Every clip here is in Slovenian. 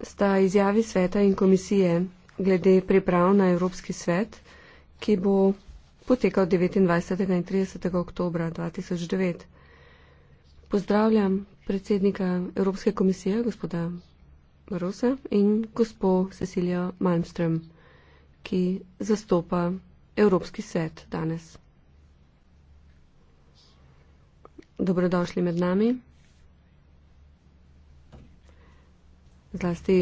sta izjavi sveta in komisije glede priprav na Evropski svet, ki bo potekal 29. in 30. oktobra 2009. Pozdravljam predsednika Evropske komisije, gospoda Barosa in gospo Cecilijo Malmström, ki zastopa Evropski svet danes. Dobrodošli med nami. zlasti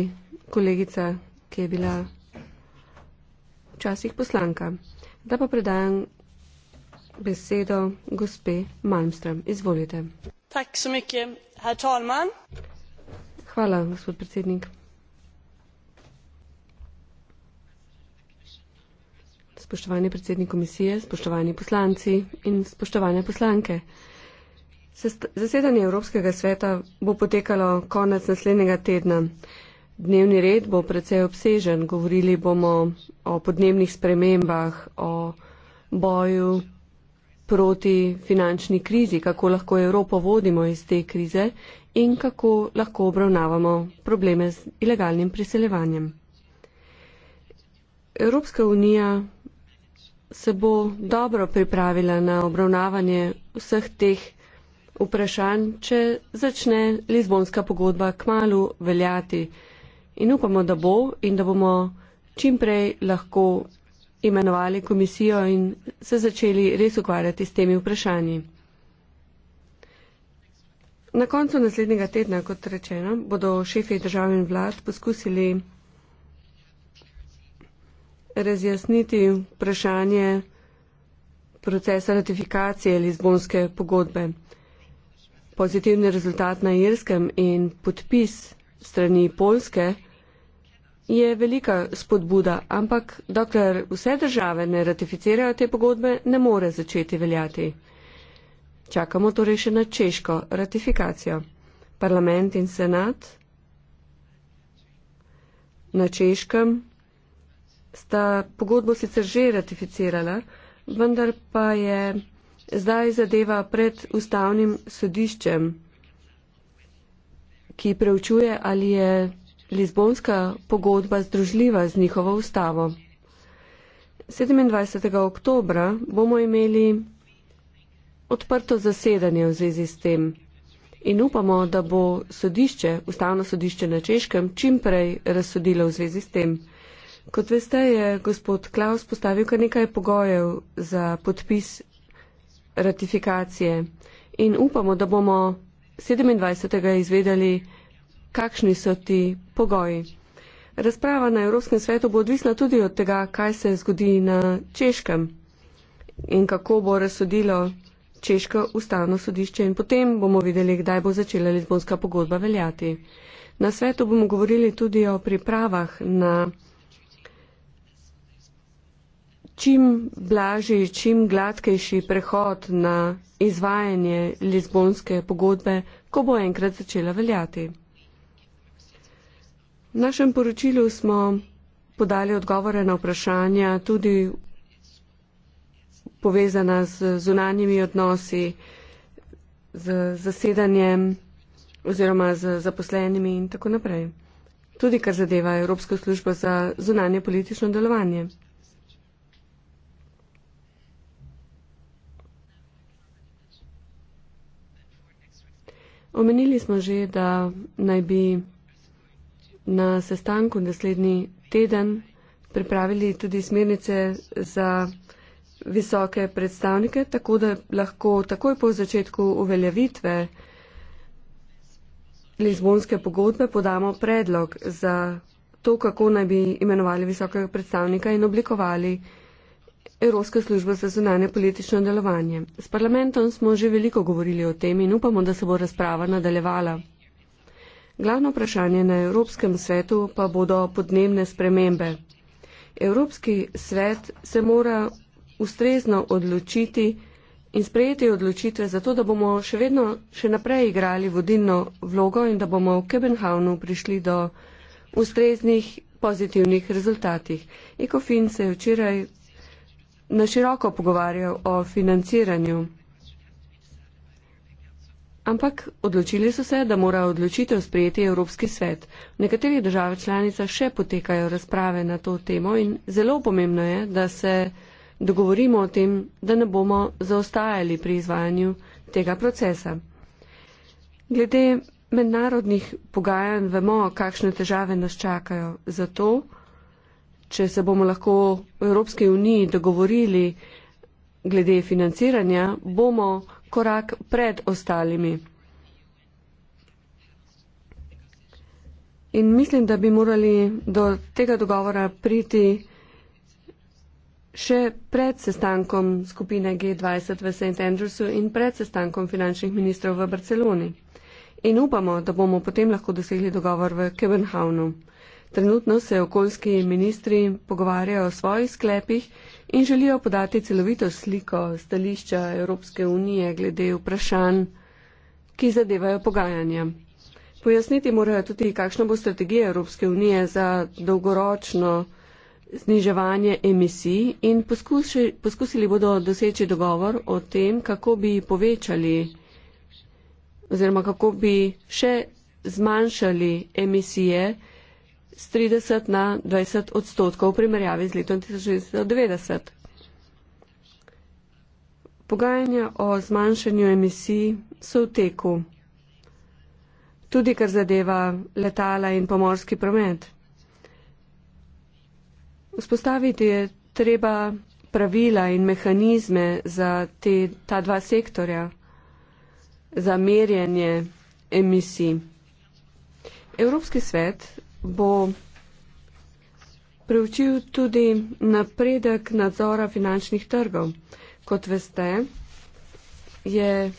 kolegica, ki je bila včasih poslanka. Da pa predajam besedo gospe Malmström. Izvolite. Tak, mykje, Hvala, gospod predsednik. Spoštovani predsednik komisije, spoštovani poslanci in spoštovane poslanke. Zasedanje Evropskega sveta bo potekalo konec naslednjega tedna. Dnevni red bo precej obsežen. Govorili bomo o podnebnih spremembah, o boju proti finančni krizi, kako lahko Evropo vodimo iz te krize in kako lahko obravnavamo probleme z ilegalnim priseljevanjem. Evropska unija se bo dobro pripravila na obravnavanje vseh teh vprašanj, če začne Lizbonska pogodba kmalo veljati. In upamo, da bo in da bomo čimprej lahko imenovali komisijo in se začeli res ukvarjati s temi vprašanji. Na koncu naslednjega tedna, kot rečeno, bodo šefi držav in vlad poskusili razjasniti vprašanje procesa ratifikacije Lizbonske pogodbe pozitivni rezultat na Irskem in podpis strani Polske je velika spodbuda, ampak dokler vse države ne ratificirajo te pogodbe, ne more začeti veljati. Čakamo torej še na češko ratifikacijo. Parlament in senat na češkem sta pogodbo sicer že ratificirala, vendar pa je zdaj zadeva pred ustavnim sodiščem, ki preučuje, ali je Lizbonska pogodba združljiva z njihovo ustavo. 27. oktobra bomo imeli odprto zasedanje v zvezi s tem in upamo, da bo sodišče, ustavno sodišče na Češkem, čimprej razsodilo v zvezi s tem. Kot veste, je gospod Klaus postavil kar nekaj pogojev za podpis ratifikacije in upamo, da bomo 27. izvedeli, kakšni so ti pogoji. Razprava na Evropskem svetu bo odvisna tudi od tega, kaj se zgodi na Češkem in kako bo razsodilo Češko ustavno sodišče in potem bomo videli, kdaj bo začela Lizbonska pogodba veljati. Na svetu bomo govorili tudi o pripravah na čim blažji, čim gladkejši prehod na izvajanje Lizbonske pogodbe, ko bo enkrat začela veljati. V našem poročilu smo podali odgovore na vprašanja tudi povezana z zunanjimi odnosi, z zasedanjem oziroma z zaposlenimi in tako naprej. Tudi kar zadeva Evropsko službo za zunanje politično delovanje. Omenili smo že, da naj bi na sestanku naslednji teden pripravili tudi smernice za visoke predstavnike, tako da lahko takoj po začetku uveljavitve Lizbonske pogodbe podamo predlog za to, kako naj bi imenovali visokega predstavnika in oblikovali Evropske službe za zunanje politično delovanje. S parlamentom smo že veliko govorili o tem in upamo, da se bo razprava nadaljevala. Glavno vprašanje na Evropskem svetu pa bodo podnebne spremembe. Evropski svet se mora ustrezno odločiti in sprejeti odločitve za to, da bomo še vedno še naprej igrali vodilno vlogo in da bomo v Kebenhavnu prišli do ustreznih pozitivnih rezultatih. Ekofin se je včeraj na široko pogovarjal o financiranju. Ampak odločili so se, da mora odločitev sprejeti Evropski svet. V nekaterih državah članica še potekajo razprave na to temo in zelo pomembno je, da se dogovorimo o tem, da ne bomo zaostajali pri izvajanju tega procesa. Glede mednarodnih pogajanj vemo, kakšne težave nas čakajo. Zato če se bomo lahko v Evropske uniji dogovorili glede financiranja, bomo korak pred ostalimi. In mislim, da bi morali do tega dogovora priti še pred sestankom skupine G20 v St. Andrewsu in pred sestankom finančnih ministrov v Barceloni. In upamo, da bomo potem lahko dosegli dogovor v Kebenhavnu. Trenutno se okoljski ministri pogovarjajo o svojih sklepih in želijo podati celovito sliko stališča Evropske unije glede vprašanj, ki zadevajo pogajanja. Pojasniti morajo tudi, kakšna bo strategija Evropske unije za dolgoročno zniževanje emisij in poskuši, poskusili bodo doseči dogovor o tem, kako bi povečali oziroma kako bi še zmanjšali emisije, z 30 na 20 odstotkov v primerjavi z letom 1990. Pogajanja o zmanjšanju emisij so v teku, tudi kar zadeva letala in pomorski promet. Vzpostaviti je treba pravila in mehanizme za te, ta dva sektorja, za merjenje emisij. Evropski svet bo preučil tudi napredek nadzora finančnih trgov. Kot veste, je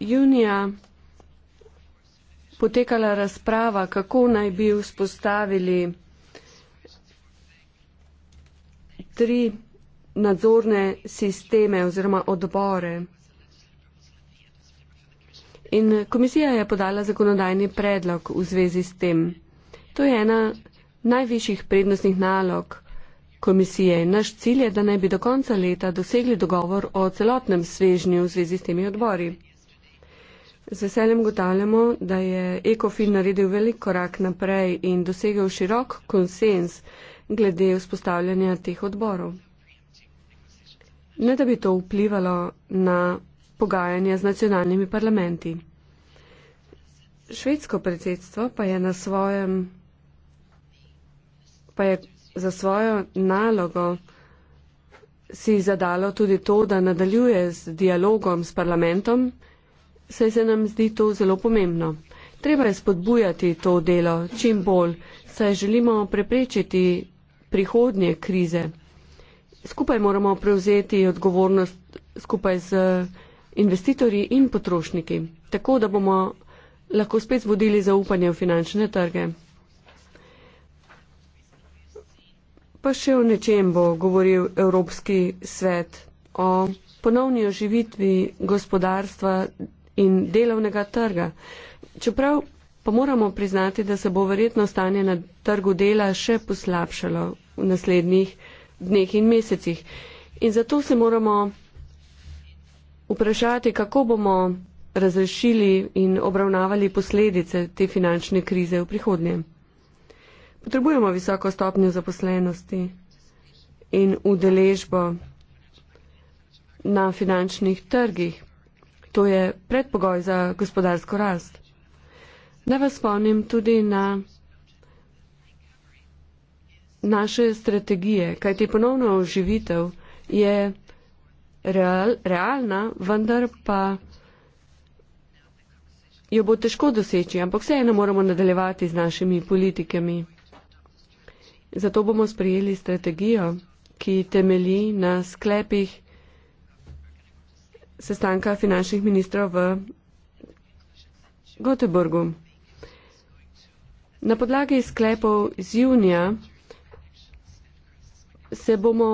junija potekala razprava, kako naj bi vzpostavili tri nadzorne sisteme oziroma odbore in komisija je podala zakonodajni predlog v zvezi s tem. To je ena najvišjih prednostnih nalog komisije. Naš cilj je, da naj bi do konca leta dosegli dogovor o celotnem svežnju v zvezi s temi odbori. Z veseljem gotavljamo, da je ECOFIN naredil velik korak naprej in dosegel širok konsens glede vzpostavljanja teh odborov. Ne da bi to vplivalo na pogajanja z nacionalnimi parlamenti. Švedsko predsedstvo pa je, svojem, pa je za svojo nalogo si zadalo tudi to, da nadaljuje z dialogom s parlamentom, saj se nam zdi to zelo pomembno. Treba je spodbujati to delo čim bolj, saj želimo preprečiti prihodnje krize. Skupaj moramo prevzeti odgovornost skupaj z investitorji in potrošniki, tako da bomo lahko spet vodili zaupanje v finančne trge. Pa še o nečem bo govoril Evropski svet, o ponovni oživitvi gospodarstva in delovnega trga. Čeprav pa moramo priznati, da se bo verjetno stanje na trgu dela še poslabšalo v naslednjih dneh in mesecih. In zato se moramo vprašati, kako bomo razrešili in obravnavali posledice te finančne krize v prihodnje. Potrebujemo visoko stopnjo zaposlenosti in udeležbo na finančnih trgih. To je predpogoj za gospodarsko rast. Da vas spomnim tudi na naše strategije, kajti ponovno oživitev je real, realna, vendar pa jo bo težko doseči, ampak vseeno moramo nadaljevati z našimi politikami. Zato bomo sprejeli strategijo, ki temeli na sklepih sestanka finančnih ministrov v Goteborgu. Na podlagi sklepov z junija se bomo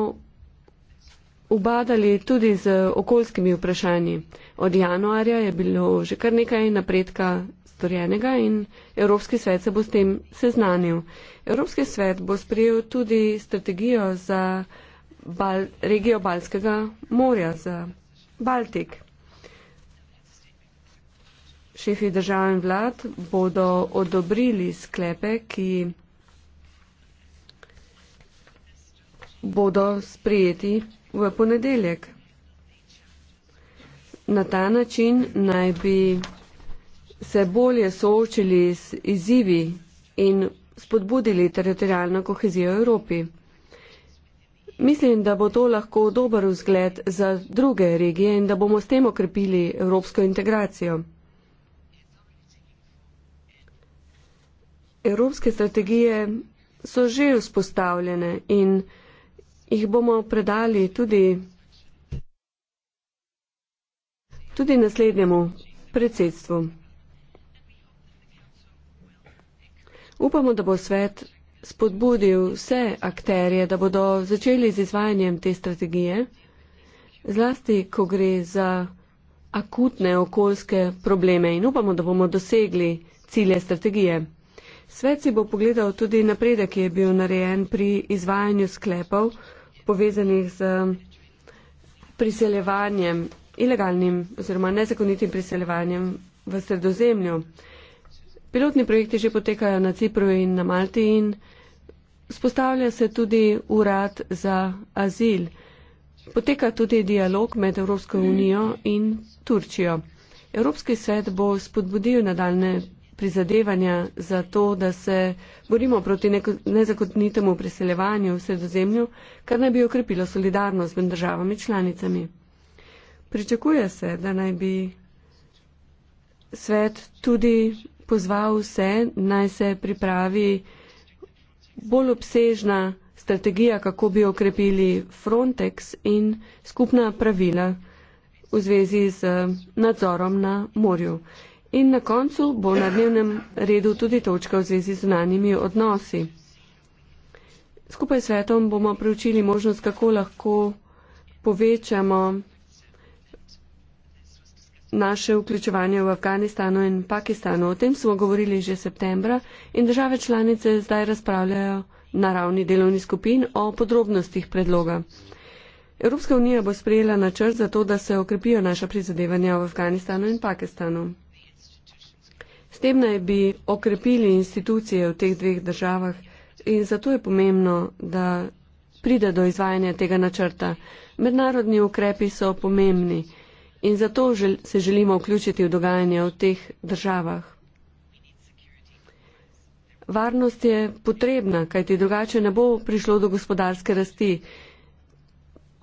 ubadali tudi z okoljskimi vprašanji. Od januarja je bilo že kar nekaj napredka storjenega in Evropski svet se bo s tem seznanil. Evropski svet bo sprejel tudi strategijo za Bal regijo Balskega morja, za Baltik. Šefi držav in vlad bodo odobrili sklepe, ki bodo sprijeti v ponedeljek. Na ta način naj bi se bolje soočili z izzivi in spodbudili teritorijalno kohezijo Evropi. Mislim, da bo to lahko dober vzgled za druge regije in da bomo s tem okrepili evropsko integracijo. Evropske strategije so že vzpostavljene in jih bomo predali tudi, tudi naslednjemu predsedstvu. Upamo, da bo svet spodbudil vse akterje, da bodo začeli z izvajanjem te strategije, zlasti ko gre za akutne okoljske probleme in upamo, da bomo dosegli cilje strategije. Svet si bo pogledal tudi napredek, ki je bil narejen pri izvajanju sklepov povezanih z priseljevanjem, ilegalnim oziroma nezakonitim priseljevanjem v sredozemlju. Pilotni projekti že potekajo na Cipru in na Malti in spostavlja se tudi urad za azil. Poteka tudi dialog med Evropsko unijo in Turčijo. Evropski svet bo spodbudil nadaljne prizadevanja za to, da se borimo proti nezakonitemu preseljevanju v sredozemlju, kar naj bi okrepilo solidarnost med državami članicami. Pričakuje se, da naj bi svet tudi pozval vse, naj se pripravi bolj obsežna strategija, kako bi okrepili Frontex in skupna pravila v zvezi z nadzorom na morju. In na koncu bo na dnevnem redu tudi točka v zvezi z zunanjimi odnosi. Skupaj s svetom bomo preučili možnost, kako lahko povečamo naše vključevanje v Afganistanu in Pakistanu. O tem smo govorili že septembra in države članice zdaj razpravljajo na ravni delovnih skupin o podrobnostih predloga. Evropska unija bo sprejela načrt za to, da se okrepijo naša prizadevanja v Afganistanu in Pakistanu tem naj bi okrepili institucije v teh dveh državah in zato je pomembno, da pride do izvajanja tega načrta. Mednarodni ukrepi so pomembni in zato žel se želimo vključiti v dogajanje v teh državah. Varnost je potrebna, kajti drugače ne bo prišlo do gospodarske rasti.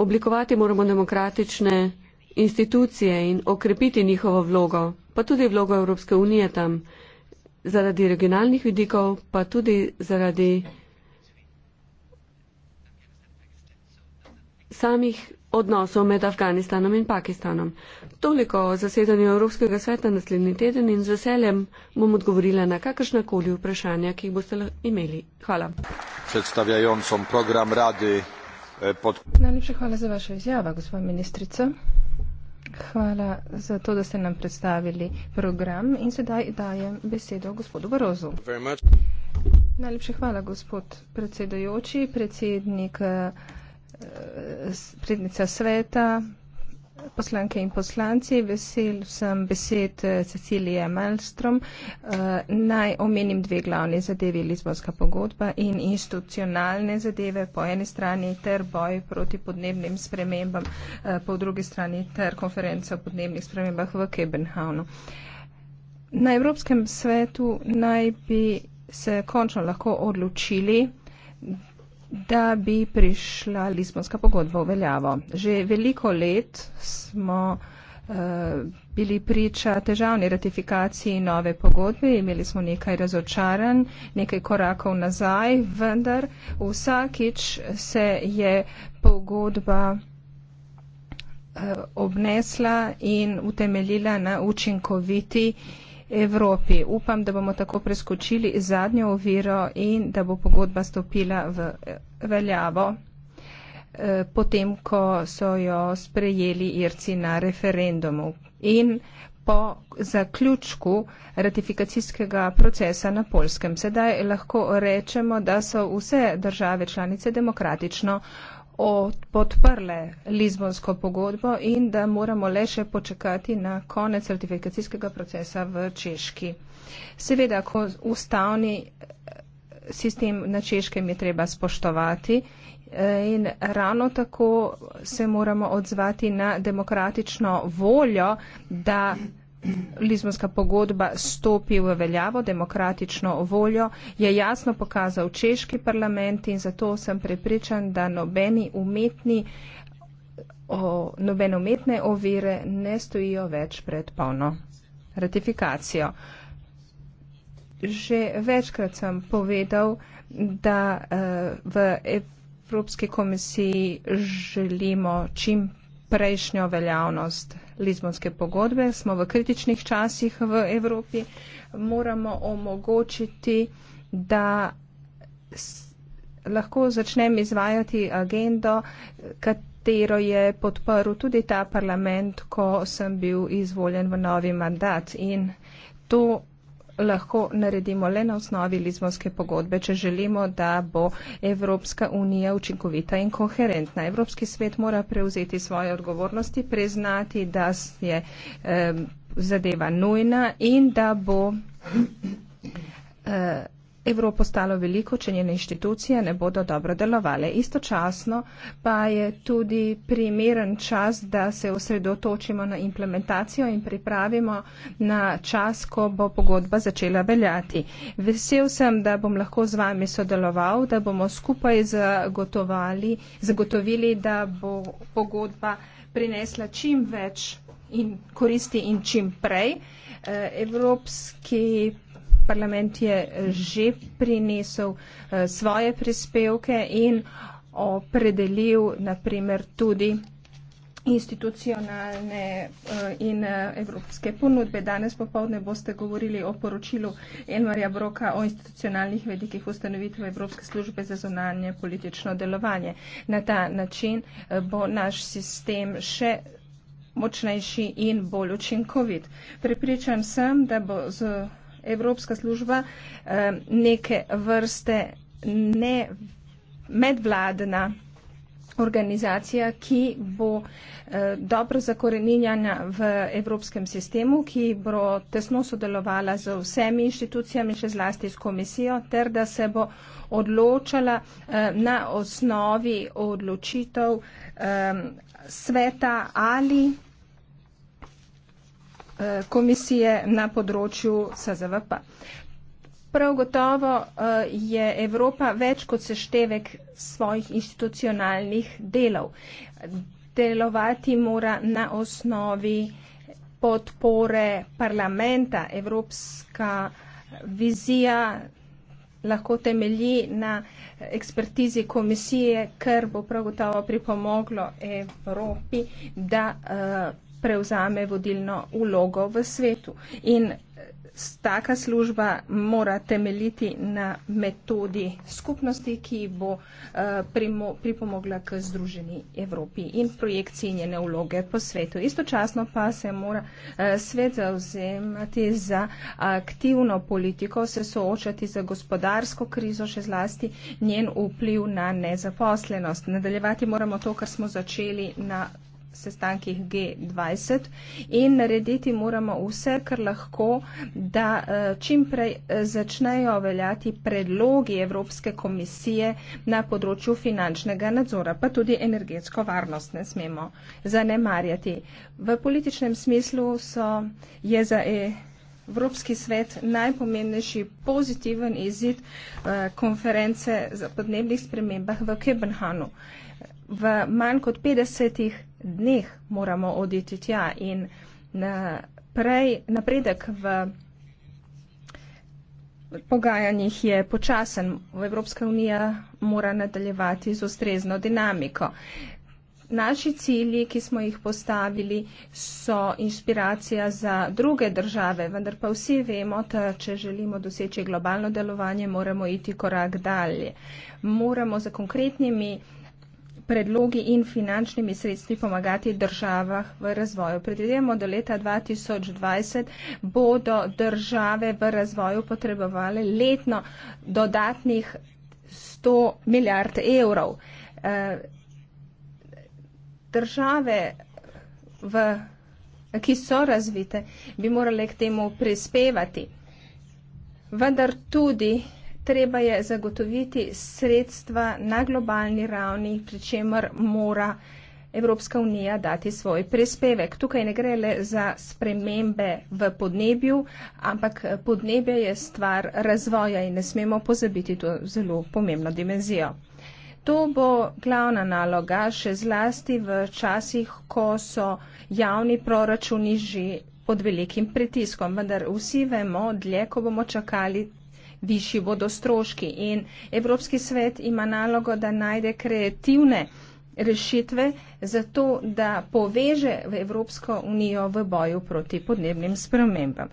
Oblikovati moramo demokratične institucije in okrepiti njihovo vlogo pa tudi vlogo Evropske unije tam, zaradi regionalnih vidikov, pa tudi zaradi samih odnosov med Afganistanom in Pakistanom. Toliko o zasedanju Evropskega sveta naslednji teden in z veseljem bom odgovorila na kakršna koli vprašanja, ki jih boste imeli. Hvala. Predstavljajočom program Radi eh, pod. Najlepša hvala za vašo izjavo, gospod ministrica. Hvala za to, da ste nam predstavili program in sedaj dajem besedo gospodu Barozu. Najlepše hvala, gospod predsedajoči, predsednik, eh, predsednica sveta, Poslanke in poslanci, vesel sem besed eh, Cecilije Malmström. Eh, naj omenim dve glavni zadevi, Lizbonska pogodba in institucionalne zadeve po eni strani ter boj proti podnebnim spremembam, eh, po drugi strani ter konferenca o podnebnih spremembah v Kebenhavnu. Na Evropskem svetu naj bi se končno lahko odločili, da bi prišla Lizbonska pogodba v veljavo. Že veliko let smo uh, bili priča težavni ratifikaciji nove pogodbe, imeli smo nekaj razočaran, nekaj korakov nazaj, vendar vsakič se je pogodba uh, obnesla in utemeljila na učinkoviti uh, Evropi. Upam, da bomo tako preskočili zadnjo oviro in da bo pogodba stopila v eh, veljavo eh, potem, ko so jo sprejeli Irci na referendumu in po zaključku ratifikacijskega procesa na Polskem. Sedaj lahko rečemo, da so vse države članice demokratično podprle Lizbonsko pogodbo in da moramo le še počakati na konec certifikacijskega procesa v Češki. Seveda, ko ustavni eh, sistem na Češkem je treba spoštovati eh, in ravno tako se moramo odzvati na demokratično voljo, da Lizbonska pogodba stopi v veljavo, demokratično voljo je jasno pokazal češki parlament in zato sem prepričan, da nobeni umetni, o, nobene umetne ovire ne stojijo več pred polno ratifikacijo. Že večkrat sem povedal, da eh, v Evropski komisiji želimo čim prejšnjo veljavnost Lizbonske pogodbe, smo v kritičnih časih v Evropi, moramo omogočiti, da lahko začnem izvajati agendo, katero je podporil tudi ta parlament, ko sem bil izvoljen v novi mandat. In to lahko naredimo le na osnovi Lizbonske pogodbe, če želimo, da bo Evropska unija učinkovita in koherentna. Evropski svet mora prevzeti svoje odgovornosti, priznati, da je eh, zadeva nujna in da bo. Eh, evro postalo veliko, če njene inštitucije ne bodo dobro delovale. Istočasno pa je tudi primeren čas, da se osredotočimo na implementacijo in pripravimo na čas, ko bo pogodba začela veljati. Vesel sem, da bom lahko z vami sodeloval, da bomo skupaj zagotovili, da bo pogodba prinesla čim več in koristi in čim prej. Eh, Evropski parlament je eh, že prinesel eh, svoje prispevke in opredelil naprimer tudi institucionalne eh, in evropske ponudbe. Danes popovdne boste govorili o poročilu Elmarja Broka o institucionalnih vedikih ustanovitve Evropske službe za zonanje politično delovanje. Na ta način bo naš sistem še močnejši in bolj učinkovit. Prepričan sem, da bo z Evropska služba eh, neke vrste ne medvladna organizacija, ki bo eh, dobro zakoreninjena v evropskem sistemu, ki bo tesno sodelovala z vsemi inštitucijami, še zlasti s komisijo, ter da se bo odločala eh, na osnovi odločitev sveta ali Eh, komisije na področju SZVP-a. Prav gotovo eh, je Evropa več kot seštevek svojih institucionalnih delov. Delovati mora na osnovi podpore parlamenta. Evropska vizija lahko temelji na ekspertizi komisije, kar bo prav gotovo pripomoglo Evropi, da uh, prevzame vodilno ulogo v svetu. In eh, taka služba mora temeljiti na metodi skupnosti, ki bo eh, pripomogla k združeni Evropi in projekciji njene vloge po svetu. Istočasno pa se mora eh, svet zauzemati za aktivno politiko, se soočati za gospodarsko krizo, še zlasti njen vpliv na nezaposlenost. Nadaljevati moramo to, kar smo začeli na sestankih G20 in narediti moramo vse, kar lahko, da eh, čim prej eh, začnejo veljati predlogi Evropske komisije na področju finančnega nadzora, pa tudi energetsko varnost ne smemo zanemarjati. V političnem smislu so, je za e Evropski svet najpomembnejši pozitiven izid eh, konference za podnebnih spremembah v Kebenhanu. V manj kot 50 dneh moramo oditi tja in naprej, napredek v pogajanjih je počasen. Evropska unija mora nadaljevati z ustrezno dinamiko. Naši cilji, ki smo jih postavili, so inspiracija za druge države, vendar pa vsi vemo, da če želimo doseči globalno delovanje, moramo iti korak dalje. Moramo za konkretnimi predlogi in finančnimi sredstvi pomagati državah v razvoju. Predvidemo, da leta 2020 bodo države v razvoju potrebovali letno dodatnih 100 milijard evrov. Eh, države, v, ki so razvite, bi morale k temu prispevati. Vendar tudi treba je zagotoviti sredstva na globalni ravni, pri čemer mora Evropska unija dati svoj prispevek. Tukaj ne gre le za spremembe v podnebju, ampak podnebje je stvar razvoja in ne smemo pozabiti to zelo pomembno dimenzijo. To bo glavna naloga še zlasti v časih, ko so javni proračuni že pod velikim pritiskom, vendar vsi vemo, dlje, ko bomo čakali, višji bodo stroški. In Evropski svet ima nalogo, da najde kreativne rešitve za to, da poveže v Evropsko unijo v boju proti podnebnim spremembam.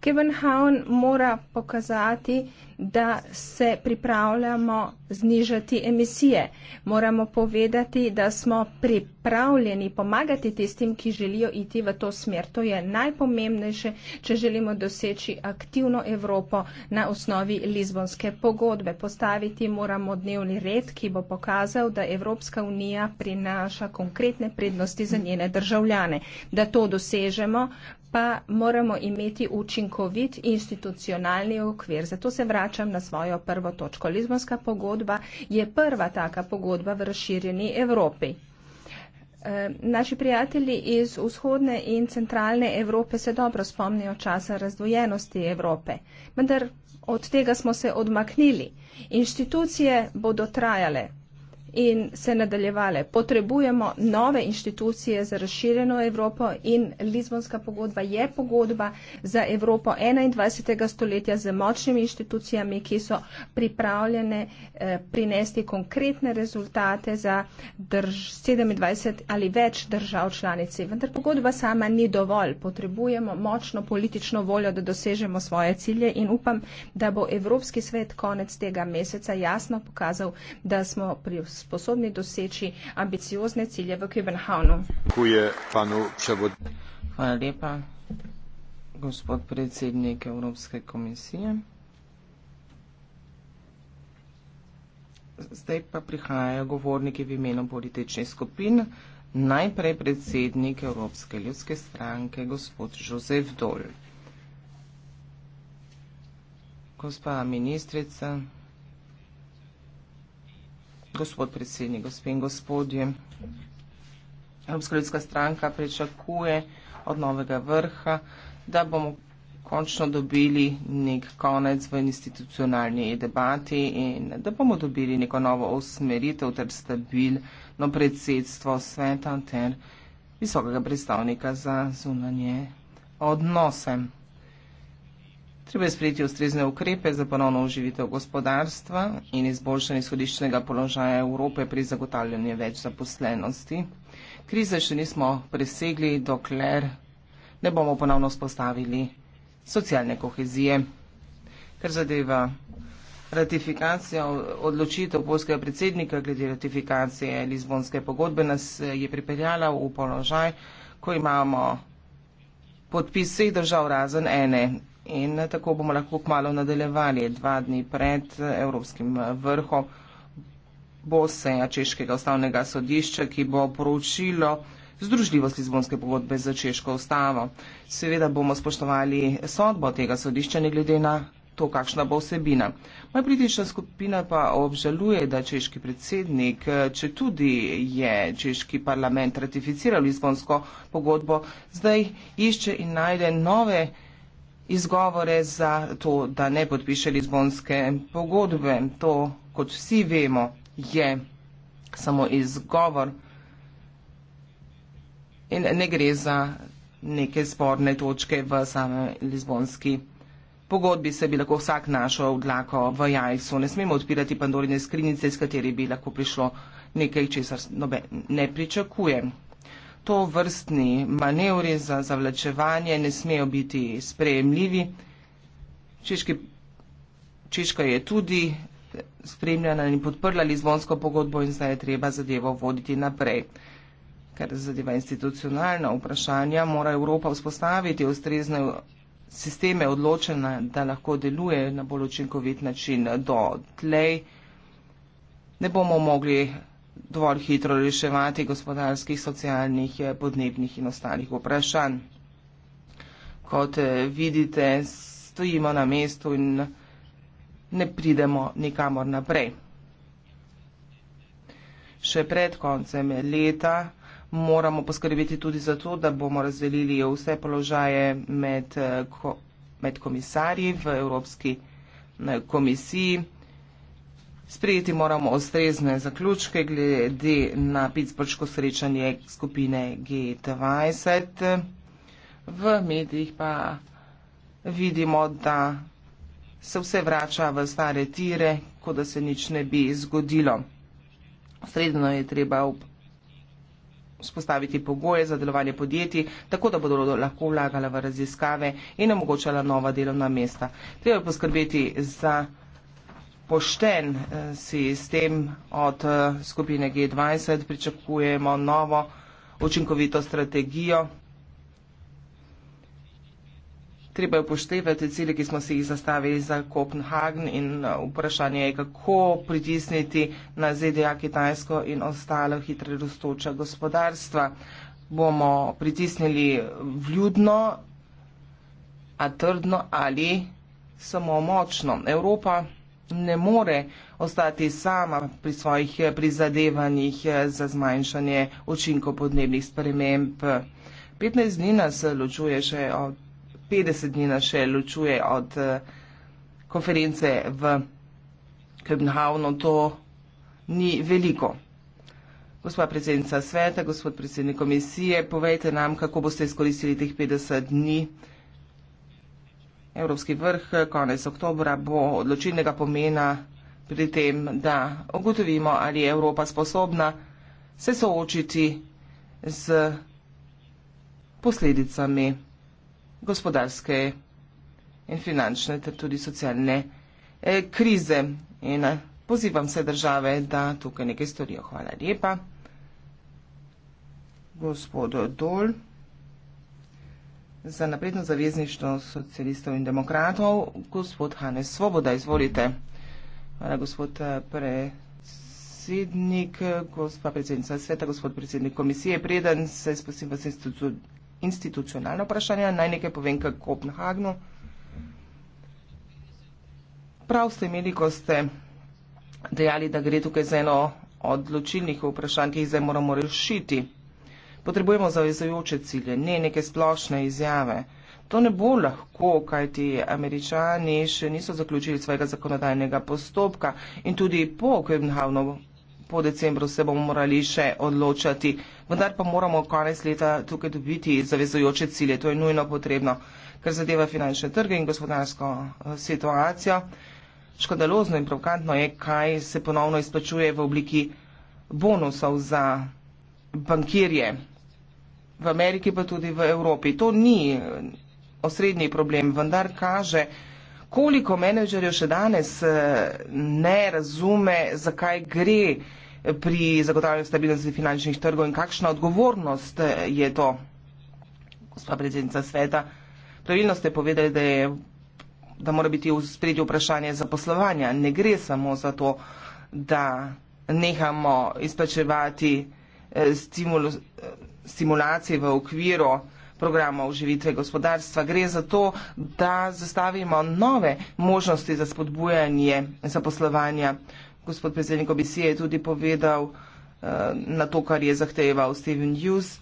Kevin Haun mora pokazati, da se pripravljamo znižati emisije. Moramo povedati, da smo pripravljeni pomagati tistim, ki želijo iti v to smer. To je najpomembnejše, če želimo doseči aktivno Evropo na osnovi Lizbonske pogodbe. Postaviti moramo dnevni red, ki bo pokazal, da Evropska unija prinaša konkretne prednosti za njene državljane. Da to dosežemo, pa moramo imeti učinkovit institucionalni okvir. Zato se vračam na svojo prvo točko. Lizbonska pogodba pogodba je prva taka pogodba v razširjeni Evropi. E, naši prijatelji iz vzhodne in centralne Evrope se dobro spomnijo časa razdvojenosti Evrope, vendar od tega smo se odmaknili. Inštitucije bodo trajale, in se nadaljevale. Potrebujemo nove inštitucije za razširjeno Evropo in Lizbonska pogodba je pogodba za Evropo 21. stoletja z močnimi inštitucijami, ki so pripravljene eh, prinesti konkretne rezultate za drž 27 ali več držav članici. Vendar pogodba sama ni dovolj. Potrebujemo močno politično voljo, da dosežemo svoje cilje in upam, da bo Evropski svet konec tega meseca jasno pokazal, da smo pri sposobni doseči ambiciozne cilje v Kibenhavnu. Hvala lepa, gospod predsednik Evropske komisije. Zdaj pa prihajajo govorniki v imenu političnih skupin. Najprej predsednik Evropske ljudske stranke, gospod Jozef Dol. Gospa ministrica, gospod predsednik, gospe in gospodje. Evropska ljudska stranka pričakuje od novega vrha, da bomo končno dobili nek konec v institucionalni debati in da bomo dobili neko novo usmeritev ter stabilno predsedstvo sveta ter visokega predstavnika za zunanje odnose. Treba je sprejeti ustrezne ukrepe za ponovno oživitev gospodarstva in izboljšanje izhodiščnega položaja Evrope pri zagotavljanju več zaposlenosti. Krize še nismo presegli, dokler ne bomo ponovno spostavili socialne kohezije. Ker zadeva ratifikacijo, odločitev polskega predsednika glede ratifikacije Lizbonske pogodbe nas je pripeljala v položaj, ko imamo podpis vseh držav razen ene in tako bomo lahko kmalo nadaljevali. Dva dni pred Evropskim vrhom bo seja Češkega ustavnega sodišča, ki bo poročilo združljivost Lizbonske pogodbe za Češko ustavo. Seveda bomo spoštovali sodbo tega sodišča, ne glede na to, kakšna bo vsebina. Moja britična skupina pa obžaluje, da češki predsednik, če tudi je češki parlament ratificiral Lizbonsko pogodbo, zdaj išče in najde nove izgovore za to, da ne podpiše Lizbonske pogodbe. To, kot vsi vemo, je samo izgovor in ne gre za neke sporne točke v same Lizbonski pogodbi. Se bi lahko vsak našel dlako v jajcu. Ne smemo odpirati pandorine skrinice, iz katerih bi lahko prišlo nekaj, česar ne pričakujem to vrstni manevri za zavlačevanje ne smejo biti sprejemljivi. Češki, češka je tudi spremljena in podprla Lizbonsko pogodbo in zdaj je treba zadevo voditi naprej. Ker zadeva institucionalna vprašanja, mora Evropa vzpostaviti ustrezne sisteme odločene, da lahko deluje na bolj učinkovit način. Do tlej ne bomo mogli dovolj hitro reševati gospodarskih, socialnih, eh, podnebnih in ostalih vprašanj. Kot eh, vidite, stojimo na mestu in ne pridemo nikamor naprej. Še pred koncem leta moramo poskrbeti tudi za to, da bomo razdelili vse položaje med, eh, ko, med komisarji v Evropski komisiji. Sprejeti moramo ostrezne zaključke glede na Pittsburghsko srečanje skupine G20. V medijih pa vidimo, da se vse vrača v stare tire, kot da se nič ne bi zgodilo. Sredno je treba spostaviti pogoje za delovanje podjetij, tako da bodo lahko vlagala v raziskave in omogočala nova delovna mesta. Treba je poskrbeti za pošten eh, sistem od eh, skupine G20, pričakujemo novo učinkovito strategijo. Treba je upoštevati cilje, ki smo si jih zastavili za Kopenhagen in eh, vprašanje je, kako pritisniti na ZDA Kitajsko in ostalo hitre rostoča gospodarstva. Bomo pritisnili vljudno, a trdno ali samo močno. Evropa ne more ostati sama pri svojih prizadevanjih za zmanjšanje učinkov podnebnih sprememb. 15 dni nas ločuje še od 50 dni nas še ločuje od eh, konference v Kopenhavnu, to ni veliko. Gospa predsednica sveta, gospod predsednik komisije, povejte nam, kako boste izkoristili teh 50 dni. Evropski vrh konec oktobra bo odločilnega pomena pri tem, da ugotovimo, ali je Evropa sposobna se soočiti z posledicami gospodarske in finančne ter tudi socialne e, krize. In e, pozivam vse države, da tukaj nekaj storijo. Hvala lepa. Gospod Dol za napredno zavezništvo socialistov in demokratov, gospod Hanes Svoboda. Izvolite. Hvala, gospod eh, predsednik, eh, gospa predsednica sveta, gospod predsednik komisije. Preden se spustim v institu, institucionalno vprašanje, naj nekaj povem k Kopenhagnu. Prav ste imeli, ko ste dejali, da gre tukaj za eno odločilnih vprašanj, ki jih zdaj moramo rešiti. Potrebujemo zavezujoče cilje, ne neke splošne izjave. To ne bo lahko, kajti američani še niso zaključili svojega zakonodajnega postopka in tudi po Kvebnhavnu po decembru se bomo morali še odločati, vendar pa moramo konec leta tukaj dobiti zavezujoče cilje. To je nujno potrebno, ker zadeva finančne trge in gospodarsko eh, situacijo. Škodalozno in provokantno je, kaj se ponovno izplačuje v obliki bonusov za bankirje v Ameriki, pa tudi v Evropi. To ni eh, osrednji problem, vendar kaže, koliko menedžerjev še danes eh, ne razume, zakaj gre pri zagotavljanju stabilnosti finančnih trgov in kakšna odgovornost eh, je to. Gospa predsednica sveta, pravilno ste povedali, da, je, da mora biti v spredju vprašanje zaposlovanja. Ne gre samo za to, da nehamo izplačevati stimulus stimulacije v okviru programa oživitve gospodarstva. Gre za to, da zastavimo nove možnosti za spodbujanje zaposlovanja. Gospod predsednik komisije je tudi povedal eh, na to, kar je zahteval Steven Hughes,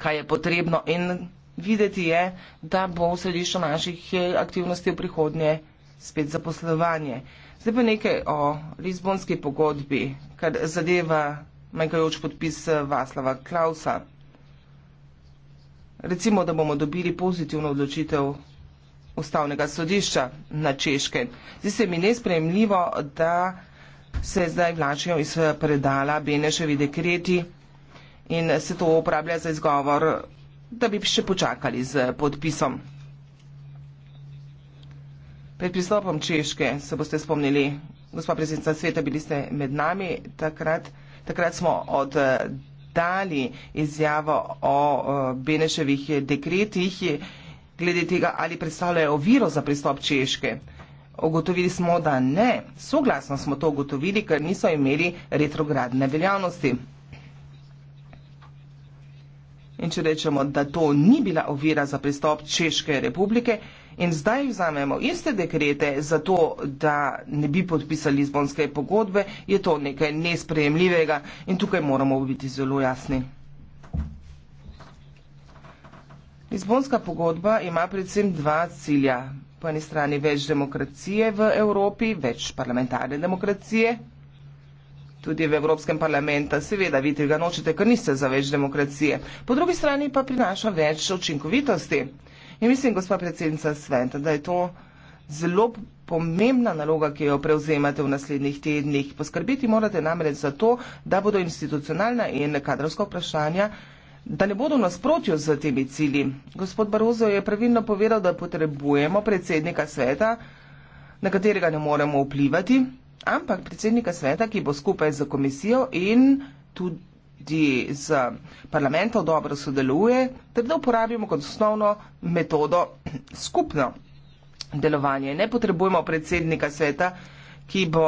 kaj je potrebno in videti je, da bo v središču naših eh, aktivnosti v prihodnje spet zaposlovanje. Zdaj pa nekaj o Lizbonski pogodbi, kar zadeva manjkajoč podpis eh, Vaslava Klausa. Recimo, da bomo dobili pozitivno odločitev ustavnega sodišča na Češke. Zdi se mi nespremljivo, da se zdaj vlačijo iz predala Beneševi dekreti in se to uporablja za izgovor, da bi še počakali z podpisom. Pred pristopom Češke se boste spomnili, gospod predsednica sveta, bili ste med nami takrat. Takrat smo od dali izjavo o Beneševih dekretih glede tega, ali predstavljajo oviro za pristop Češke. Ogotovili smo, da ne. Soglasno smo to ugotovili, ker niso imeli retrogradne veljavnosti. In če rečemo, da to ni bila ovira za pristop Češke republike, in zdaj vzamemo iste dekrete za to, da ne bi podpisali izbonske pogodbe, je to nekaj nesprejemljivega in tukaj moramo biti zelo jasni. Izbonska pogodba ima predvsem dva cilja. Po eni strani več demokracije v Evropi, več parlamentarne demokracije, tudi v Evropskem parlamentu, seveda vi tega nočete, ker niste za več demokracije. Po drugi strani pa prinaša več učinkovitosti. In ja mislim, gospod predsednica sveta, da je to zelo pomembna naloga, ki jo prevzemate v naslednjih tednih. Poskrbiti morate namreč za to, da bodo institucionalna in kadrovska vprašanja, da ne bodo nasprotjo z temi cilji. Gospod Barozo je pravilno povedal, da potrebujemo predsednika sveta, na katerega ne moremo vplivati, ampak predsednika sveta, ki bo skupaj z komisijo in tudi tudi z parlamentom dobro sodeluje, ter da uporabimo kot osnovno metodo skupno delovanje. Ne potrebujemo predsednika sveta, ki bo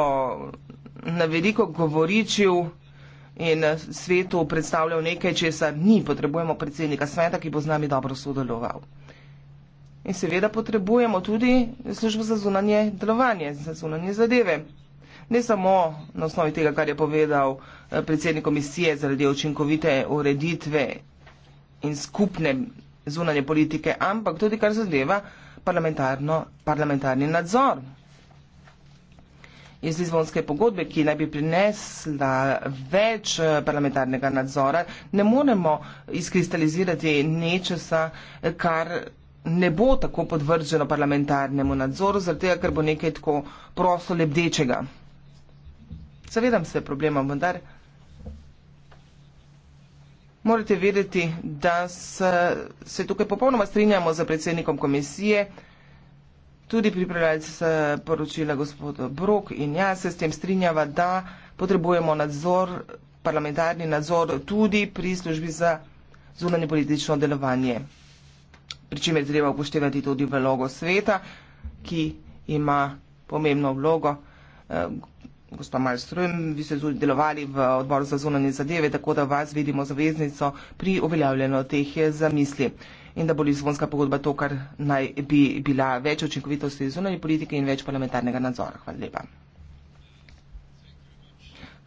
na veliko govoričil in svetu predstavljal nekaj, česar ni. Potrebujemo predsednika sveta, ki bo z nami dobro sodeloval. In seveda potrebujemo tudi službo za zunanje delovanje, za zunanje zadeve ne samo na osnovi tega, kar je povedal eh, predsednik komisije zaradi učinkovite ureditve in skupne zunanje politike, ampak tudi kar zadeva parlamentarni nadzor. Iz Lizbonske pogodbe, ki naj bi prinesla več eh, parlamentarnega nadzora, ne moremo izkristalizirati nečesa, eh, kar ne bo tako podvrženo parlamentarnemu nadzoru, zaradi tega, ker bo nekaj tako prosto lebdečega. Zavedam se problema, vendar morate vedeti, da se, se tukaj popolnoma strinjamo z predsednikom komisije, tudi pripravljalce eh, poročila gospod Brok in ja se s tem strinjava, da potrebujemo nadzor, parlamentarni nadzor tudi pri službi za zunanje politično delovanje. Pričem je treba upoštevati tudi vlogo sveta, ki ima pomembno vlogo. Eh, gospod Malström, vi ste tudi delovali v odboru za zunanje zadeve, tako da vas vidimo zaveznico pri uveljavljanju teh zamisli in da bo Lizbonska pogodba to, kar naj bi bila več očinkovitosti zunanje politike in več parlamentarnega nadzora. Hvala lepa.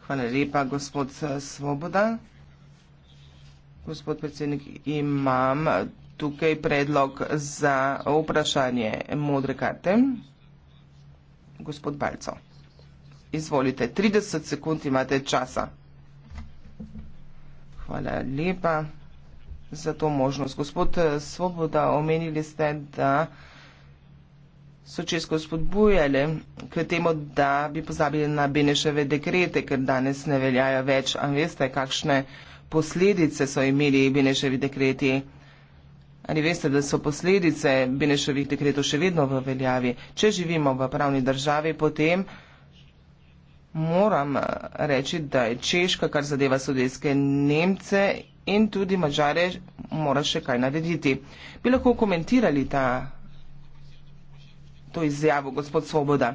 Hvala lepa, gospod Svoboda. Gospod predsednik, imam tukaj predlog za vprašanje modre karte. Gospod Balcov. Izvolite, 30 sekund imate časa. Hvala lepa za to možnost. Gospod eh, Svoboda, omenili ste, da so česko spodbujali k temu, da bi pozabili na Beneševe dekrete, ker danes ne veljajo več. A veste, kakšne posledice so imeli Beneševi dekreti? Ali veste, da so posledice Beneševih dekretov še vedno v veljavi? Če živimo v pravni državi, potem moram eh, reči, da je Češka, kar zadeva sodelske Nemce in tudi Mađare, mora še kaj narediti. Bi lahko komentirali ta, to izjavo, gospod Svoboda?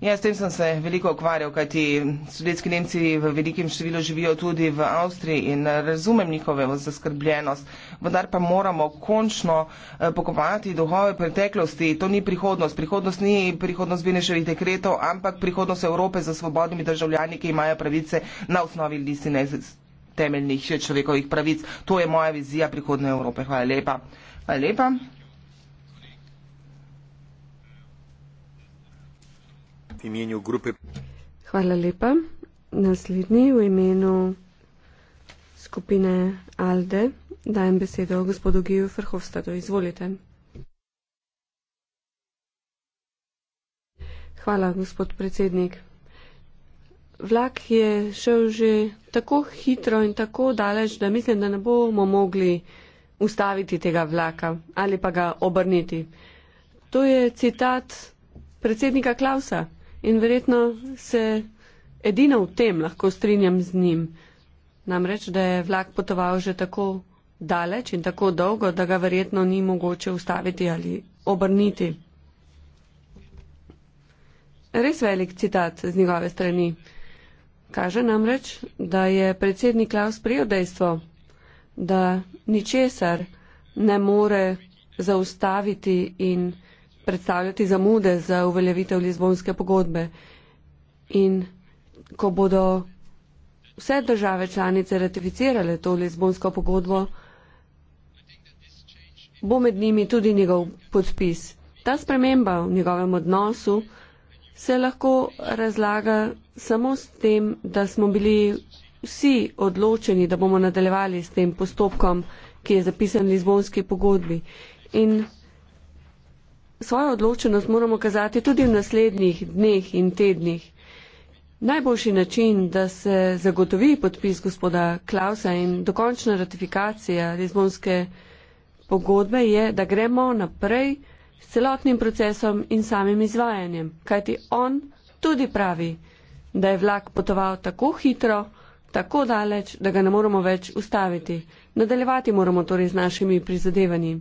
Ja, s tem sem se veliko ukvarjal, kajti sudetski Nemci v velikem številu živijo tudi v Avstriji in razumem njihove zaskrbljenost, vendar pa moramo končno eh, pokopati duhove preteklosti. To ni prihodnost. Prihodnost ni prihodnost Beneševih dekretov, ampak prihodnost Evrope za svobodnimi državljani, ki imajo pravice na osnovi listine temeljnih človekovih pravic. To je moja vizija prihodne Evrope. Hvala lepa. Hvala lepa. imenu grupe. Hvala lepa. Naslednji v imenu skupine Alde dajem besedo gospodu Giju Frhovstadu. Izvolite. Hvala, gospod predsednik. Vlak je šel že tako hitro in tako daleč, da mislim, da ne bomo mogli ustaviti tega vlaka ali pa ga obrniti. To je citat predsednika Klausa in verjetno se edino v tem lahko strinjam z njim. Namreč, da je vlak potoval že tako daleč in tako dolgo, da ga verjetno ni mogoče ustaviti ali obrniti. Res velik citat z njegove strani. Kaže namreč, da je predsednik Klaus prijel dejstvo, da ničesar ne more zaustaviti in predstavljati zamude za uveljavitev Lizbonske pogodbe. In ko bodo vse države članice ratificirale to Lizbonsko pogodbo, bo med njimi tudi njegov podpis. Ta sprememba v njegovem odnosu se lahko razlaga samo s tem, da smo bili vsi odločeni, da bomo nadaljevali s tem postopkom, ki je zapisan v Lizbonski pogodbi. In Svojo odločenost moramo kazati tudi v naslednjih dneh in tednih. Najboljši način, da se zagotovi podpis gospoda Klausa in dokončna ratifikacija Lizbonske pogodbe, je, da gremo naprej s celotnim procesom in samim izvajanjem. Kajti on tudi pravi, da je vlak potoval tako hitro, tako daleč, da ga ne moremo več ustaviti. Nadaljevati moramo torej z našimi prizadevanji.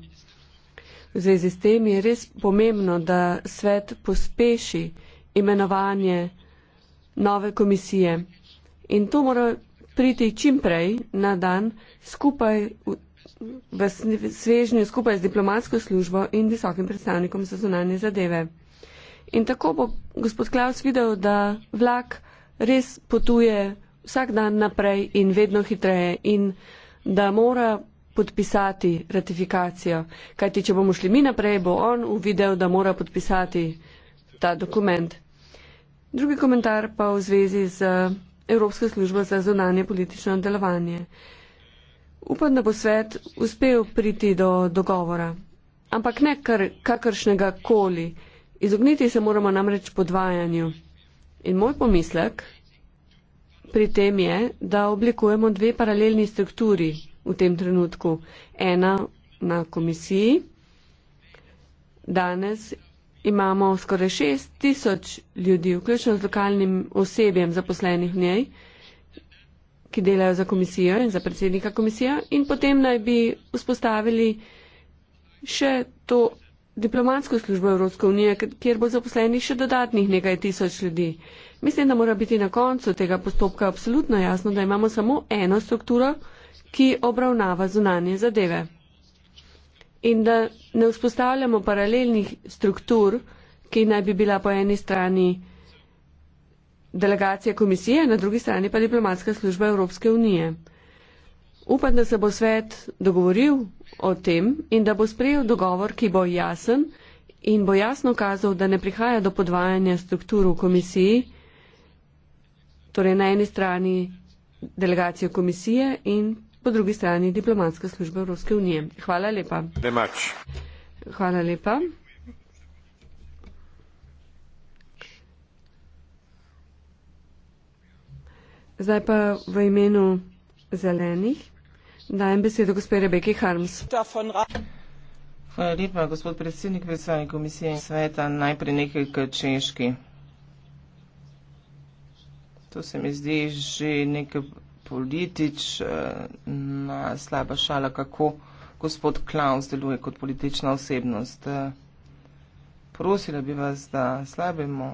V zvezi s tem je res pomembno, da svet pospeši imenovanje nove komisije in to mora priti čim prej na dan skupaj v svežnju, skupaj z diplomatsko službo in visokim predstavnikom za zunanje zadeve. In tako bo gospod Klaus videl, da vlak res potuje vsak dan naprej in vedno hitreje in da mora podpisati ratifikacijo. Kajti, če bomo šli mi naprej, bo on uvidel, da mora podpisati ta dokument. Drugi komentar pa v zvezi z Evropsko službo za zonanje politično delovanje. Upam, da bo svet uspel priti do dogovora, ampak ne kar kakršnega koli. Izogniti se moramo namreč podvajanju. In moj pomislek pri tem je, da oblikujemo dve paralelni strukturi v tem trenutku. Ena na komisiji. Danes imamo skoraj 6 tisoč ljudi, vključno z lokalnim osebjem zaposlenih v njej, ki delajo za komisijo in za predsednika komisije. In potem naj bi vzpostavili še to diplomatsko službo Evropske unije, kjer bo zaposlenih še dodatnih nekaj tisoč ljudi. Mislim, da mora biti na koncu tega postopka absolutno jasno, da imamo samo eno strukturo, ki obravnava zunanje zadeve. In da ne vzpostavljamo paralelnih struktur, ki naj bi bila po eni strani delegacija komisije, na drugi strani pa diplomatska služba Evropske unije. Upam, da se bo svet dogovoril o tem in da bo sprejel dogovor, ki bo jasen in bo jasno kazal, da ne prihaja do podvajanja struktur v komisiji, torej na eni strani delegacijo komisije in po drugi strani diplomatska služba Evropske unije. Hvala lepa. Demač. Hvala lepa. Zdaj pa v imenu zelenih dajem besedo gospe Rebeki Harms. Hvala lepa, gospod predsednik predstavnik komisije in sveta. Najprej nekaj k češki. To se mi zdi že nekaj politična slaba šala, kako gospod Klaus deluje kot politična osebnost. Prosila bi vas, da slabemu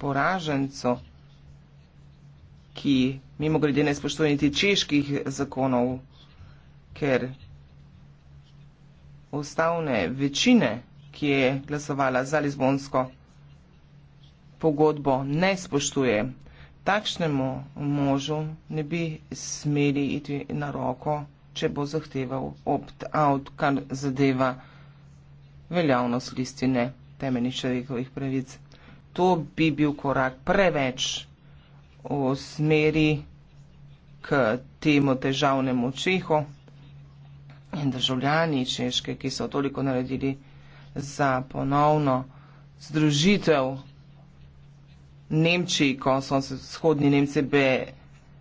poražencu, ki mimo grede ne spoštuje niti čeških zakonov, ker ustavne večine, ki je glasovala za Lizbonsko pogodbo, ne spoštuje takšnemu možu ne bi smeli iti na roko, če bo zahteval opt-out, kar zadeva veljavnost listine temeljnih človekovih pravic. To bi bil korak preveč v smeri k temu težavnemu Čehu in državljani Češke, ki so toliko naredili za ponovno združitev Nemčiji, ko so se vzhodni Nemci be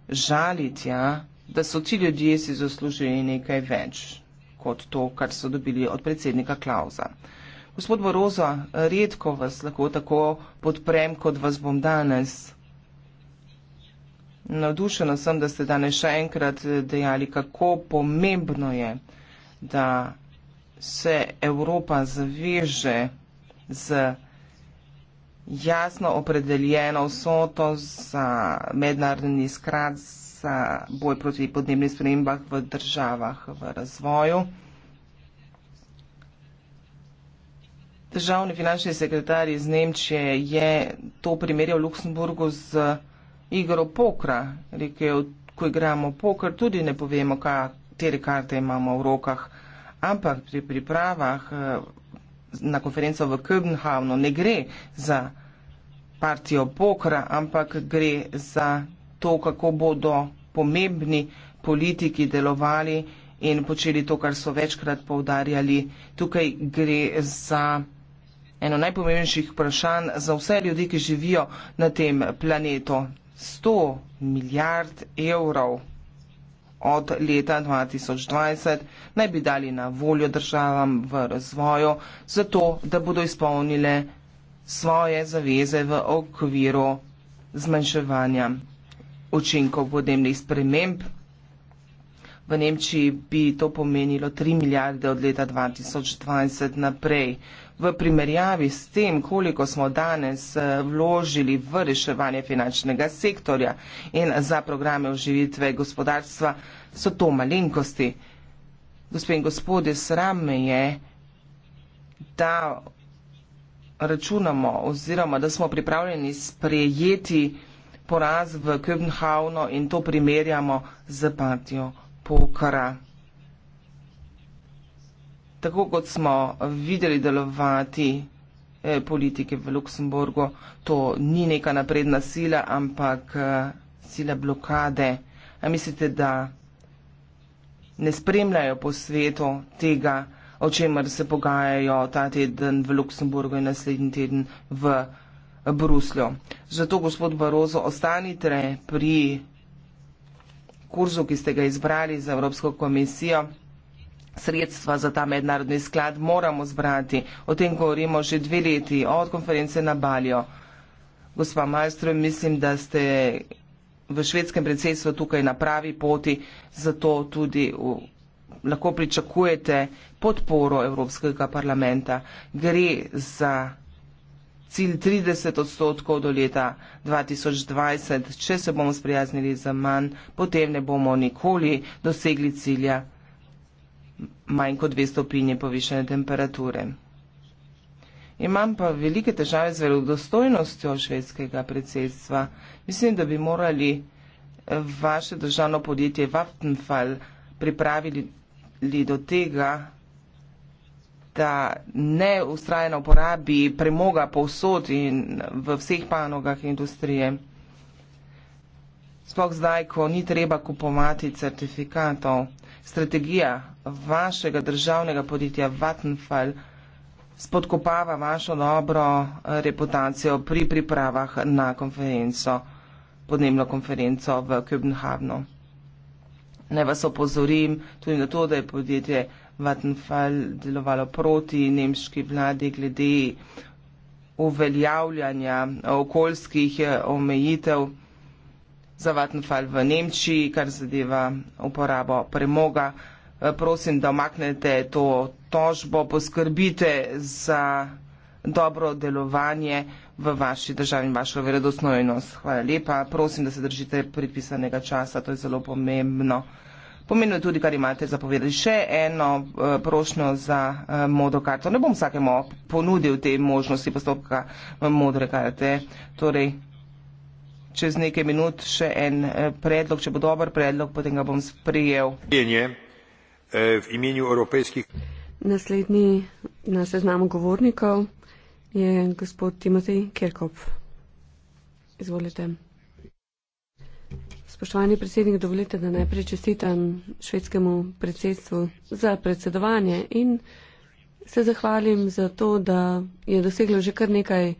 žaliti, ja, da so ti ljudje si zaslužili nekaj več kot to, kar so dobili od predsednika Klauza. Gospod Borozo, redko vas lahko tako podprem, kot vas bom danes. Navdušena sem, da ste danes še enkrat eh, dejali, kako pomembno je, da se Evropa zaveže z. Za jasno opredeljeno vsoto za mednarodni sklad za boj proti podnebnim spremembah v državah v razvoju. Državni finančni sekretar iz Nemčije je to primerjal v Luksemburgu z igro pokra. Rekel je, ko igramo poker, tudi ne povemo, katere karte imamo v rokah, ampak pri pripravah eh, na konferenco v Köbenhavnu ne gre za partijo pokra, ampak gre za to, kako bodo pomembni politiki delovali in počeli to, kar so večkrat povdarjali. Tukaj gre za eno najpomembnejših vprašanj za vse ljudi, ki živijo na tem planetu. 100 milijard evrov od leta 2020 naj bi dali na voljo državam v razvoju, zato da bodo izpolnile svoje zaveze v okviru zmanjševanja učinkov podnebnih sprememb. V Nemčiji bi to pomenilo 3 milijarde od leta 2020 naprej v primerjavi s tem, koliko smo danes eh, vložili v reševanje finančnega sektorja in za programe oživitve gospodarstva, so to malenkosti. Gospod in gospode, sram me je, da računamo oziroma da smo pripravljeni sprejeti poraz v Köbenhavno in to primerjamo z partijo pokra tako kot smo videli delovati eh, politike v Luksemburgu, to ni neka napredna sila, ampak eh, sila blokade. A mislite, da ne spremljajo po svetu tega, o čemer se pogajajo ta teden v Luksemburgu in naslednji teden v eh, Bruslju? Zato, gospod Barozo, ostanite pri kurzu, ki ste ga izbrali za Evropsko komisijo sredstva za ta mednarodni sklad moramo zbrati. O tem govorimo že dve leti od konference na Balijo. Gospa Malström, mislim, da ste v švedskem predsedstvu tukaj na pravi poti, zato tudi v, lahko pričakujete podporo Evropskega parlamenta. Gre za cilj 30 odstotkov do leta 2020. Če se bomo sprijaznili za manj, potem ne bomo nikoli dosegli cilja manj kot dve stopinje povišene temperature. Imam pa velike težave z verodostojnostjo švedskega predsedstva. Mislim, da bi morali eh, vaše državno podjetje Vattenfall pripravili do tega, da ne ustraja na uporabi premoga povsod in v vseh panogah industrije. Sploh zdaj, ko ni treba kupovati certifikatov, strategija vašega državnega podjetja Vattenfall spodkopava vašo dobro eh, reputacijo pri pripravah na konferenco, podnebno konferenco v Köbenhavnu. Naj vas opozorim tudi na to, da je podjetje Vattenfall delovalo proti nemški vladi glede uveljavljanja okoljskih eh, omejitev za Vattenfall v Nemčiji, kar zadeva uporabo premoga. Eh, prosim, da omaknete to tožbo, poskrbite za dobro delovanje v vaši državi in vašo verodostojnost. Hvala lepa. Prosim, da se držite pripisanega časa, to je zelo pomembno. Pomenuje tudi, kar imate zapovedali. Še eno eh, prošnjo za eh, modro karto. Ne bom vsakemu ponudil te možnosti postopka modre karte. Torej, čez nekaj minut še en predlog, če bo dober predlog, potem ga bom sprijel. Je, je. E, v imenju evropejskih. Naslednji na seznamu govornikov je gospod Timotej Kirkov. Izvolite. Spoštovani predsednik, dovolite, da najprej čestitam švedskemu predsedstvu za predsedovanje in se zahvalim za to, da je doseglo že kar nekaj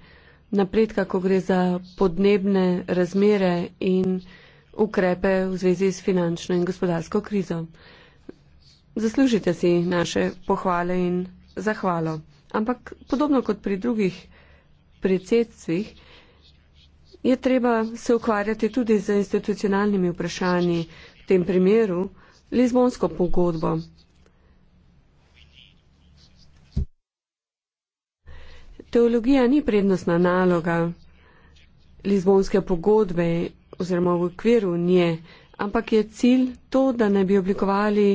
napredka, ko gre za podnebne razmere in ukrepe v zvezi s finančno in gospodarsko krizo. Zaslužite si naše pohvale in zahvalo. Ampak podobno kot pri drugih predsedstvih, je treba se ukvarjati tudi z institucionalnimi vprašanji, v tem primeru Lizbonsko pogodbo. Teologija ni prednostna naloga Lizbonske pogodbe oziroma v okviru nje ampak je cilj to, da ne bi oblikovali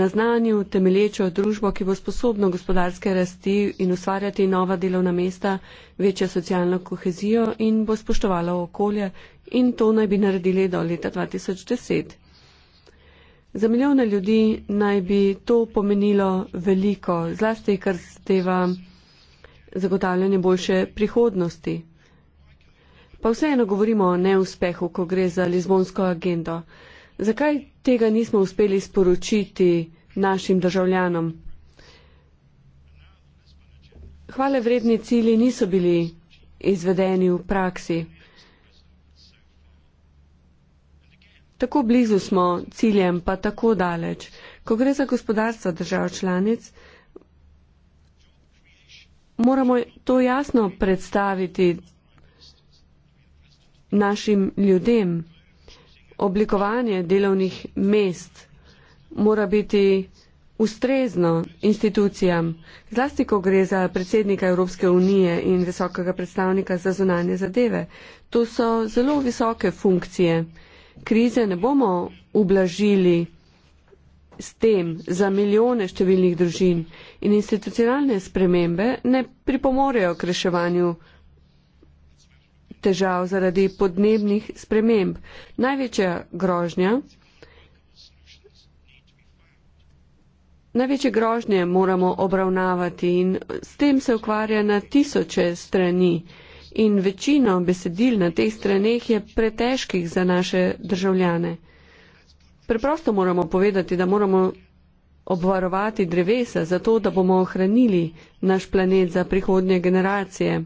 na znanju temelječo družbo, ki bo sposobno gospodarske rasti in ustvarjati nova delovna mesta, večjo socialno kohezijo in bo spoštovala okolje in to naj bi naredili do leta 2010. Za milijone ljudi naj bi to pomenilo veliko, zlasti kar zadeva zagotavljanje boljše prihodnosti. Pa vseeno govorimo o neuspehu, ko gre za lizbonsko agendo. Zakaj tega nismo uspeli sporočiti našim državljanom? Hvale vredni cili niso bili izvedeni v praksi. Tako blizu smo ciljem, pa tako daleč. Ko gre za gospodarstvo držav članic, moramo to jasno predstaviti našim ljudem oblikovanje delovnih mest mora biti ustrezno institucijam, zlasti ko gre za predsednika Evropske unije in visokega predstavnika za zunanje zadeve. To so zelo visoke funkcije. Krize ne bomo ublažili s tem za milijone številnih družin in institucionalne spremembe ne pripomorejo k reševanju težav zaradi podnebnih sprememb. Največja grožnja, največje grožnje moramo obravnavati in s tem se ukvarja na tisoče strani. In večino besedil na teh straneh je pretežkih za naše državljane. Preprosto moramo povedati, da moramo obvarovati drevesa, zato da bomo ohranili naš planet za prihodnje generacije.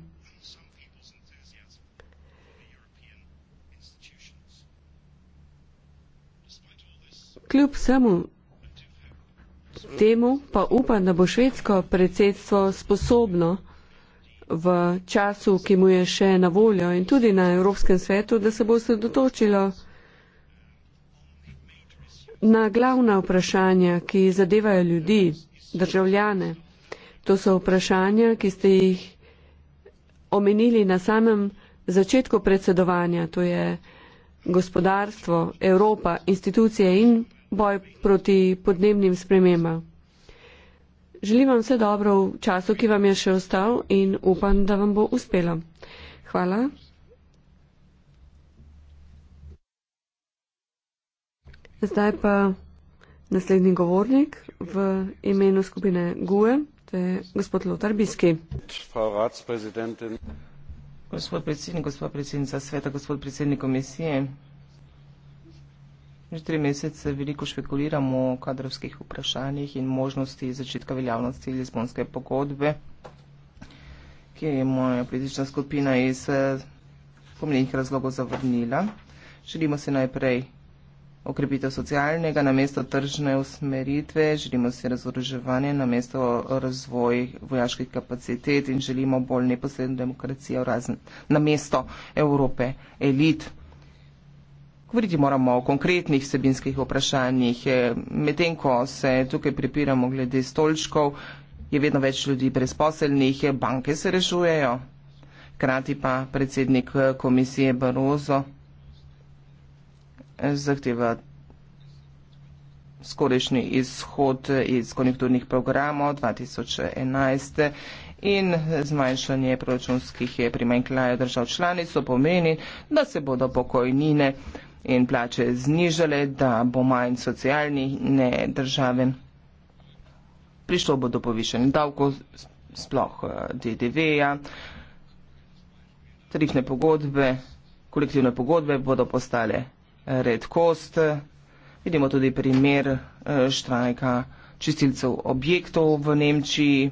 Kljub vsemu temu pa upam, da bo švedsko predsedstvo sposobno v času, ki mu je še na voljo in tudi na Evropskem svetu, da se bo sredotočilo na glavna vprašanja, ki zadevajo ljudi, državljane. To so vprašanja, ki ste jih omenili na samem začetku predsedovanja, to je gospodarstvo, Evropa, institucije in boj proti podnebnim spremembam. Želim vam vse dobro v času, ki vam je še ostal in upam, da vam bo uspelo. Hvala. Zdaj pa naslednji govornik v imenu skupine GUE, to je gospod Lotar Biski. Gospod predsednik, gospod predsednica sveta, gospod predsednik komisije. Že tri mesece veliko špekuliramo o kadrovskih vprašanjih in možnosti začetka veljavnosti Lizbonske pogodbe, ki je moja politična skupina iz eh, pomenjenih razlogov zavrnila. Želimo se najprej okrepitev socialnega na mesto tržne usmeritve, želimo se razoroževanje na mesto razvoj vojaških kapacitet in želimo bolj neposredno demokracijo razen, na mesto Evrope elit. Govoriti moramo o konkretnih sebinskih vprašanjih. Eh, medtem, ko se tukaj pripiramo glede stolčkov, je vedno več ljudi brezposelnih, eh, banke se rešujejo. Krati pa predsednik eh, komisije Barozo zahteva skorešnji izhod iz konjunkturnih programov 2011 in zmanjšanje proračunskih primanjkljajev držav članic, to pomeni, da se bodo pokojnine in plače znižale, da bo manj socialnih ne države. Prišlo bo do povišenja davkov, sploh eh, DDV-ja, tarifne pogodbe, kolektivne pogodbe bodo postale eh, redkost. Vidimo tudi primer eh, štrajka čistilcev objektov v Nemčiji,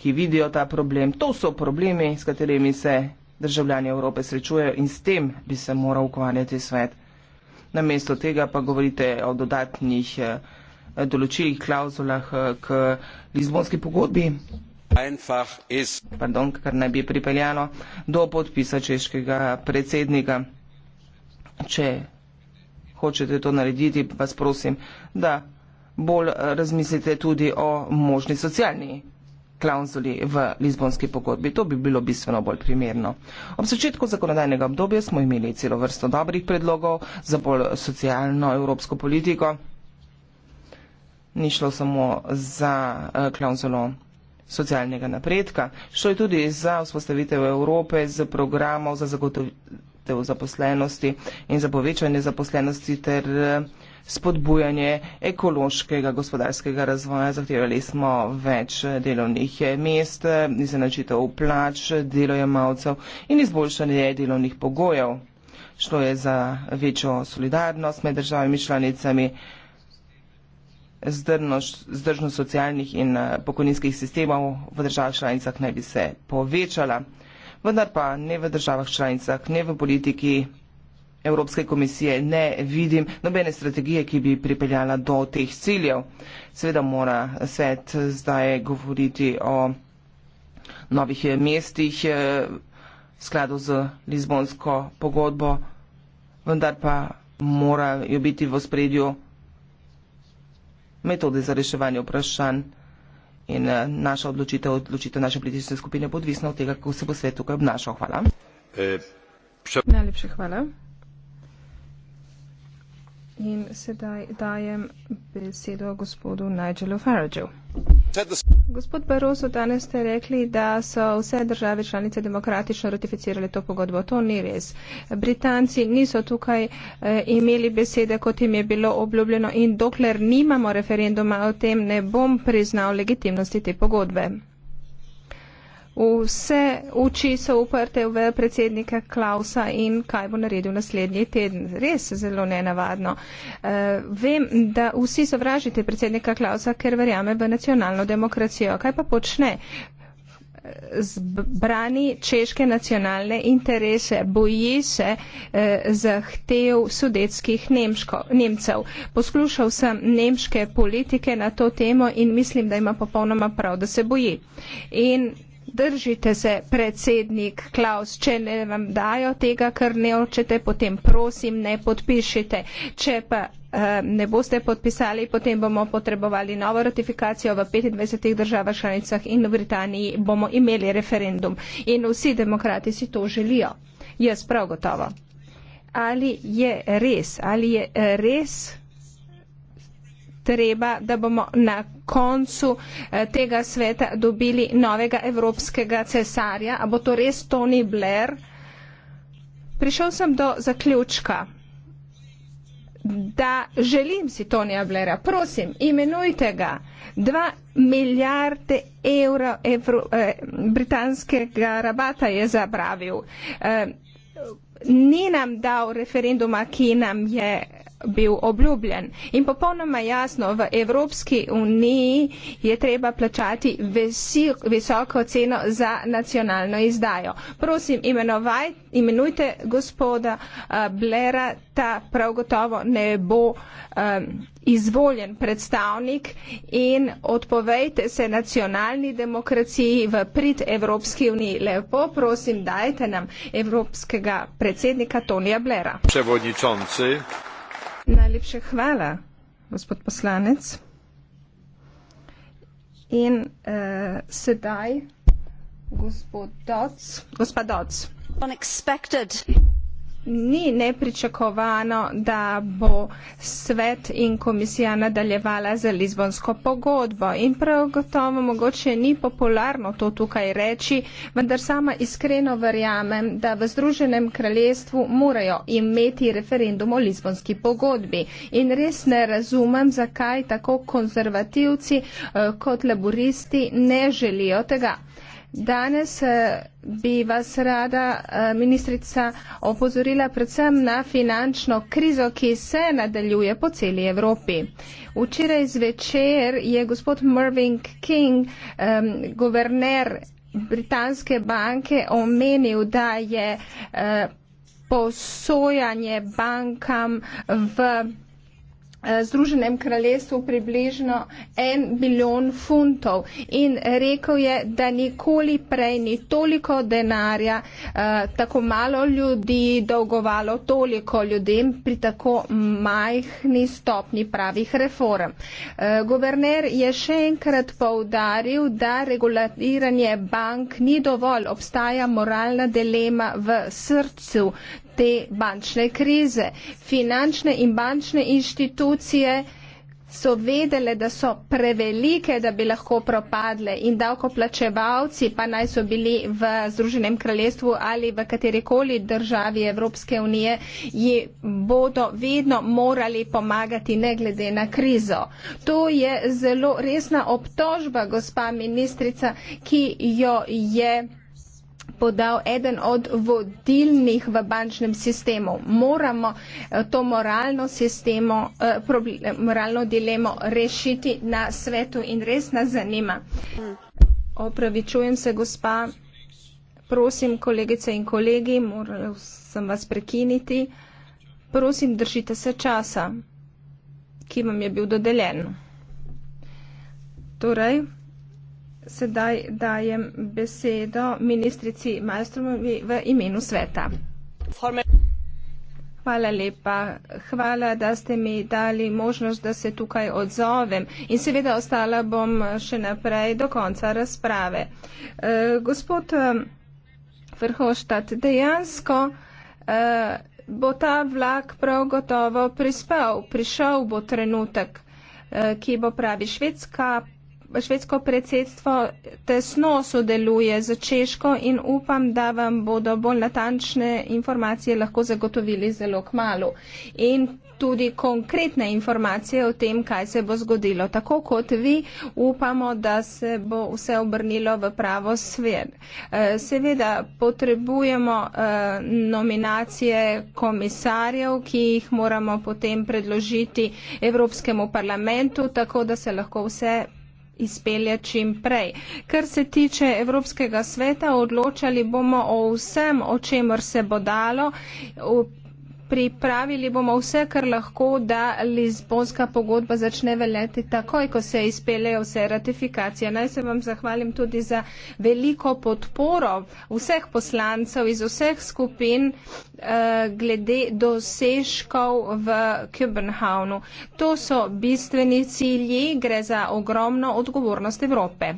ki vidijo ta problem. To so problemi, s katerimi se državljani Evrope srečujejo in s tem bi se moral ukvarjati svet namesto tega pa govorite o dodatnih eh, določilih, klauzulah eh, k Lizbonski pogodbi. Pardon, kar naj bi pripeljalo do podpisa češkega predsednika. Če hočete to narediti, vas prosim, da bolj eh, razmislite tudi o možni socialni klauzuli v Lizbonski pogodbi. To bi bilo bistveno bolj primerno. Ob začetku zakonodajnega obdobja smo imeli celo vrsto dobrih predlogov za bolj socialno evropsko politiko. Ni šlo samo za eh, klauzulo socialnega napredka, šlo je tudi za vzpostavitev Evrope z programov za zagotovitev zaposlenosti in za povečanje zaposlenosti ter eh, spodbujanje ekološkega gospodarskega razvoja. Zahtevali smo več delovnih mest, izenačitev plač delojemalcev in izboljšanje delovnih pogojev. Šlo je za večjo solidarnost med državami članicami, zdržnost socialnih in pokojninskih sistemov v državah članicah naj bi se povečala, vendar pa ne v državah članicah, ne v politiki Evropske komisije ne vidim nobene strategije, ki bi pripeljala do teh ciljev. Seveda mora svet zdaj govoriti o novih mestih eh, v skladu z Lizbonsko pogodbo, vendar pa morajo biti v spredju metode za reševanje vprašanj in eh, naša odločitev, odločitev naše politične skupine bo odvisna od tega, kako se bo svet tukaj obnašal. Hvala. E, še... Najlepše hvala. In sedaj dajem besedo gospodu Nigelu Faradžu. Gospod Barroso, danes ste rekli, da so vse države članice demokratično ratificirale to pogodbo. To ni res. Britanci niso tukaj eh, imeli besede, kot jim je bilo obljubljeno in dokler nimamo referenduma o tem, ne bom priznal legitimnosti te pogodbe vse oči so uprte v predsednika Klausa in kaj bo naredil naslednji teden. Res zelo nenavadno. Uh, vem, da vsi sovražite predsednika Klausa, ker verjame v nacionalno demokracijo. Kaj pa počne? Zbrani češke nacionalne interese, boji se eh, zahtev sudetskih nemško, Nemcev. Poslušal sem nemške politike na to temo in mislim, da ima popolnoma prav, da se boji. In držite se, predsednik Klaus, če ne vam dajo tega, kar ne očete, potem prosim, ne podpišite. Če pa eh, ne boste podpisali, potem bomo potrebovali novo ratifikacijo v 25 državah članicah in v Britaniji bomo imeli referendum. In vsi demokrati si to želijo. Jaz prav gotovo. Ali je res, ali je eh, res treba, da bomo na koncu eh, tega sveta dobili novega evropskega cesarja. A bo to res Tony Blair? Prišel sem do zaključka, da želim si Tonija Blaira. Prosim, imenujte ga. 2 milijarde evrov evro, eh, britanskega rabata je zabravil. Eh, ni nam dal referenduma, ki nam je bil obljubljen. In popolnoma jasno, v Evropski uniji je treba plačati visok, visoko ceno za nacionalno izdajo. Prosim, imenovaj, imenujte gospoda uh, Blera, ta prav gotovo ne bo um, izvoljen predstavnik in odpovejte se nacionalni demokraciji v prid Evropski uniji. Lepo prosim, dajte nam evropskega predsednika Tonija Blera. Przewodniczący. Najlepše hvala, gospod poslanec. In uh, sedaj, gospod Doc. Gospa Doc. Unexpected ni nepričakovano, da bo svet in komisija nadaljevala za Lizbonsko pogodbo. In prav gotovo mogoče ni popularno to tukaj reči, vendar sama iskreno verjamem, da v Združenem kraljestvu morajo imeti referendum o Lizbonski pogodbi. In res ne razumem, zakaj tako konzervativci eh, kot laboristi ne želijo tega. Danes eh, bi vas rada eh, ministrica opozorila predvsem na finančno krizo, ki se nadaljuje po celi Evropi. Včeraj zvečer je gospod Mervyn King, um, guverner Britanske banke, omenil, da je uh, posojanje bankam v. Eh, Združenem kraljestvu približno en milijon funtov in rekel je, da nikoli prej ni toliko denarja, eh, tako malo ljudi dolgovalo toliko ljudem pri tako majhni stopni pravih reform. Eh, Governer je še enkrat povdaril, da reguliranje bank ni dovolj, obstaja moralna dilema v srcu te bančne krize. Finančne in bančne inštitucije so vedele, da so prevelike, da bi lahko propadle in davkoplačevalci, pa naj so bili v Združenem kraljestvu ali v katerikoli državi Evropske unije, ji bodo vedno morali pomagati ne glede na krizo. To je zelo resna obtožba, gospa ministrica, ki jo je podal eden od vodilnih v bančnem sistemu. Moramo eh, to moralno, sistemo, eh, problem, moralno dilemo rešiti na svetu in res nas zanima. Opravičujem se, gospa. Prosim, kolegice in kolegi, moral sem vas prekiniti. Prosim, držite se časa, ki vam je bil dodeljen. Torej, Sedaj dajem besedo ministrici Majstrovi v imenu sveta. Hvala lepa. Hvala, da ste mi dali možnost, da se tukaj odzovem. In seveda ostala bom še naprej do konca razprave. E, gospod e, Verhoštat, dejansko e, bo ta vlak prav gotovo prispel. Prišel bo trenutek, e, ki bo pravi Švedska švedsko predsedstvo tesno sodeluje z Češko in upam, da vam bodo bolj natančne informacije lahko zagotovili zelo k malu. In tudi konkretne informacije o tem, kaj se bo zgodilo. Tako kot vi, upamo, da se bo vse obrnilo v pravo svet. E, seveda potrebujemo e, nominacije komisarjev, ki jih moramo potem predložiti Evropskemu parlamentu, tako da se lahko vse izpelje čim prej. Kar se tiče Evropskega sveta, odločali bomo o vsem, o čemer se bo dalo. Pripravili bomo vse, kar lahko, da Lizbonska pogodba začne veljati takoj, ko se izpelejo vse ratifikacije. Naj se vam zahvalim tudi za veliko podporo vseh poslancev iz vseh skupin eh, glede dosežkov v Kubenhavnu. To so bistveni cilji, gre za ogromno odgovornost Evrope.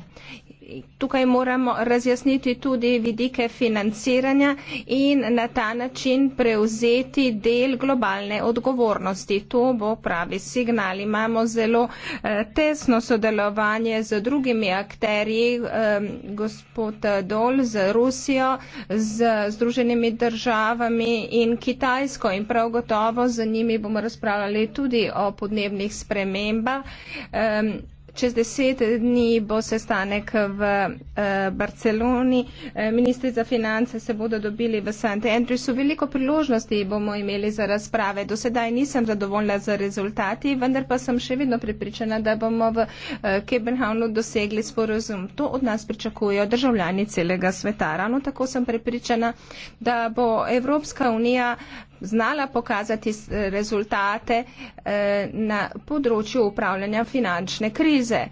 Tukaj moramo razjasniti tudi vidike financiranja in na ta način prevzeti del globalne odgovornosti. To bo pravi signal. Imamo zelo eh, tesno sodelovanje z drugimi akterji, eh, gospod Dol, z Rusijo, z Združenimi državami in Kitajsko in prav gotovo z njimi bomo razpravljali tudi o podnebnih spremembah čez deset dni bo sestanek v eh, Barceloni. Eh, ministri za finance se bodo dobili v St. Andrewsu. Veliko priložnosti bomo imeli za razprave. Do sedaj nisem zadovoljna z rezultati, vendar pa sem še vedno prepričana, da bomo v Kebenhavnu eh, dosegli sporozum. To od nas pričakujejo državljani celega sveta. Ravno tako sem prepričana, da bo Evropska unija uh, znala pokazati eh, rezultate eh, na področju upravljanja finančne krize.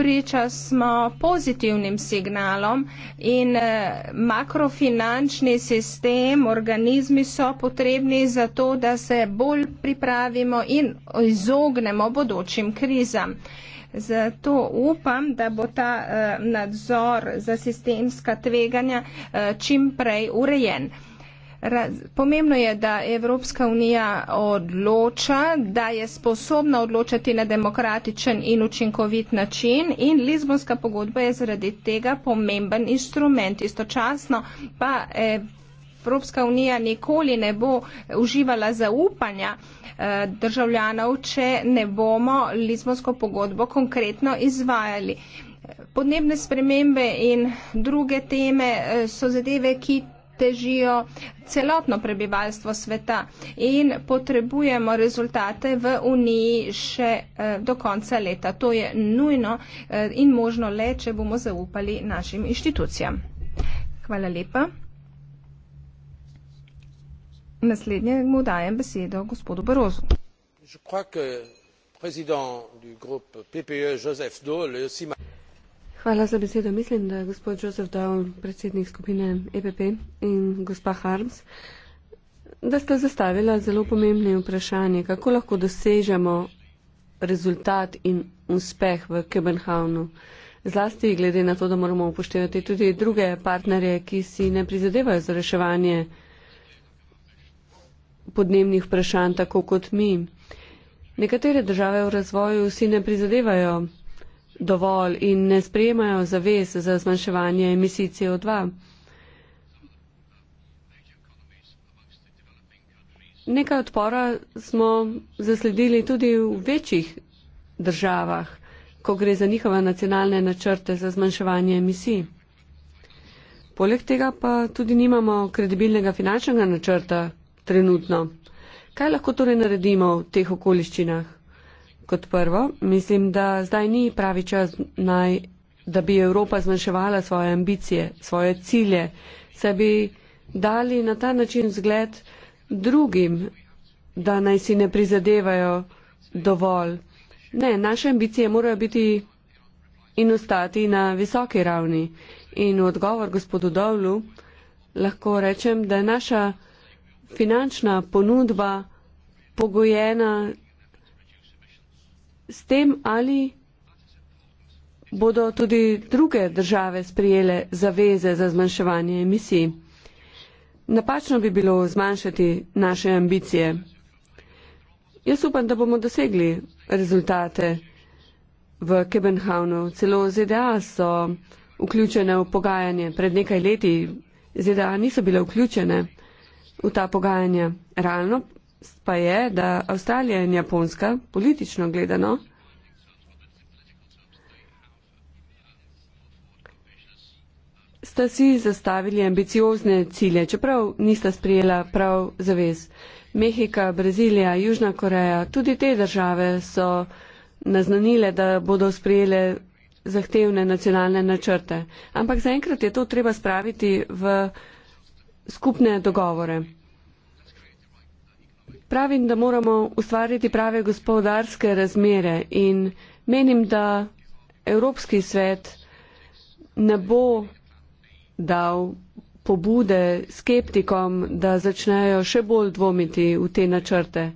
Priča smo pozitivnim signalom in eh, makrofinančni sistem, organizmi so potrebni za to, da se bolj pripravimo in izognemo bodočim krizam. Zato upam, da bo ta nadzor za sistemska tveganja čim prej urejen. Raz, pomembno je, da Evropska unija odloča, da je sposobna odločati na demokratičen in učinkovit način in Lizbonska pogodba je zaradi tega pomemben instrument. Istočasno pa Evropska unija nikoli ne bo uživala zaupanja eh, državljanov, če ne bomo Lizbonsko pogodbo konkretno izvajali. Podnebne spremembe in druge teme eh, so zadeve, ki težijo celotno prebivalstvo sveta in potrebujemo rezultate v Uniji še eh, do konca leta. To je nujno eh, in možno le, če bomo zaupali našim inštitucijam. Hvala lepa. Naslednje mu dajem besedo gospodu Barozu. Je crois que président du groupe PPE, Joseph Dole, aussi ma... Hvala za besedo. Mislim, da je gospod Jozef Dow, predsednik skupine EPP in gospa Harms, da sta zastavila zelo pomembne vprašanje, kako lahko dosežemo rezultat in uspeh v Kebenhavnu. Zlasti glede na to, da moramo upoštevati tudi druge partnerje, ki si ne prizadevajo za reševanje podnebnih vprašanj tako kot mi. Nekatere države v razvoju si ne prizadevajo dovolj in ne sprejemajo zavez za zmanjševanje emisij CO2. Nekaj odpora smo zasledili tudi v večjih državah, ko gre za njihove nacionalne načrte za zmanjševanje emisij. Poleg tega pa tudi nimamo kredibilnega finančnega načrta trenutno. Kaj lahko torej naredimo v teh okoliščinah? Kot prvo, mislim, da zdaj ni pravi čas, naj, da bi Evropa zmanjševala svoje ambicije, svoje cilje, se bi dali na ta način zgled drugim, da naj si ne prizadevajo dovolj. Ne, naše ambicije morajo biti in ostati na visoki ravni. In v odgovor gospodu Dovlu lahko rečem, da je naša finančna ponudba pogojena s tem, ali bodo tudi druge države sprijele zaveze za zmanjševanje emisij. Napačno bi bilo zmanjšati naše ambicije. Jaz upam, da bomo dosegli rezultate v Kebenhavnu. Celo ZDA so vključene v pogajanje. Pred nekaj leti ZDA niso bile vključene v ta pogajanja. Realno pa je, da Avstralija in Japonska, politično gledano, sta si zastavili ambiciozne cilje, čeprav nista sprijela prav zavez. Mehika, Brazilija, Južna Koreja, tudi te države so naznanile, da bodo sprijele zahtevne nacionalne načrte. Ampak zaenkrat je to treba spraviti v skupne dogovore pravim, da moramo ustvariti prave gospodarske razmere in menim, da Evropski svet ne bo dal pobude skeptikom, da začnejo še bolj dvomiti v te načrte.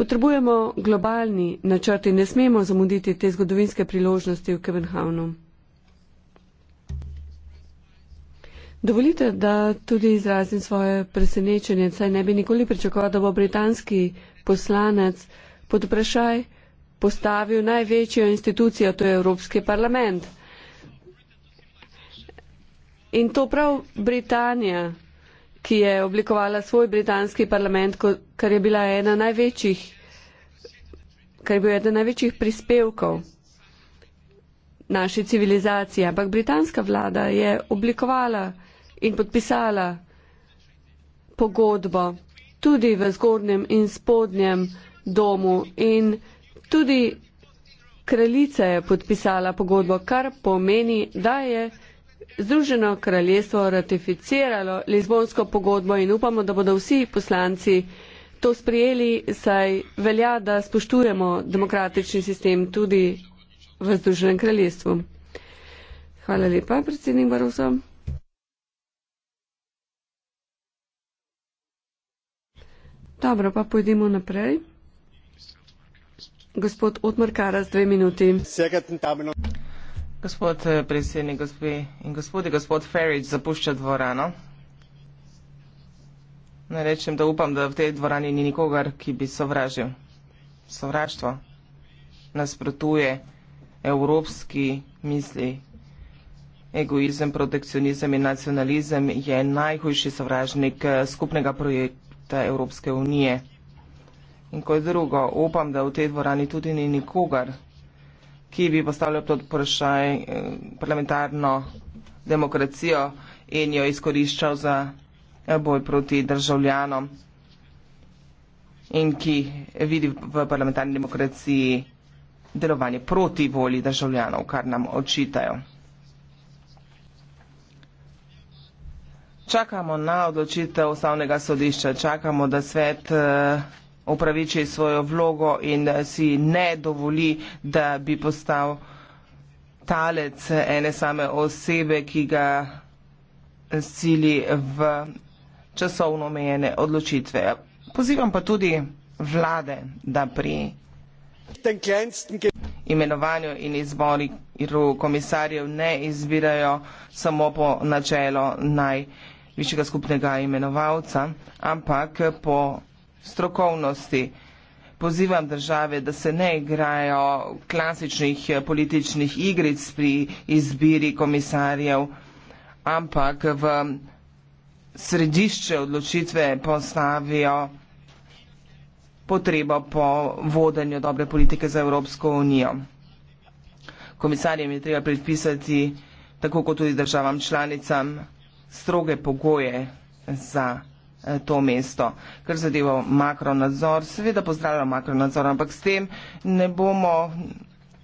Potrebujemo globalni načrt in ne smemo zamuditi te zgodovinske priložnosti v Kevenhavnu. Dovolite, da tudi izrazim svoje presenečenje, saj ne bi nikoli pričakoval, da bo britanski poslanec pod vprašaj postavil največjo institucijo, to je Evropski parlament. In to prav Britanija, ki je oblikovala svoj britanski parlament, kar je bila ena največjih, kar je bil eden največjih prispevkov naše civilizacije. Ampak britanska vlada je oblikovala in podpisala pogodbo tudi v zgornjem in spodnjem domu in tudi kraljica je podpisala pogodbo, kar pomeni, da je Združeno kraljestvo ratificiralo Lizbonsko pogodbo in upamo, da bodo vsi poslanci to sprijeli, saj velja, da spoštujemo demokratični sistem tudi v Združenem kraljestvu. Hvala lepa, predsednik Barusov. Dobro, pa pojdimo naprej. Gospod Otmarkara, dve minuti. Gospod eh, predsednik, gospe in gospodje, gospod Ferrič zapušča dvorano. Naj rečem, da upam, da v tej dvorani ni nikogar, ki bi sovražil. Sovraštvo nasprotuje evropski misli. Egoizem, protekcionizem in nacionalizem je najhujši sovražnik eh, skupnega projekta te Evropske unije. In kot drugo, upam, da v tej dvorani tudi ni nikogar, ki bi postavljal pod vprašaj eh, parlamentarno demokracijo in jo izkoriščal za eh, boj proti državljanom in ki vidi v parlamentarni demokraciji delovanje proti volji državljanov, kar nam očitajo. Čakamo na odločitev ustavnega sodišča, čakamo, da svet upraviči eh, svojo vlogo in si ne dovoli, da bi postal talec ene same osebe, ki ga sili v časovno omejene odločitve. Pozivam pa tudi vlade, da pri imenovanju in izbori komisarjev ne izbirajo samo po načelo naj višjega skupnega imenovalca, ampak po strokovnosti. Pozivam države, da se ne igrajo klasičnih političnih igric pri izbiri komisarjev, ampak v središče odločitve postavijo potrebo po vodenju dobre politike za Evropsko unijo. Komisarjem je treba predpisati, tako kot tudi državam članicam, stroge pogoje za eh, to mesto. Kar zadeva makronadzor, seveda pozdravljam makronadzor, ampak s tem ne bomo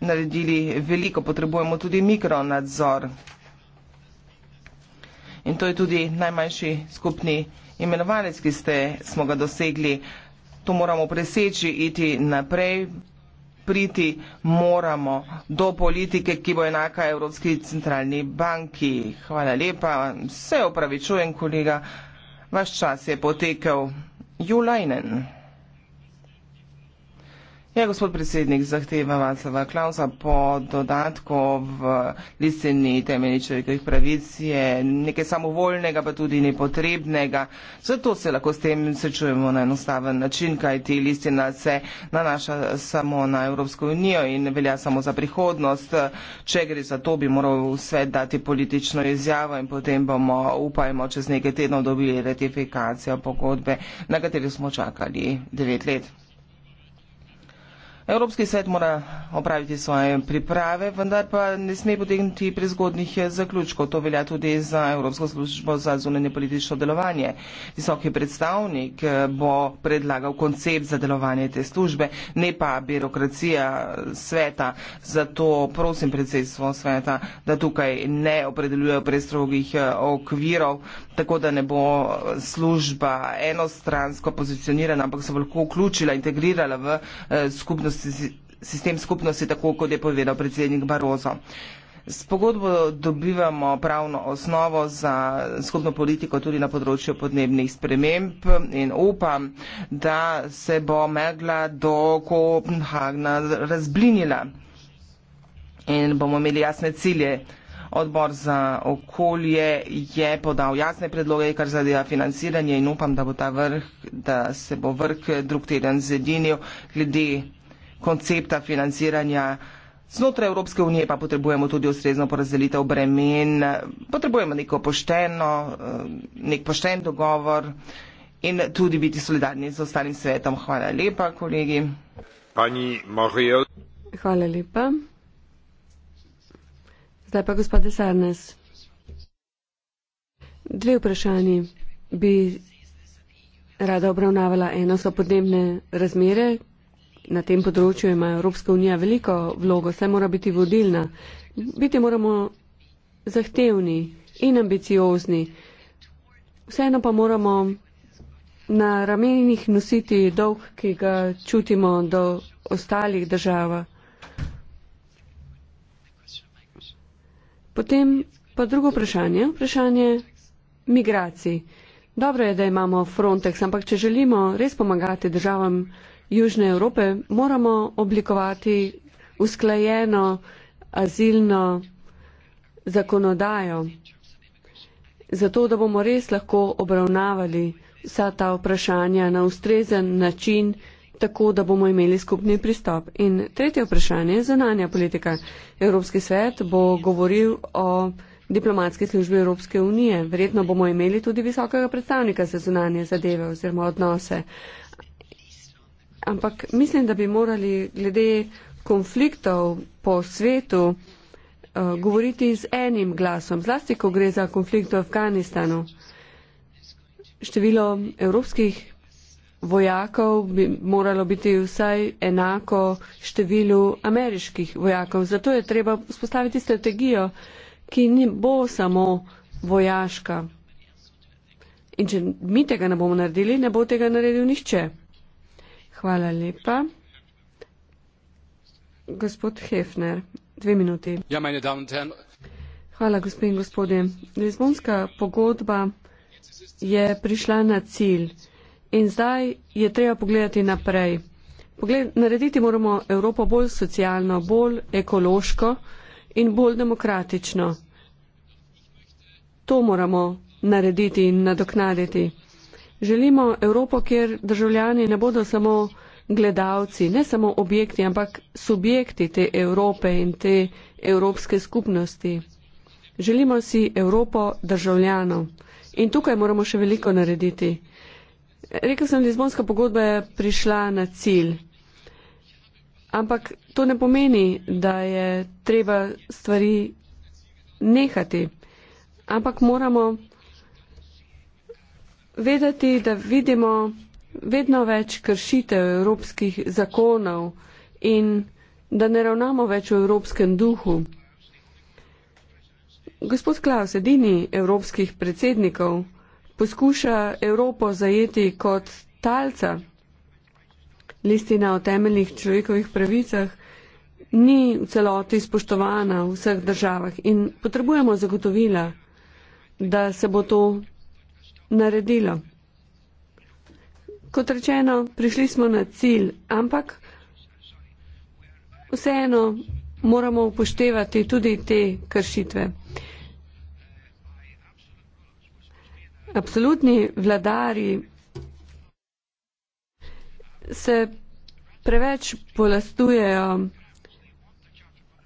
naredili veliko, potrebujemo tudi mikronadzor. In to je tudi najmanjši skupni imenovalec, ki ste, smo ga dosegli. To moramo preseči, iti naprej priti moramo do politike, ki bo enaka Evropski centralni banki. Hvala lepa, se opravičujem, kolega, vaš čas je potekel. Julajnen. Ja, gospod predsednik, zahteva Vaclava Klausa po dodatku v listini temeljnih človekovih pravic je nekaj samovoljnega, pa tudi nepotrebnega. Zato se lahko s tem srečujemo na enostaven način, kaj ti listina se nanaša samo na Evropsko unijo in velja samo za prihodnost. Če gre za to, bi moral svet dati politično izjavo in potem bomo, upajmo, čez nekaj tednov dobili ratifikacijo pogodbe, na katero smo čakali devet let. Evropski svet mora opraviti svoje priprave, vendar pa ne sme potegniti prezgodnih zaključkov. To velja tudi za Evropsko službo za zunanje politično delovanje. Visoki predstavnik eh, bo predlagal koncept za delovanje te službe, ne pa birokracija sveta. Zato prosim predsedstvo sveta, da tukaj ne opredeljujejo prestrogih eh, okvirov, tako da ne bo služba enostransko pozicionirana, ampak se bo lahko vključila, integrirala v eh, skupnost sistem skupnosti, tako kot je povedal predsednik Barozo. S pogodbo dobivamo pravno osnovo za skupno politiko tudi na področju podnebnih sprememb in upam, da se bo megla do Kopenhagna razblinila in bomo imeli jasne cilje. Odbor za okolje je podal jasne predloge, kar zadeva financiranje in upam, da, bo ta vrh, da se bo vrh drug teden zedinil glede koncepta financiranja. Znotraj Evropske unije pa potrebujemo tudi ustrezno porazdelitev bremen, potrebujemo neko pošteno, eh, nek pošten dogovor in tudi biti solidarni z ostalim svetom. Hvala lepa, kolegi. Pani Mohel. Hvala lepa. Zdaj pa gospode Sarnes. Dve vprašanji bi rada obravnavala. Eno so podnebne razmere, Na tem področju ima Evropska unija veliko vlogo, saj mora biti vodilna. Biti moramo zahtevni in ambiciozni. Vseeno pa moramo na ramenih nositi dolg, ki ga čutimo do ostalih držav. Potem pa drugo vprašanje, vprašanje migracij. Dobro je, da imamo Frontex, ampak če želimo res pomagati državam, Južne Evrope, moramo oblikovati usklajeno azilno zakonodajo, zato da bomo res lahko obravnavali vsa ta vprašanja na ustrezen način, tako da bomo imeli skupni pristop. In tretje vprašanje je zananja politika. Evropski svet bo govoril o diplomatski službi Evropske unije. Verjetno bomo imeli tudi visokega predstavnika za zunanje zadeve oziroma odnose ampak mislim, da bi morali glede konfliktov po svetu uh, govoriti z enim glasom, zlasti, ko gre za konflikt v Afganistanu. Število evropskih vojakov bi moralo biti vsaj enako številu ameriških vojakov. Zato je treba spostaviti strategijo, ki ni bo samo vojaška. In če mi tega ne bomo naredili, ne bo tega naredil nihče. Hvala lepa. Gospod Hefner, dve minuti. Ja, Hvala, gospod in gospodje. Lizbonska pogodba je prišla na cilj in zdaj je treba pogledati naprej. Pogled, narediti moramo Evropo bolj socialno, bolj ekološko in bolj demokratično. To moramo narediti in nadoknaditi. Želimo Evropo, kjer državljani ne bodo samo gledalci, ne samo objekti, ampak subjekti te Evrope in te evropske skupnosti. Želimo si Evropo državljanov in tukaj moramo še veliko narediti. Rekel sem, Lizbonska pogodba je prišla na cilj. Ampak to ne pomeni, da je treba stvari nehati. Ampak moramo vedeti, da vidimo vedno več kršitev evropskih zakonov in da ne ravnamo več v evropskem duhu. Gospod Klaus, edini evropskih predsednikov, poskuša Evropo zajeti kot talca. Listina o temeljnih človekovih pravicah ni v celoti spoštovana v vseh državah in potrebujemo zagotovila, da se bo to naredilo. Kot rečeno, prišli smo na cilj, ampak vseeno moramo upoštevati tudi te kršitve. Absolutni vladari se preveč polastujejo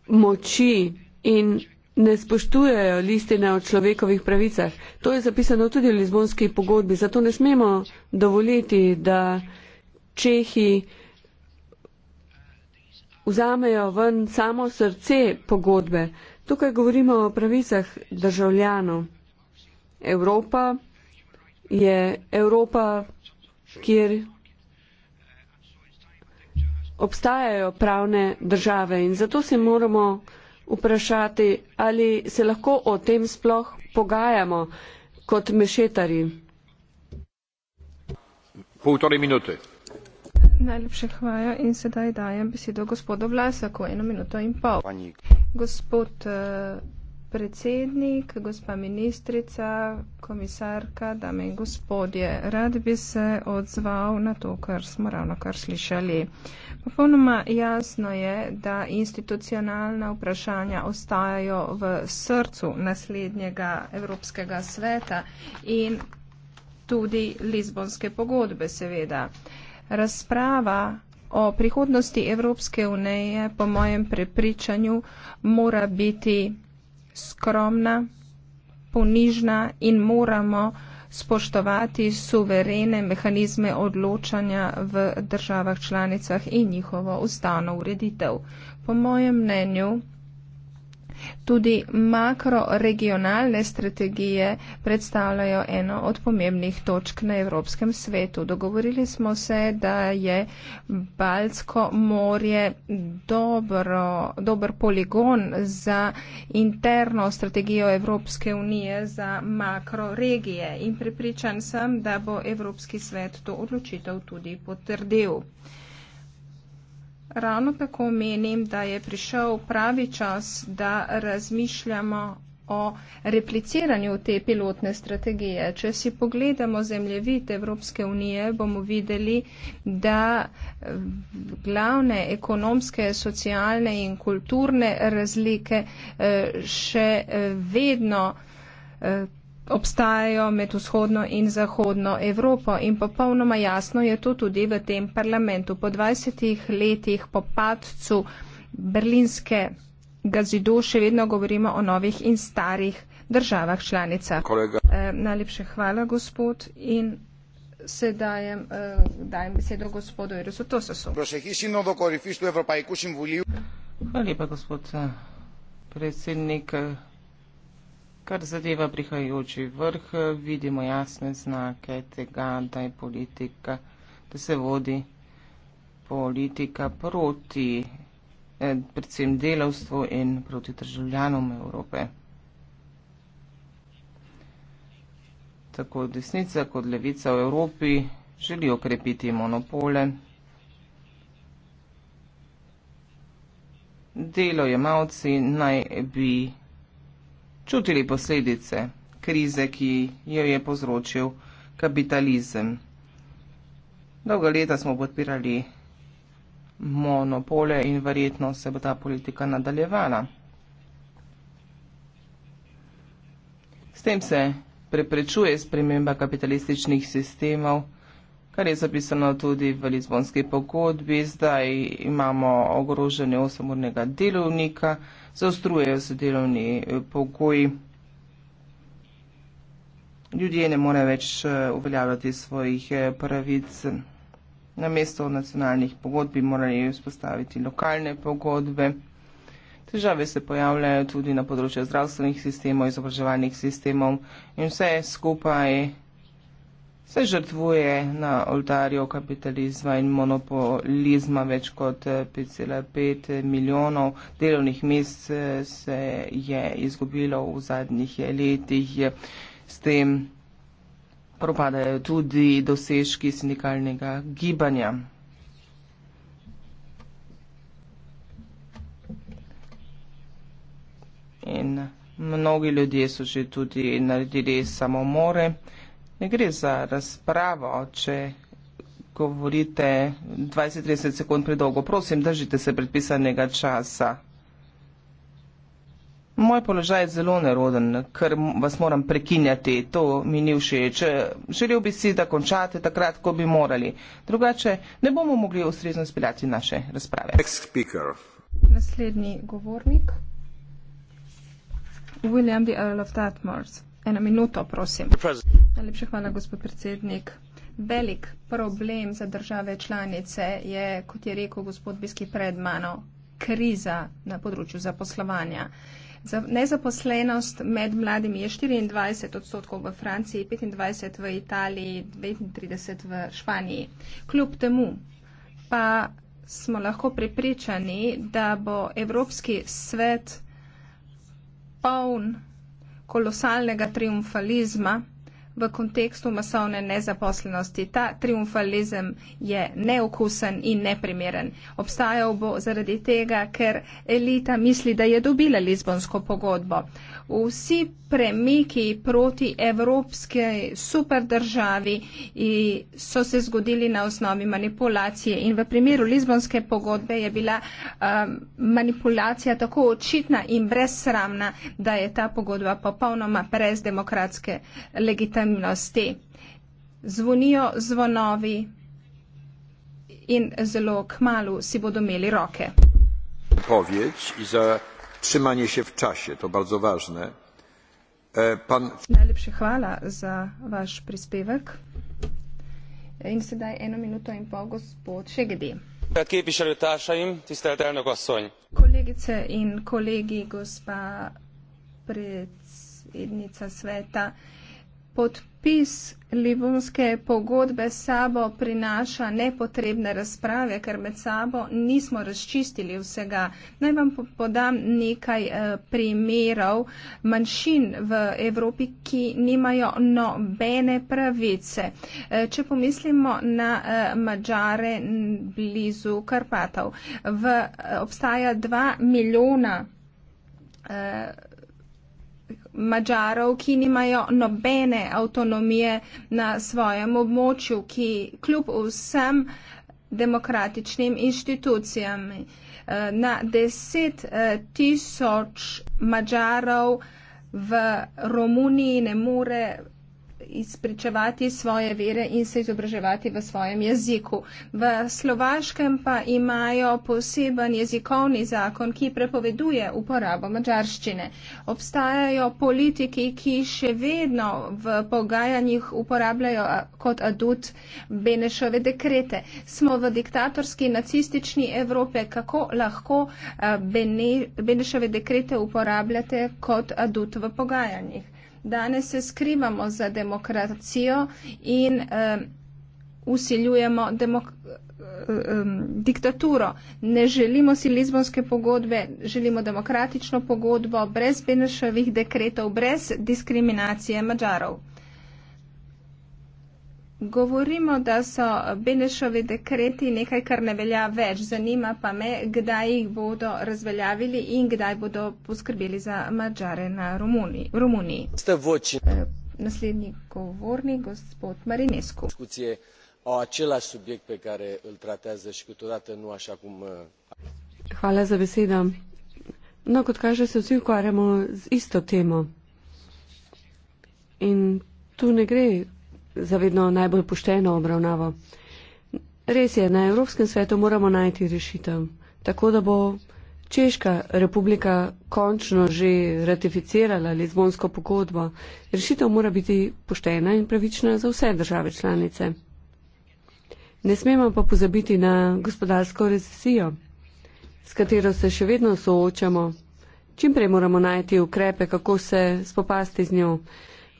moči in ne spoštujejo listine o človekovih pravicah. To je zapisano tudi v Lizbonski pogodbi, zato ne smemo dovoliti, da Čehi vzamejo ven samo srce pogodbe. Tukaj govorimo o pravicah državljanov. Evropa je Evropa, kjer obstajajo pravne države in zato se moramo vprašati, ali se lahko o tem sploh pogajamo kot mešetari. Najlepše hvala in sedaj dajem besedo gospodu Vlasaku, eno minuto in pol. Gospod eh, predsednik, gospa ministrica, komisarka, dame in gospodje, rad bi se odzval na to, kar smo ravno kar slišali. Uh, Popolnoma jasno je, da institucionalna vprašanja ostajajo v srcu naslednjega Evropskega sveta in tudi Lizbonske pogodbe, seveda. Razprava o prihodnosti Evropske unije, po mojem prepričanju, mora biti skromna, ponižna in moramo spoštovati suverene mehanizme odločanja v državah članicah in njihovo ustavno ureditev. Po mojem mnenju, Tudi makroregionalne strategije predstavljajo eno od pomembnih točk na Evropskem svetu. Dogovorili smo se, da je Balsko morje dobro, dober poligon za interno strategijo Evropske unije za makroregije in pripričan sem, da bo Evropski svet to odločitev tudi potrdil. Ravno tako menim, da je prišel pravi čas, da razmišljamo o repliciranju te pilotne strategije. Če si pogledamo zemljevid Evropske unije, bomo videli, da eh, glavne ekonomske, socialne in kulturne razlike eh, še eh, vedno obstajajo med vzhodno in zahodno Evropo in popolnoma jasno je to tudi v tem parlamentu. Po 20 letih po padcu berlinske gazido še vedno govorimo o novih in starih državah članicah. Kolega. E, najlepše hvala, gospod. In se dajem, eh, dajem besedo gospodu Erosu Tososu. Hvala lepa, gospod eh, predsednik. Eh, Kar zadeva prihajajoči vrh, vidimo jasne znake tega, da je politika, da se vodi politika proti eh, predvsem delavstvu in proti državljanom Evrope. Tako desnica kot levica v Evropi želijo krepiti monopole. Delo je malci naj bi čutili posledice krize, ki jo je povzročil kapitalizem. Dolga leta smo podpirali monopole in verjetno se bo ta politika nadaljevala. S tem se preprečuje sprememba kapitalističnih sistemov kar je zapisano tudi v Lizbonski pogodbi. Zdaj imamo ogrožene 8-urnega delovnika, zaostrujejo se delovni eh, pogoji. Ljudje ne more več eh, uveljavljati svojih eh, pravic. Na mesto nacionalnih pogodb bi morali vzpostaviti lokalne pogodbe. Težave se pojavljajo tudi na področju zdravstvenih sistemov, izobraževalnih sistemov in vse skupaj se žrtvuje na oltarju kapitalizma in monopolizma več kot 5,5 eh, milijonov delovnih mest eh, se je izgubilo v zadnjih letih. S tem propadajo tudi dosežki sindikalnega gibanja. In mnogi ljudje so že tudi naredili samomore. Ne gre za razpravo, če govorite 20-30 sekund predolgo. Prosim, držite se predpisanega časa. Moj položaj je zelo neroden, ker vas moram prekinjati. To mi ni všeč. Želel bi si, da končate takrat, ko bi morali. Drugače ne bomo mogli ustrezno speljati naše razprave. Naslednji govornik. William the Earl of Dartmouth. Eno minuto, prosim. Najlepša hvala, gospod predsednik. Velik problem za države članice je, kot je rekel gospod Biski pred mano, kriza na področju zaposlovanja. Za nezaposlenost med mladimi je 24 odstotkov v Franciji, 25 v Italiji, 35 v Španiji. Kljub temu pa smo lahko prepričani, da bo Evropski svet poln kolosalnega triumfalizma, v kontekstu masovne nezaposlenosti. Ta triumfalizem je neokusen in neprimeren. Obstajal bo zaradi tega, ker elita misli, da je dobila Lizbonsko pogodbo. Vsi premiki proti evropske superdržavi so se zgodili na osnovi manipulacije in v primeru Lizbonske pogodbe je bila um, manipulacija tako očitna in brezsramna, da je ta pogodba popolnoma brez demokratske legitimacije milosti. Zvonijo zvonovi in zelo kmalu si bodo imeli roke. Povedz in za trzymanje se v času, to je bardzo važne. E, pan... Najlepša hvala za vaš prispevek. In sedaj eno minuto in pol, gospod Šegedi. Kolegice in kolegi, gospa predsednica sveta, podpis Livunske pogodbe s sabo prinaša nepotrebne razprave, ker med sabo nismo razčistili vsega. Naj vam podam nekaj eh, primerov manjšin v Evropi, ki nimajo nobene pravice. Eh, če pomislimo na eh, Mačare blizu Karpatov, v, obstaja dva milijona. Mačarov, ki nimajo nobene avtonomije na svojem območju, ki kljub vsem demokratičnim inštitucijam. Eh, na deset eh, tisoč Mačarov v Romuniji ne more izpričevati svoje vere in se izobraževati v svojem jeziku. V slovaškem pa imajo poseben jezikovni zakon, ki prepoveduje uporabo mačarščine. Obstajajo politiki, ki še vedno v pogajanjih uporabljajo kot adut Benešove dekrete. Smo v diktatorski nacistični Evrope, kako lahko eh, Bene, Benešove dekrete uporabljate kot adut v pogajanjih danes se skrivamo za demokracijo in uh, usiljujemo demok eh, eh, diktaturo. Ne želimo si Lizbonske pogodbe, želimo demokratično pogodbo brez Benešovih dekretov, brez diskriminacije Mačarov. Govorimo, da so Benešovi dekreti nekaj, kar ne velja več. Zanima pa me, kdaj jih bodo razveljavili in kdaj bodo poskrbeli za mačare na Romuniji. E, naslednji govorni, gospod Marinescu. E. Hvala za besedo. No, kot kaže, se vsi ukvarjamo z isto temo. In tu ne gre za vedno najbolj pošteno obravnavo. Res je, na Evropskem svetu moramo najti rešitev, tako da bo Češka republika končno že ratificirala Lizbonsko pogodbo. Rešitev mora biti poštena in pravična za vse države članice. Ne smemo pa pozabiti na gospodarsko recesijo, s katero se še vedno soočamo. Čimprej moramo najti ukrepe, kako se spopasti z njo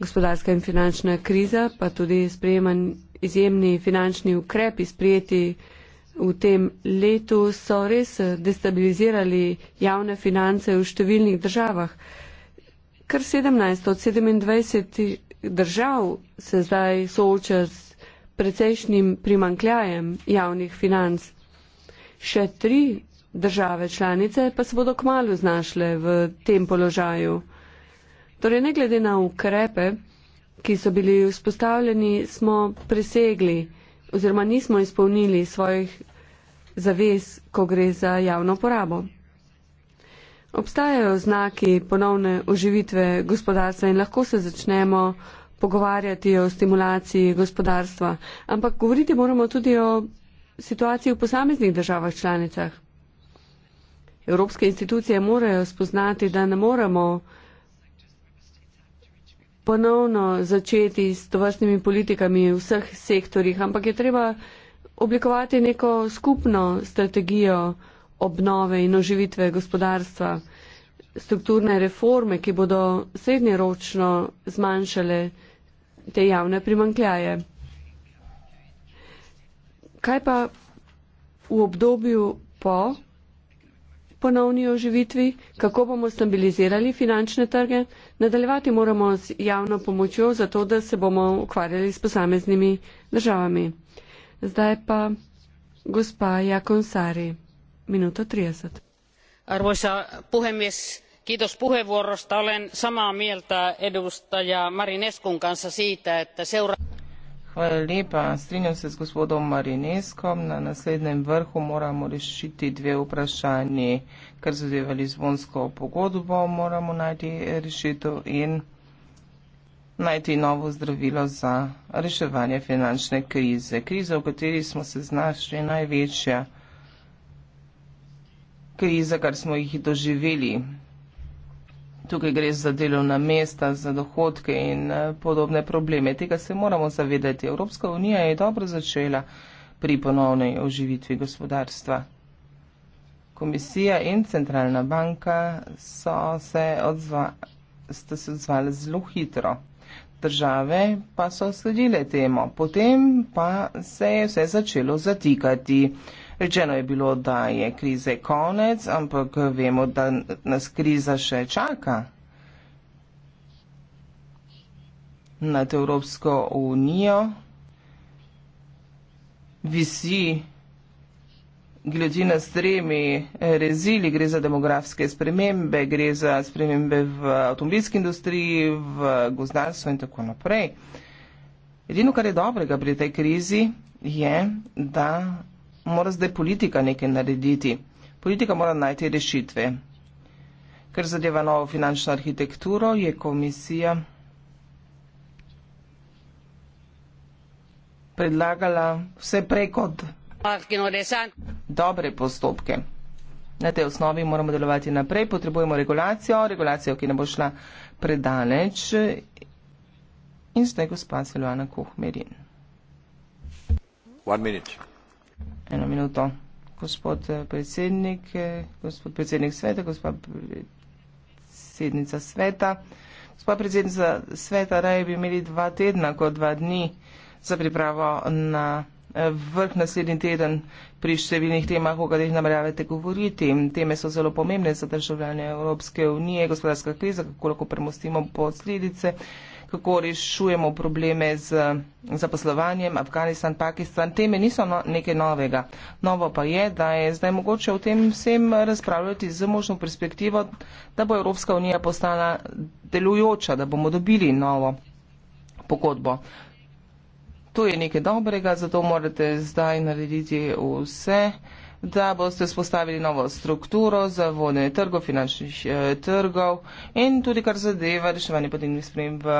gospodarska in finančna kriza, pa tudi sprejeman izjemni finančni ukrepi sprijeti v tem letu so res destabilizirali javne finance v številnih državah. Kar 17 od 27 držav se zdaj sooča s precejšnjim primankljajem javnih financ. Še tri države članice pa se bodo kmalo znašle v tem položaju. Torej, ne glede na ukrepe, ki so bili vzpostavljeni, smo presegli oziroma nismo izpolnili svojih zavez, ko gre za javno porabo. Obstajajo znaki ponovne oživitve gospodarstva in lahko se začnemo pogovarjati o stimulaciji gospodarstva, ampak govoriti moramo tudi o situaciji v posameznih državah članicah. Evropske institucije morajo spoznati, da ne moremo ponovno začeti s tovrstnimi politikami v vseh sektorjih, ampak je treba oblikovati neko skupno strategijo obnove in oživitve gospodarstva, strukturne reforme, ki bodo srednjeročno zmanjšale te javne primankljaje. Kaj pa v obdobju po ponovni oživitvi, kako bomo stabilizirali finančne trge, Nadaljevati moramo z javno pomočjo, zato da se bomo ukvarjali s posameznimi državami. Zdaj pa gospa Jakonsari, minuto 30. Arvoisa puhemies, kiitos puheenvuorosta. Olen samaa mieltä edustaja Marineskun kanssa siitä, että seuraa. Hvala lepa. Strinjam se z gospodom Marineskom. Na naslednjem vrhu moramo rešiti dve vprašanji, kar zadeva Lizbonsko pogodbo. Moramo najti rešitev in najti novo zdravilo za reševanje finančne krize. Kriza, v kateri smo se znašli, je največja kriza, kar smo jih doživeli tukaj gre za delovna mesta, za dohodke in eh, podobne probleme. Tega se moramo zavedati. Evropska unija je dobro začela pri ponovni oživitvi gospodarstva. Komisija in centralna banka so se, odzva, se odzvali zelo hitro. Države pa so sledile temu, potem pa se je vse začelo zatikati. Uh, Rečeno je bilo, da je krize konec, ampak vemo, da nas kriza še čaka nad Evropsko unijo. Visi gljudina s tremi rezili, gre za demografske spremembe, gre za spremembe v avtomobilski industriji, v gozdarstvu in tako naprej. Edino, kar je dobrega pri tej krizi, je, da mora zdaj politika nekaj narediti. Politika mora najti rešitve. Ker zadeva novo finančno arhitekturo, je komisija predlagala vse prej kot dobre postopke. Na tej osnovi moramo delovati naprej, potrebujemo regulacijo, regulacijo, ki ne bo šla predaleč. In zdaj gospod Svelovana Kuhmerin. One minute. Eno minuto. Gospod eh, predsednik, eh, gospod predsednik sveta, gospa predsednica sveta. Gospa predsednica sveta, raje bi imeli dva tedna kot dva dni za pripravo na eh, vrh naslednji teden pri številnih temah, o katerih nameravate govoriti. Teme so zelo pomembne za državljanje Evropske unije, gospodarska kriza, kako lahko premostimo posledice kako rešujemo probleme z zaposlovanjem, Afganistan, Pakistan, teme niso no, nekaj novega. Novo pa je, da je zdaj mogoče o tem vsem razpravljati z možno perspektivo, da bo Evropska unija postala delujoča, da bomo dobili novo pogodbo. To je nekaj dobrega, zato morate zdaj narediti vse da boste spostavili novo strukturo za vodne trgov, finančnih eh, trgov in tudi kar zadeva reševanje podnebnih sprememb v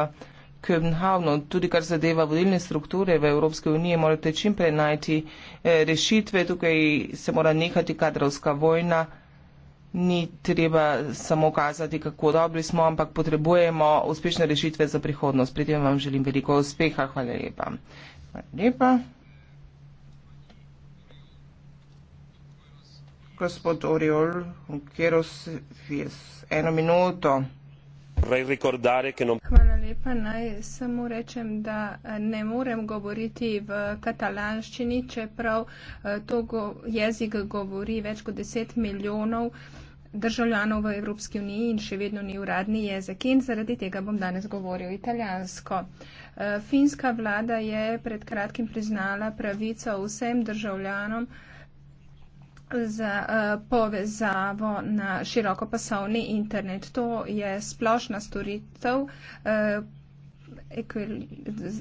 Kopenhavnu. Tudi kar zadeva vodilne strukture v Evropske unije, morate čim prej najti eh, rešitve. Tukaj se mora nehati kadrovska vojna. Ni treba samo kazati, kako dobri smo, ampak potrebujemo uspešne rešitve za prihodnost. Pri tem vam želim veliko uspeha. Hvala lepa. Hvala lepa. gospod Oriol Ukeros Fies. Eno minuto. Hvala lepa. Naj samo rečem, da eh, ne morem govoriti v katalanščini, čeprav eh, to go, jezik govori več kot 10 milijonov državljanov v Evropski uniji in še vedno ni uradni jezik. In zaradi tega bom danes govoril italijansko. Eh, finska vlada je pred kratkim priznala pravico vsem državljanom, za, uh, povezavo na širokopasovni internet. To je splošna storitev, uh,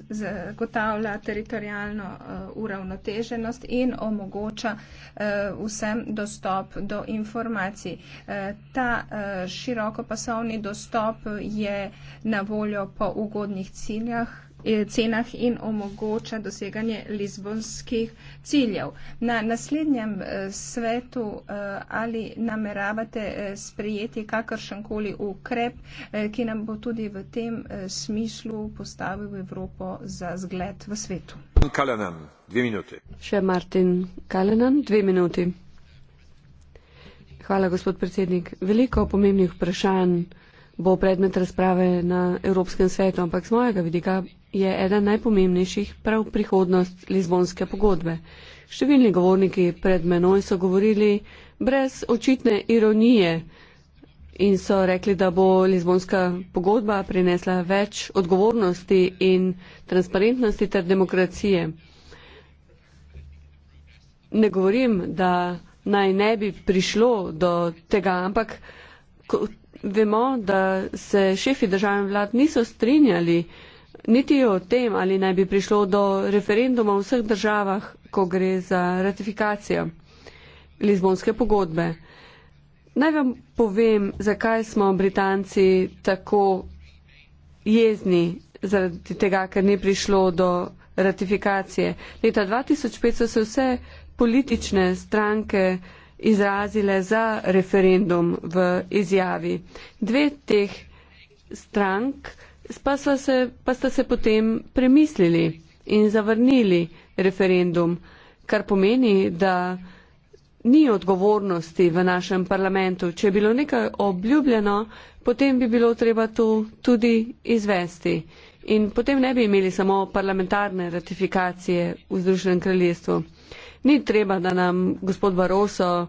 zagotavlja teritorijalno uh, uravnoteženost in omogoča uh, vsem dostop do informacij. Uh, ta uh, širokopasovni dostop je na voljo po ugodnih ciljah. Eh, cenah in omogoča doseganje lizbonskih ciljev. Na naslednjem eh, svetu eh, ali nameravate sprejeti kakršenkoli ukrep, ki nam bo tudi v tem smislu postavil Evropo za zgled v svetu? Kalenan, dve minuti. Še Martin Kalenan, dve minuti. Hvala, gospod predsednik. Veliko pomembnih vprašanj bo predmet razprave na Evropskem svetu, ampak z mojega vidika je eden najpomembnejših prav prihodnost Lizbonske pogodbe. Številni govorniki pred menoj so govorili brez očitne ironije in so rekli, da bo Lizbonska pogodba prinesla več odgovornosti in transparentnosti ter demokracije. Ne govorim, da naj ne bi prišlo do tega, ampak vemo, da se šefi državnih vlad niso strinjali, Niti o tem, ali naj bi prišlo do referenduma v vseh državah, ko gre za ratifikacijo Lizbonske pogodbe. Naj vam povem, zakaj smo Britanci tako jezni zaradi tega, ker ni prišlo do ratifikacije. Leta 2005 so se vse politične stranke izrazile za referendum v izjavi. Dve teh strank pa, se, pa sta se potem premislili in zavrnili referendum, kar pomeni, da ni odgovornosti v našem parlamentu. Če je bilo nekaj obljubljeno, potem bi bilo treba to tudi izvesti. In potem ne bi imeli samo parlamentarne ratifikacije v Združenem kraljestvu. Ni treba, da nam gospod Baroso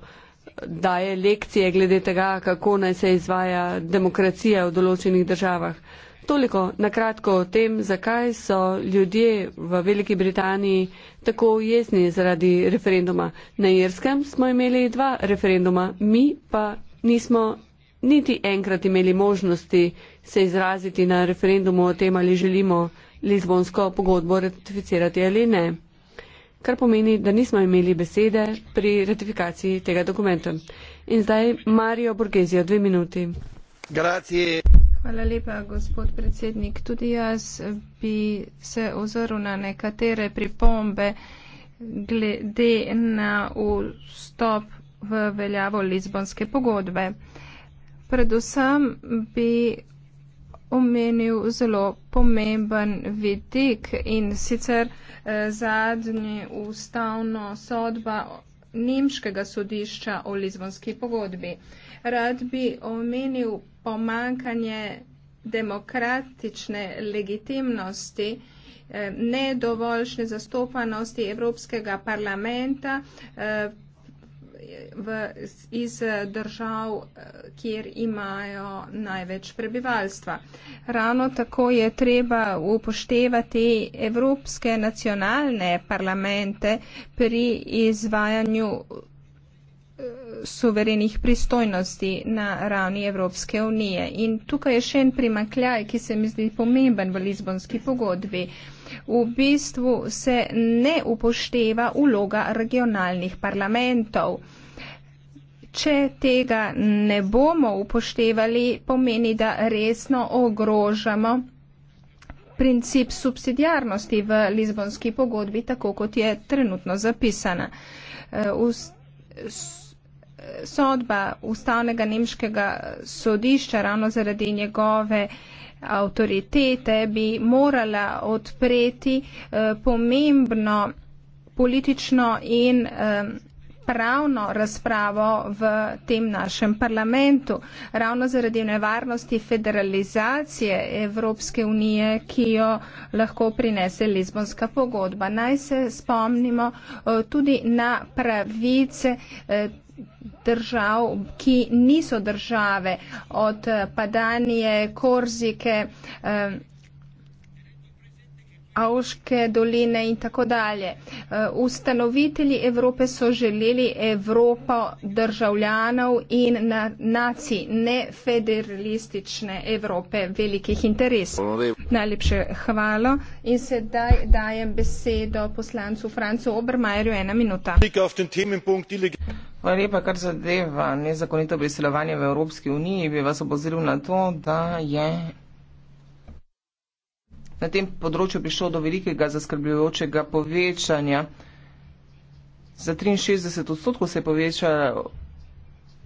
daje lekcije glede tega, kako naj se izvaja demokracija v določenih državah. Toliko na kratko o tem, zakaj so ljudje v Veliki Britaniji tako jezni zaradi referenduma. Na Irskem smo imeli dva referenduma, mi pa nismo niti enkrat imeli možnosti se izraziti na referendumu o tem, ali želimo Lizbonsko pogodbo ratificirati ali ne. Kar pomeni, da nismo imeli besede pri ratifikaciji tega dokumenta. In zdaj Mario Borgesio, dve minuti. Grazie. Hvala lepa, gospod predsednik. Tudi jaz bi se ozrl na nekatere pripombe glede na vstop v veljavo Lizbonske pogodbe. Predvsem bi omenil zelo pomemben vidik in sicer eh, zadnji ustavno sodba nemškega sodišča o Lizbonski pogodbi. Rad bi omenil pomankanje demokratične legitimnosti, eh, nedovoljšne zastopanosti Evropskega parlamenta eh, v, iz držav, eh, kjer imajo največ prebivalstva. Ravno tako je treba upoštevati Evropske nacionalne parlamente pri izvajanju suverenih pristojnosti na ravni Evropske unije. In tukaj je še en primakljaj, ki se mi zdi pomemben v Lizbonski pogodbi. V bistvu se ne upošteva uloga regionalnih parlamentov. Če tega ne bomo upoštevali, pomeni, da resno ogrožamo princip subsidiarnosti v Lizbonski pogodbi, tako kot je trenutno zapisana. Uh, sodba ustavnega nemškega sodišča ravno zaradi njegove avtoritete bi morala odpreti eh, pomembno politično in eh, pravno razpravo v tem našem parlamentu. Ravno zaradi nevarnosti federalizacije Evropske unije, ki jo lahko prinese Lizbonska pogodba. Naj se spomnimo eh, tudi na pravice držav, ki niso države, od eh, Padanije, Korzike, eh, Avške doline in tako dalje. Eh, ustanovitelji Evrope so želeli Evropo državljanov in na naci, ne federalistične Evrope velikih interesov. Najlepše hvala in sedaj dajem besedo poslancu Francu Obermajerju ena minuta. Hvala lepa, kar zadeva nezakonito priseljevanje v Evropski uniji, bi vas opozoril na to, da je na tem področju prišlo do velikega zaskrbljujočega povečanja. Za 63 odstotkov se je povečal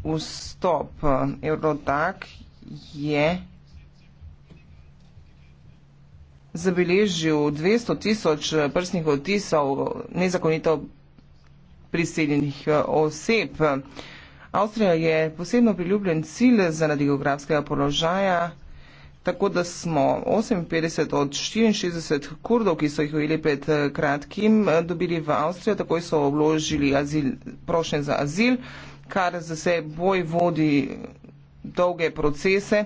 vstop Eurodac, je zabeležil 200 tisoč prstnih odtisov nezakonito priseljevanje priseljenih eh, oseb. Avstrija je posebno priljubljen cilj zaradi geografskega položaja, tako da smo 58 od 64 kurdov, ki so jih ujeli pred eh, kratkim, eh, dobili v Avstrijo, takoj so obložili prošnje za azil, kar za se boj vodi dolge procese.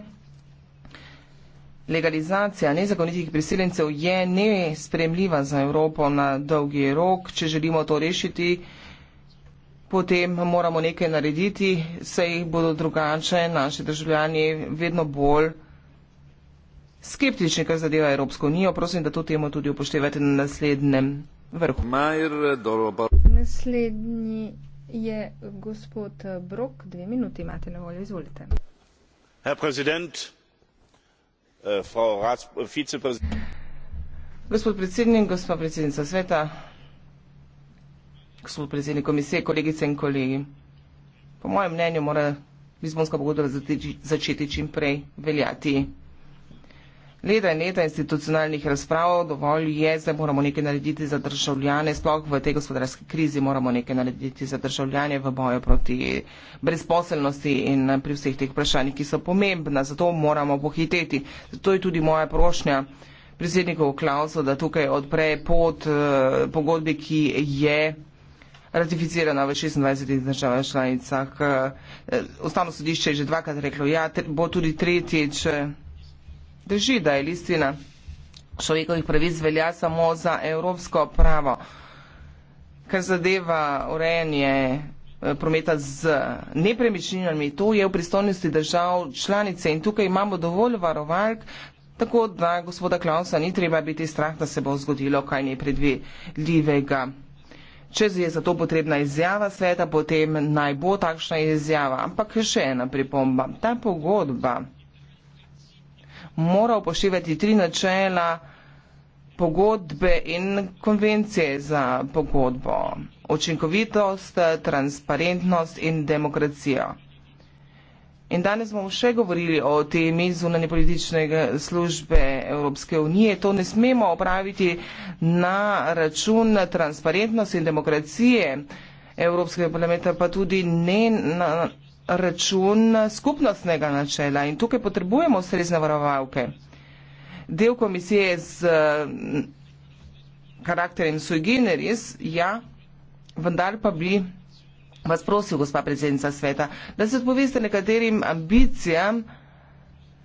Legalizacija nezakonitih priseljencev je nespremljiva za Evropo na dolgi rok, če želimo to rešiti potem moramo nekaj narediti, saj bodo drugače naši državljani vedno bolj skeptični, kar zadeva Evropsko unijo. Prosim, da to temo tudi upoštevate na naslednjem vrhu. Naslednji je gospod Brok, dve minuti imate na voljo, izvolite. Herr Präsident, äh, Frau Ratsvizeprezidentin. Äh, gospod predsednik, gospa predsednica sveta, gospod predsednik komisije, kolegice in kolegi. Po mojem mnenju mora Lizbonska pogodba začeti čim prej veljati. Leta in leta institucionalnih razprav dovolj je, zdaj moramo nekaj narediti za državljane, sploh v tej gospodarski krizi moramo nekaj narediti za državljane v boju proti brezposelnosti in pri vseh teh vprašanjih, ki so pomembna, zato moramo pohiteti. Zato je tudi moja prošnja predsednikov Klauso, da tukaj odpre pot eh, pogodbi, ki je ratificirana v 26 državah članicah. Eh, eh, Ustavno sodišče je že dvakrat reklo, ja, bo tudi tretjič. Eh, Drži, da je listina človekovih pravic velja samo za evropsko pravo. Kar zadeva urejanje prometa z nepremičninami, to je v pristojnosti držav članice in tukaj imamo dovolj varovalk, tako da gospoda Klausa ni treba biti strah, da se bo zgodilo kaj nepredvidljivega. Če je za to potrebna izjava sveta, potem naj bo takšna izjava. Ampak še ena pripomba. Ta pogodba mora upoštevati tri načela pogodbe in konvencije za pogodbo. Očinkovitost, transparentnost in demokracijo. In danes bomo še govorili o temi zunanje politične službe Evropske unije. To ne smemo opraviti na račun transparentnosti in demokracije Evropskega parlamenta, pa tudi ne na račun skupnostnega načela. In tukaj potrebujemo srezne varovalke. Del komisije z karakterjem sui generis, ja, vendar pa bi vas prosil, gospa predsednica sveta, da se odpoveste nekaterim ambicijam,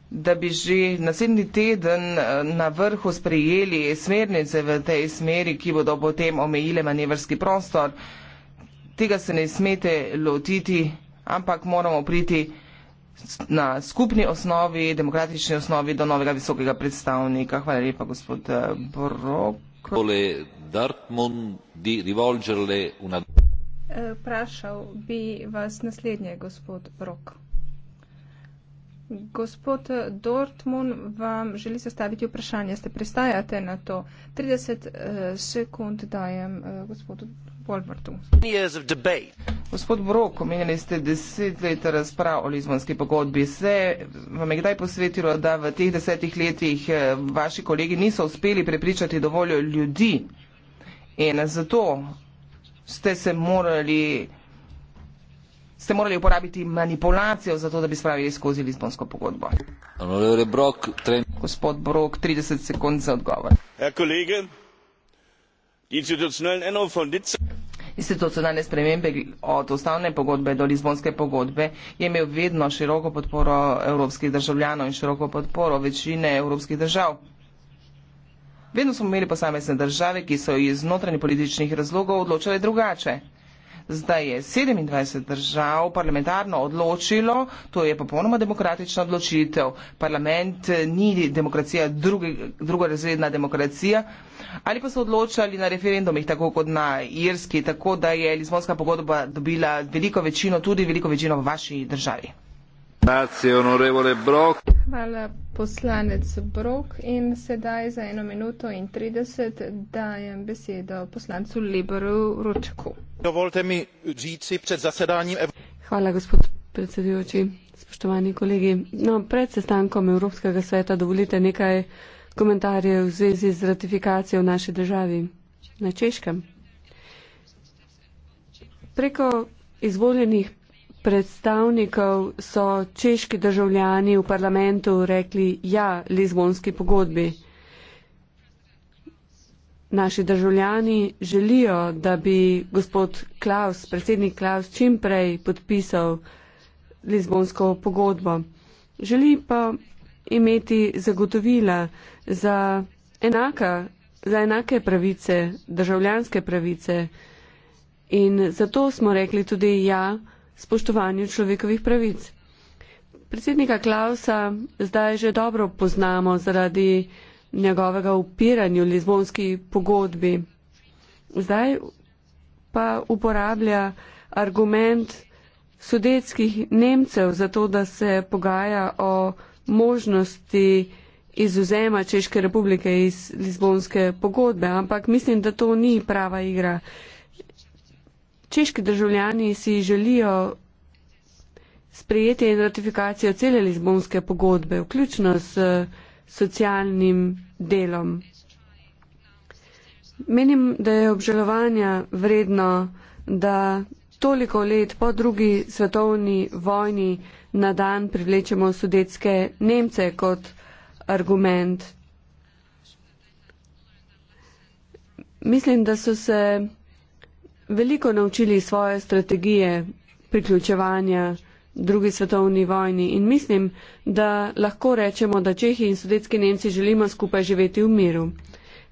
da bi že naslednji teden eh, na vrhu sprejeli smernice v tej smeri, ki bodo potem omejile manevrski prostor. Tega se ne smete lotiti, ampak moramo priti na skupni osnovi, demokratični osnovi do novega visokega predstavnika. Hvala lepa, gospod eh, Borok. Dartmon di rivolgerle una domanda. Vprašal bi vas naslednje, gospod Rok. Gospod Dortmund vam želi sestaviti vprašanje. Ste pristajate na to? 30 eh, sekund dajem eh, gospodu Volmartu. Gospod Brok, omenjali ste deset let razprav o Lizbonski pogodbi. Se vam je kdaj posvetilo, da v teh desetih letih eh, vaši kolegi niso uspeli prepričati dovolj ljudi? In zato ste se morali ste morali uporabiti manipulacijo za to, da bi spravili skozi Lizbonsko pogodbo. Brok, tren... Gospod Brok, 30 sekund za odgovor. Institucionalne spremembe od ustavne pogodbe do Lizbonske pogodbe je imel vedno široko podporo evropskih državljanov in široko podporo večine evropskih držav. Vedno smo imeli posamezne države, ki so iz notranjih političnih razlogov odločale drugače. Zdaj je 27 držav parlamentarno odločilo, to je popolnoma demokratična odločitev. Parlament ni demokracija, drugorazredna demokracija. Ali pa so odločali na referendumih, tako kot na Irski, tako da je Lizbonska pogodba dobila veliko večino, tudi veliko večino v vaši državi. Hvala poslanec Brok in sedaj za eno minuto in 30 dajem besedo poslancu Liberu Ročku. Dovolte mi říci pred zasedanjem. Hvala gospod predsedujoči, spoštovani kolegi. No, pred sestankom Evropskega sveta dovolite nekaj komentarjev v zvezi z ratifikacijo v naši državi na Češkem. Preko izvoljenih predstavnikov so češki državljani v parlamentu rekli ja Lizbonski pogodbi. Naši državljani želijo, da bi gospod Klaus, predsednik Klaus, čim prej podpisal Lizbonsko pogodbo. Želi pa imeti zagotovila za, enaka, za enake pravice, državljanske pravice. In zato smo rekli tudi ja spoštovanju človekovih pravic. Predsednika Klausa zdaj že dobro poznamo zaradi njegovega upiranja v Lizbonski pogodbi. Zdaj pa uporablja argument sudetskih Nemcev za to, da se pogaja o možnosti izuzema Češke republike iz Lizbonske pogodbe, ampak mislim, da to ni prava igra češki državljani si želijo sprejeti in ratifikacijo cele Lizbonske pogodbe, vključno s eh, socialnim delom. Menim, da je obžalovanja vredno, da toliko let po drugi svetovni vojni na dan privlečemo sudetske Nemce kot argument. Mislim, da so se veliko naučili iz svoje strategije priključevanja drugi svetovni vojni in mislim, da lahko rečemo, da Čehi in sudetski Nemci želimo skupaj živeti v miru.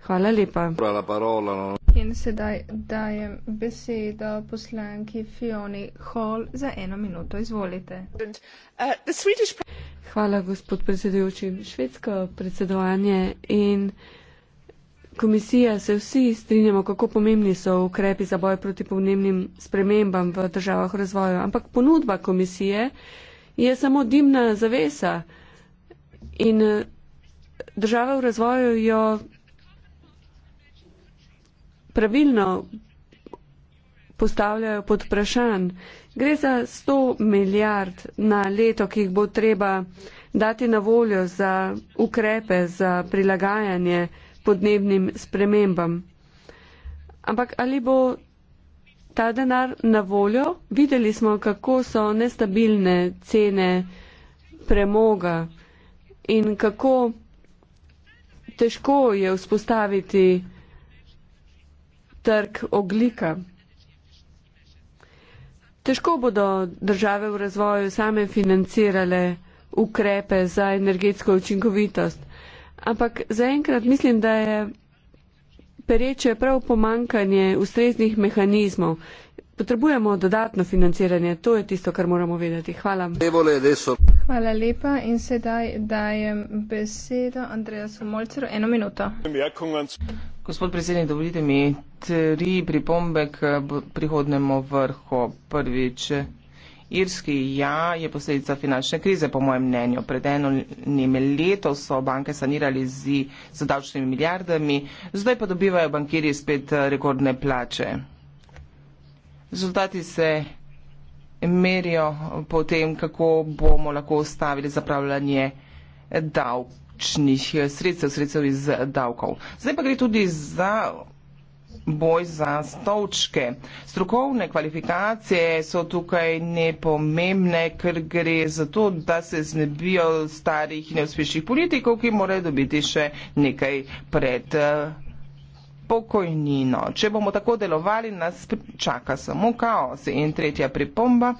Hvala lepa. Hvala parola. No. In sedaj dajem besedo poslanki Fioni Hall za eno minuto. Izvolite. Uh, Hvala, gospod predsedujoči. Švedsko predsedovanje in komisija, se vsi strinjamo, kako pomembni so ukrepi za boj proti podnebnim spremembam v državah v razvoju, ampak ponudba komisije je samo dimna zavesa in eh, država v razvoju jo pravilno postavljajo pod vprašanj. Gre za 100 milijard na leto, ki jih bo treba dati na voljo za ukrepe, za prilagajanje podnebnim spremembam. Ampak ali bo ta denar na voljo? Videli smo, kako so nestabilne cene premoga in kako težko je vzpostaviti trg oglika. Težko bodo države v razvoju same financirale ukrepe za energetsko učinkovitost. Ampak zaenkrat mislim, da je pereče prav pomankanje ustreznih mehanizmov. Potrebujemo dodatno financiranje, to je tisto, kar moramo vedeti. Hvala. Hvala lepa in sedaj dajem besedo Andreasu Molceru. Eno minuto. Gospod predsednik, dovolite mi tri pripombe k prihodnemu vrhu. Prvič, Irski ja je posledica finančne krize, po mojem mnenju. Pred enim letom so banke sanirali z, z davčnimi milijardami, zdaj pa dobivajo bankirji spet eh, rekordne plače. Rezultati se merijo po tem, kako bomo lahko ustavili zapravljanje davčnih eh, sredstev, sredstev iz eh, davkov. Zdaj pa gre tudi za boj za stolčke. Strokovne kvalifikacije so tukaj nepomembne, ker gre za to, da se znebijo starih neuspešnih politikov, ki morajo dobiti še nekaj pred eh, pokojnino. Če bomo tako delovali, nas čaka samo kaos. In tretja pripomba.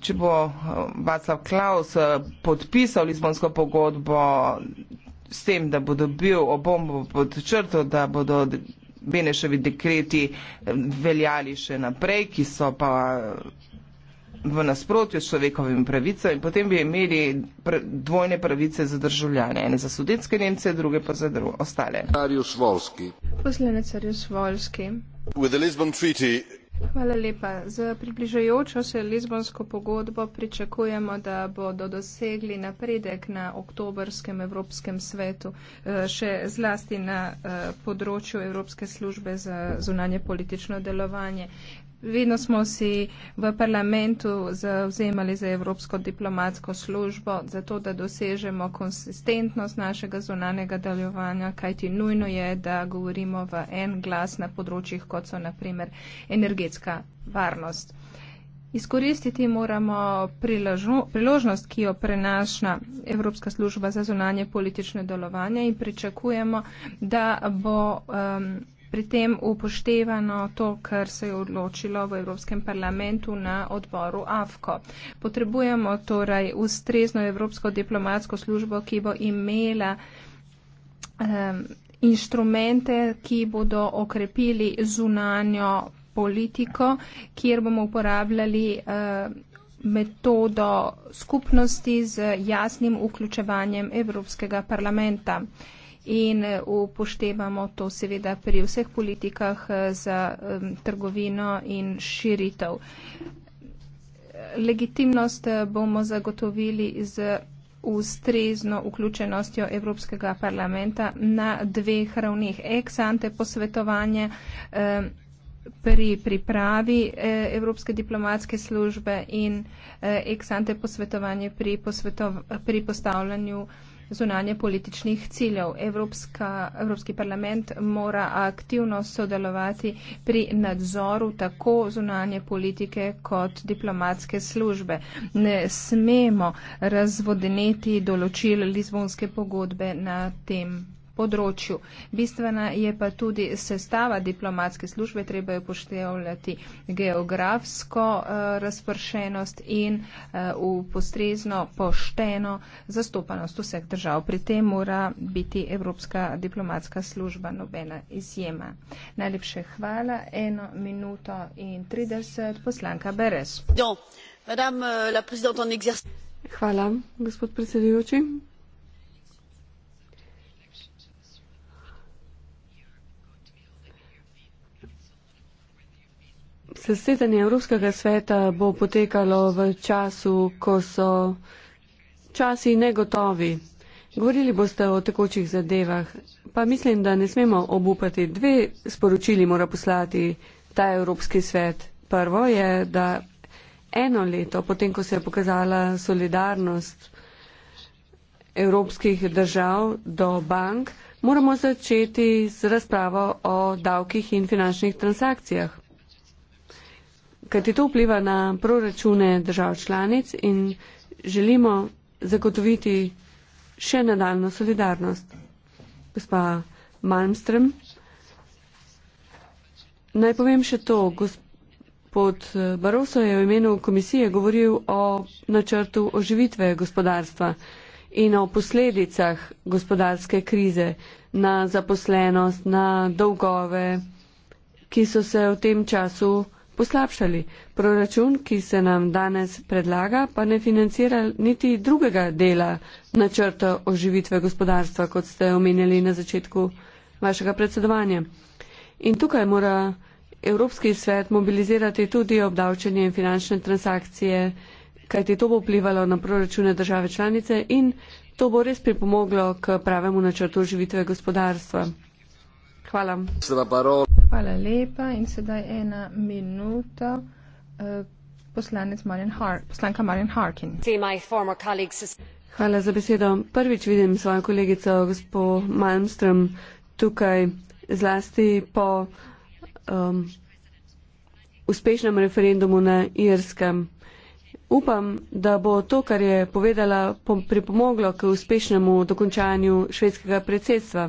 Če bo eh, Václav Klaus eh, podpisal Lizbonsko pogodbo, s tem, da bo dobil obombo pod črto, da bodo Beneševi dekreti eh, veljali še naprej, ki so pa v nasprotju s človekovimi pravicami, potem bi imeli pr dvojne pravice za državljane, ene za sudetske Nemce, druge pa za druge ostale. Poslanec Arjus Volski s približujočo se lizbonsko pogodbo pričakujemo, da bodo dosegli napredek na oktobrskem Evropskem svetu, eh, še zlasti na eh, področju Evropske službe za zunanje politično delovanje. Vedno smo si v parlamentu zauzemali za evropsko diplomatsko službo, zato da dosežemo konsistentnost našega zunanega delovanja, kajti nujno je, da govorimo v en glas na področjih, kot so naprimer energetska varnost. Izkoristiti moramo priložnost, ki jo prenaša Evropska služba za zunanje politično delovanje in pričakujemo, da bo. Um, pri tem upoštevano to, kar se je odločilo v Evropskem parlamentu na odboru AFKO. Potrebujemo torej ustrezno Evropsko diplomatsko službo, ki bo imela um, inštrumente, ki bodo okrepili zunanjo politiko, kjer bomo uporabljali uh, metodo skupnosti z jasnim vključevanjem Evropskega parlamenta. Uh, in eh, upoštevamo to seveda pri vseh politikah eh, za trgovino in širitev. Legitimnost eh, bomo zagotovili z ustrezno vključenostjo Evropskega parlamenta na dveh ravneh. Ex ante posvetovanje pri pripravi Evropske diplomatske službe in ex ante posvetovanje pri, posvetov, pri postavljanju zunanje političnih ciljev. Evropska, Evropski parlament mora aktivno sodelovati pri nadzoru tako zunanje politike kot diplomatske službe. Ne smemo razvodeneti določil Lizbonske pogodbe na tem področju področju. Bistvena je pa tudi sestava diplomatske službe, treba jo poštevljati geografsko uh, razpršenost in v eh, uh, postrezno pošteno zastopanost vseh držav. Pri tem mora biti Evropska diplomatska služba nobena izjema. Najlepše hvala. Eno minuto in 30. Poslanka Beres. Euh, hvala, gospod predsedujoči. Zasedanje Evropskega sveta bo potekalo v času, ko so časi negotovi. Govorili boste o tekočih zadevah, pa mislim, da ne smemo obupati. Dve sporočili mora poslati ta Evropski svet. Prvo je, da eno leto, potem ko se je pokazala solidarnost evropskih držav do bank, moramo začeti z razpravo o davkih in finančnih transakcijah kajti to vpliva na proračune držav članic in želimo zagotoviti še nadaljno solidarnost. Gospa Malmström, naj povem še to. Gospod Baroso je v imenu komisije govoril o načrtu oživitve gospodarstva in o posledicah gospodarske krize na zaposlenost, na dolgove, ki so se v tem času poslabšali. Proračun, ki se nam danes predlaga, pa ne financira niti drugega dela načrta oživitve gospodarstva, kot ste omenjali na začetku vašega predsedovanja. In tukaj mora Evropski svet mobilizirati tudi obdavčenje in finančne transakcije, kajti to bo vplivalo na proračune države članice in to bo res pripomoglo k pravemu načrtu oživitve gospodarstva. Hvala. Hvala lepa in sedaj ena minuta. Eh, poslanka Marjan Harkin. Hvala za besedo. Prvič vidim svojo kolegico, gospo Malmström, tukaj zlasti po um, uspešnem referendumu na Irskem. Upam, da bo to, kar je povedala, pripomoglo k uspešnemu dokončanju švedskega predsedstva.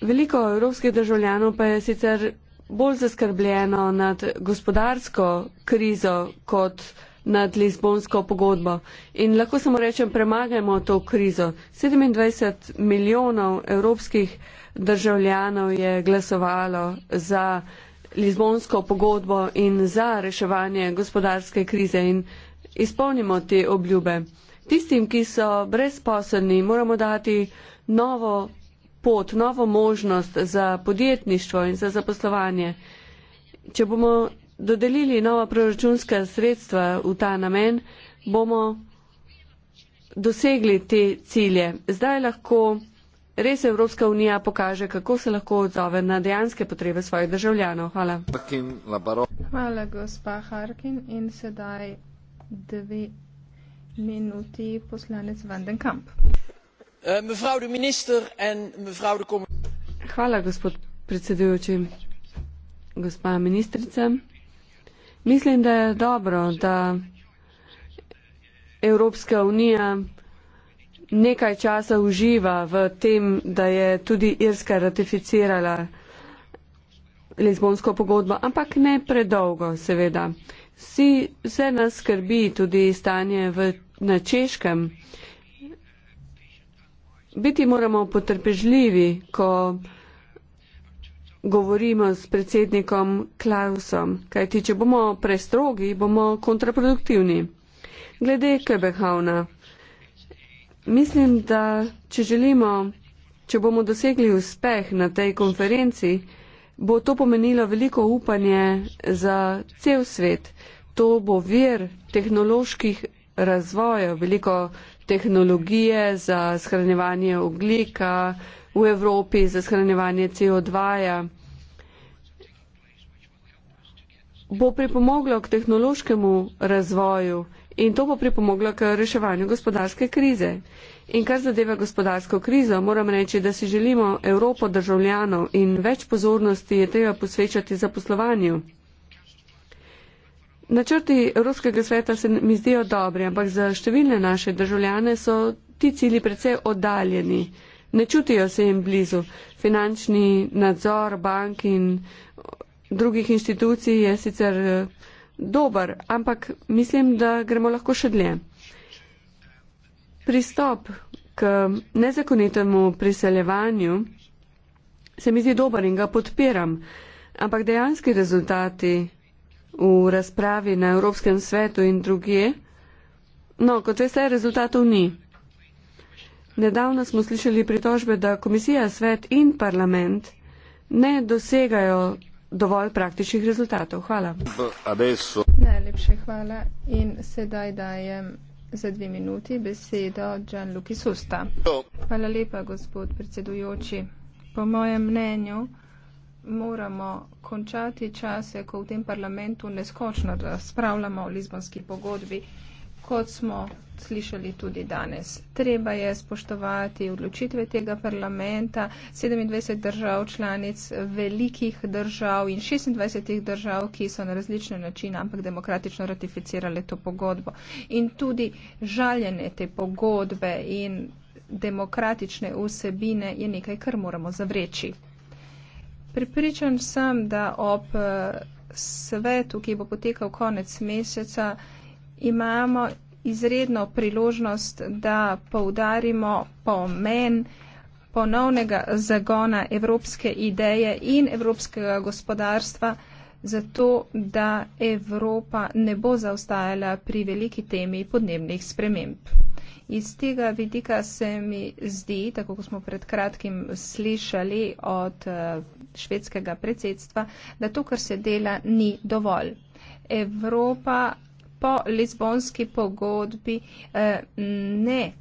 Veliko evropskih državljanov pa je sicer bolj zaskrbljeno nad gospodarsko krizo kot nad Lizbonsko pogodbo. In lahko samo rečem, premagajmo to krizo. 27 milijonov evropskih državljanov je glasovalo za Lizbonsko pogodbo in za reševanje gospodarske krize in izpolnimo te obljube. Tistim, ki so brezposobni, moramo dati novo pot, novo možnost za podjetništvo in za zaposlovanje. Če bomo dodelili nova proračunska sredstva v ta namen, bomo dosegli te cilje. Zdaj lahko res Evropska unija pokaže, kako se lahko odzove na dejanske potrebe svojih državljanov. Hvala. Hvala, gospa Harkin. In sedaj dve minuti poslanec Vandenkamp. Eh, hvala gospod predsedujoči gospa ministrica mislim da je dobro da evropska unija nekaj časa uživa v tem da je tudi irska ratificirala lizbonsko pogodbo ampak ne predolgo seveda Vsi, vse nas skrbi tudi stanje v, na češkem biti moramo potrpežljivi, ko govorimo s predsednikom Klausom, kajti če bomo prestrogi, bomo kontraproduktivni. Glede Kebehavna, mislim, da če želimo, če bomo dosegli uspeh na tej konferenci, bo to pomenilo veliko upanje za cel svet. To bo vir tehnoloških razvojev, veliko tehnologije za shranjevanje oglika, v Evropi za shranjevanje CO2. -ja bo pripomoglo k tehnološkemu razvoju in to bo pripomoglo k reševanju gospodarske krize. In kar zadeva gospodarsko krizo, moram reči, da si želimo Evropo državljanov in več pozornosti je treba posvečati zaposlovanju. Načrti Evropskega sveta se mi zdijo dobri, ampak za številne naše državljane so ti cili precej oddaljeni. Ne čutijo se jim blizu. Finančni nadzor bank in drugih inštitucij je sicer eh, dober, ampak mislim, da gremo lahko še dlje. Pristop k nezakonitemu priseljevanju se mi zdi dober in ga podpiram, ampak dejanski rezultati v razpravi na Evropskem svetu in druge. No, kot veste, rezultatov ni. Nedavno smo slišali pritožbe, da komisija, svet in parlament ne dosegajo dovolj praktičnih rezultatov. Hvala. Najlepše hvala in sedaj dajem za dve minuti besedo Gianluki Susta. No. Hvala lepa, gospod predsedujoči. Po mojem mnenju moramo končati čase, ko v tem parlamentu neskočno razpravljamo o Lizbonski pogodbi, kot smo slišali tudi danes. Treba je spoštovati odločitve tega parlamenta, 27 držav članic, velikih držav in 26 držav, ki so na različne načine, ampak demokratično ratificirale to pogodbo. In tudi žaljene te pogodbe in demokratične vsebine je nekaj, kar moramo zavreči. Pripričan sem, da ob eh, svetu, ki bo potekal konec meseca, imamo izredno priložnost, da poudarimo pomen ponovnega zagona evropske ideje in evropskega gospodarstva, zato da Evropa ne bo zaostajala pri veliki temi podnebnih sprememb. Iz tega vidika se mi zdi, tako kot smo pred kratkim slišali od eh, švedskega predsedstva, da to, kar se dela, ni dovolj. Evropa po Lizbonski pogodbi eh, ne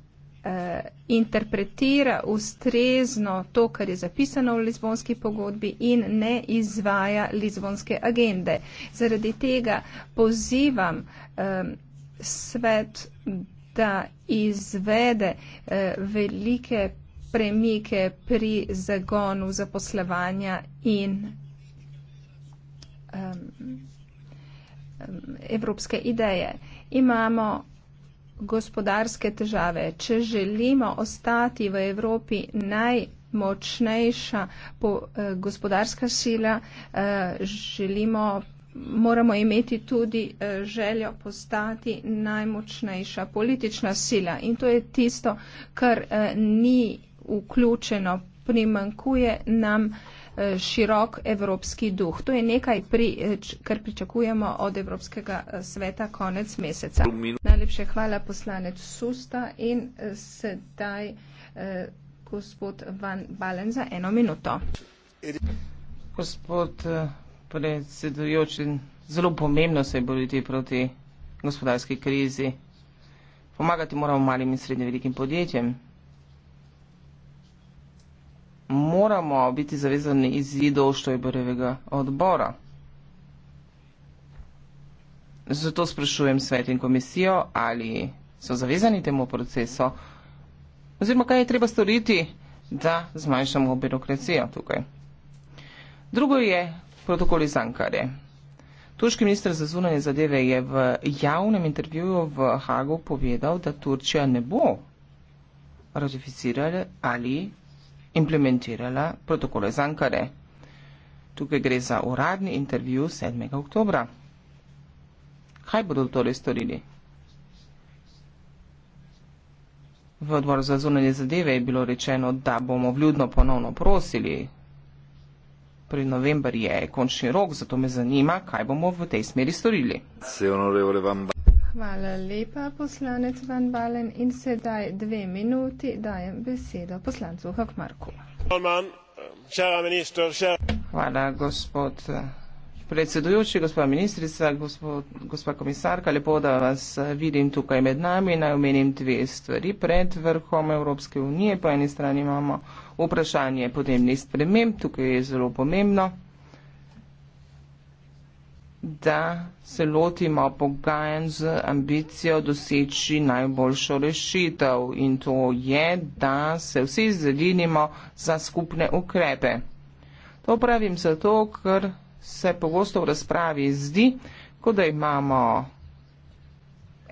eh, interpretira ustrezno to, kar je zapisano v Lizbonski pogodbi in ne izvaja Lizbonske agende. Zaradi tega pozivam eh, svet, da izvede eh, velike premike pri zagonu zaposlevanja in um, um, evropske ideje. Imamo gospodarske težave. Če želimo ostati v Evropi najmočnejša po, eh, gospodarska sila, eh, želimo, moramo imeti tudi eh, željo postati najmočnejša politična sila. In to je tisto, kar eh, ni vključeno, primankuje nam eh, širok evropski duh. To je nekaj, pri, kar pričakujemo od Evropskega eh, sveta konec meseca. Najlepše hvala poslanec Susta in eh, sedaj gospod Van Balen za eno minuto. Gospod predsedujoči, zelo pomembno se je boriti proti gospodarski krizi. Pomagati moramo malim in srednje velikim podjetjem moramo biti zavezani izidov Štojberjevega odbora. Zato sprašujem svet in komisijo, ali so zavezani temu procesu, oziroma kaj je treba storiti, da zmanjšamo birokracijo tukaj. Drugo je protokol iz Ankare. Turški minister za zunanje zadeve je v javnem intervjuju v Hagu povedal, da Turčija ne bo ratificirala ali implementirala protokole za Ankare. Tukaj gre za uradni intervju 7. oktobra. Kaj bodo torej storili? V odboru za zunanje zadeve je bilo rečeno, da bomo vljudno ponovno prosili. Pri novembr je končni rok, zato me zanima, kaj bomo v tej smeri storili. Se, onore, ore, vam, ba... Hvala lepa, poslanec Van Balen. In sedaj dve minuti dajem besedo poslancu Hakmarku. Hvala, gospod predsedujoči, gospod ministrica, gospod komisarka. Lepo, da vas vidim tukaj med nami. Naj omenim dve stvari. Pred vrhom Evropske unije po eni strani imamo vprašanje podnebnih sprememb. Tukaj je zelo pomembno da se lotimo pogajanj z ambicijo doseči najboljšo rešitev in to je, da se vsi zelinimo za skupne ukrepe. To pravim zato, ker se pogosto v razpravi zdi, kot da imamo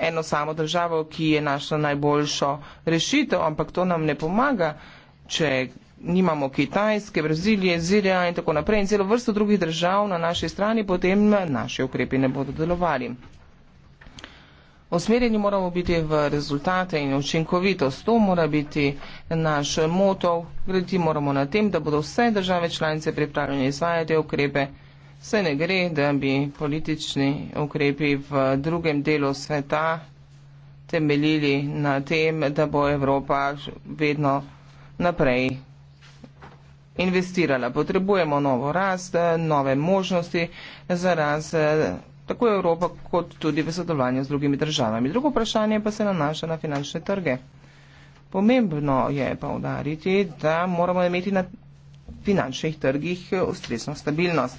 eno samo državo, ki je našla najboljšo rešitev, ampak to nam ne pomaga, če nimamo Kitajske, Brazilije, Zirija in tako naprej in celo vrsto drugih držav na naši strani, potem naše ukrepi ne bodo delovali. Osmerjeni moramo biti v rezultate in učinkovitost. To mora biti naš moto. Graditi moramo na tem, da bodo vse države članice pripravljene izvajati ukrepe. Vse ne gre, da bi politični ukrepi v drugem delu sveta temeljili na tem, da bo Evropa vedno naprej investirala. Potrebujemo novo rast, nove možnosti za rast tako Evropa kot tudi v sodelovanju z drugimi državami. Drugo vprašanje pa se nanaša na finančne trge. Pomembno je pa udariti, da moramo imeti na finančnih trgih ustrezno stabilnost.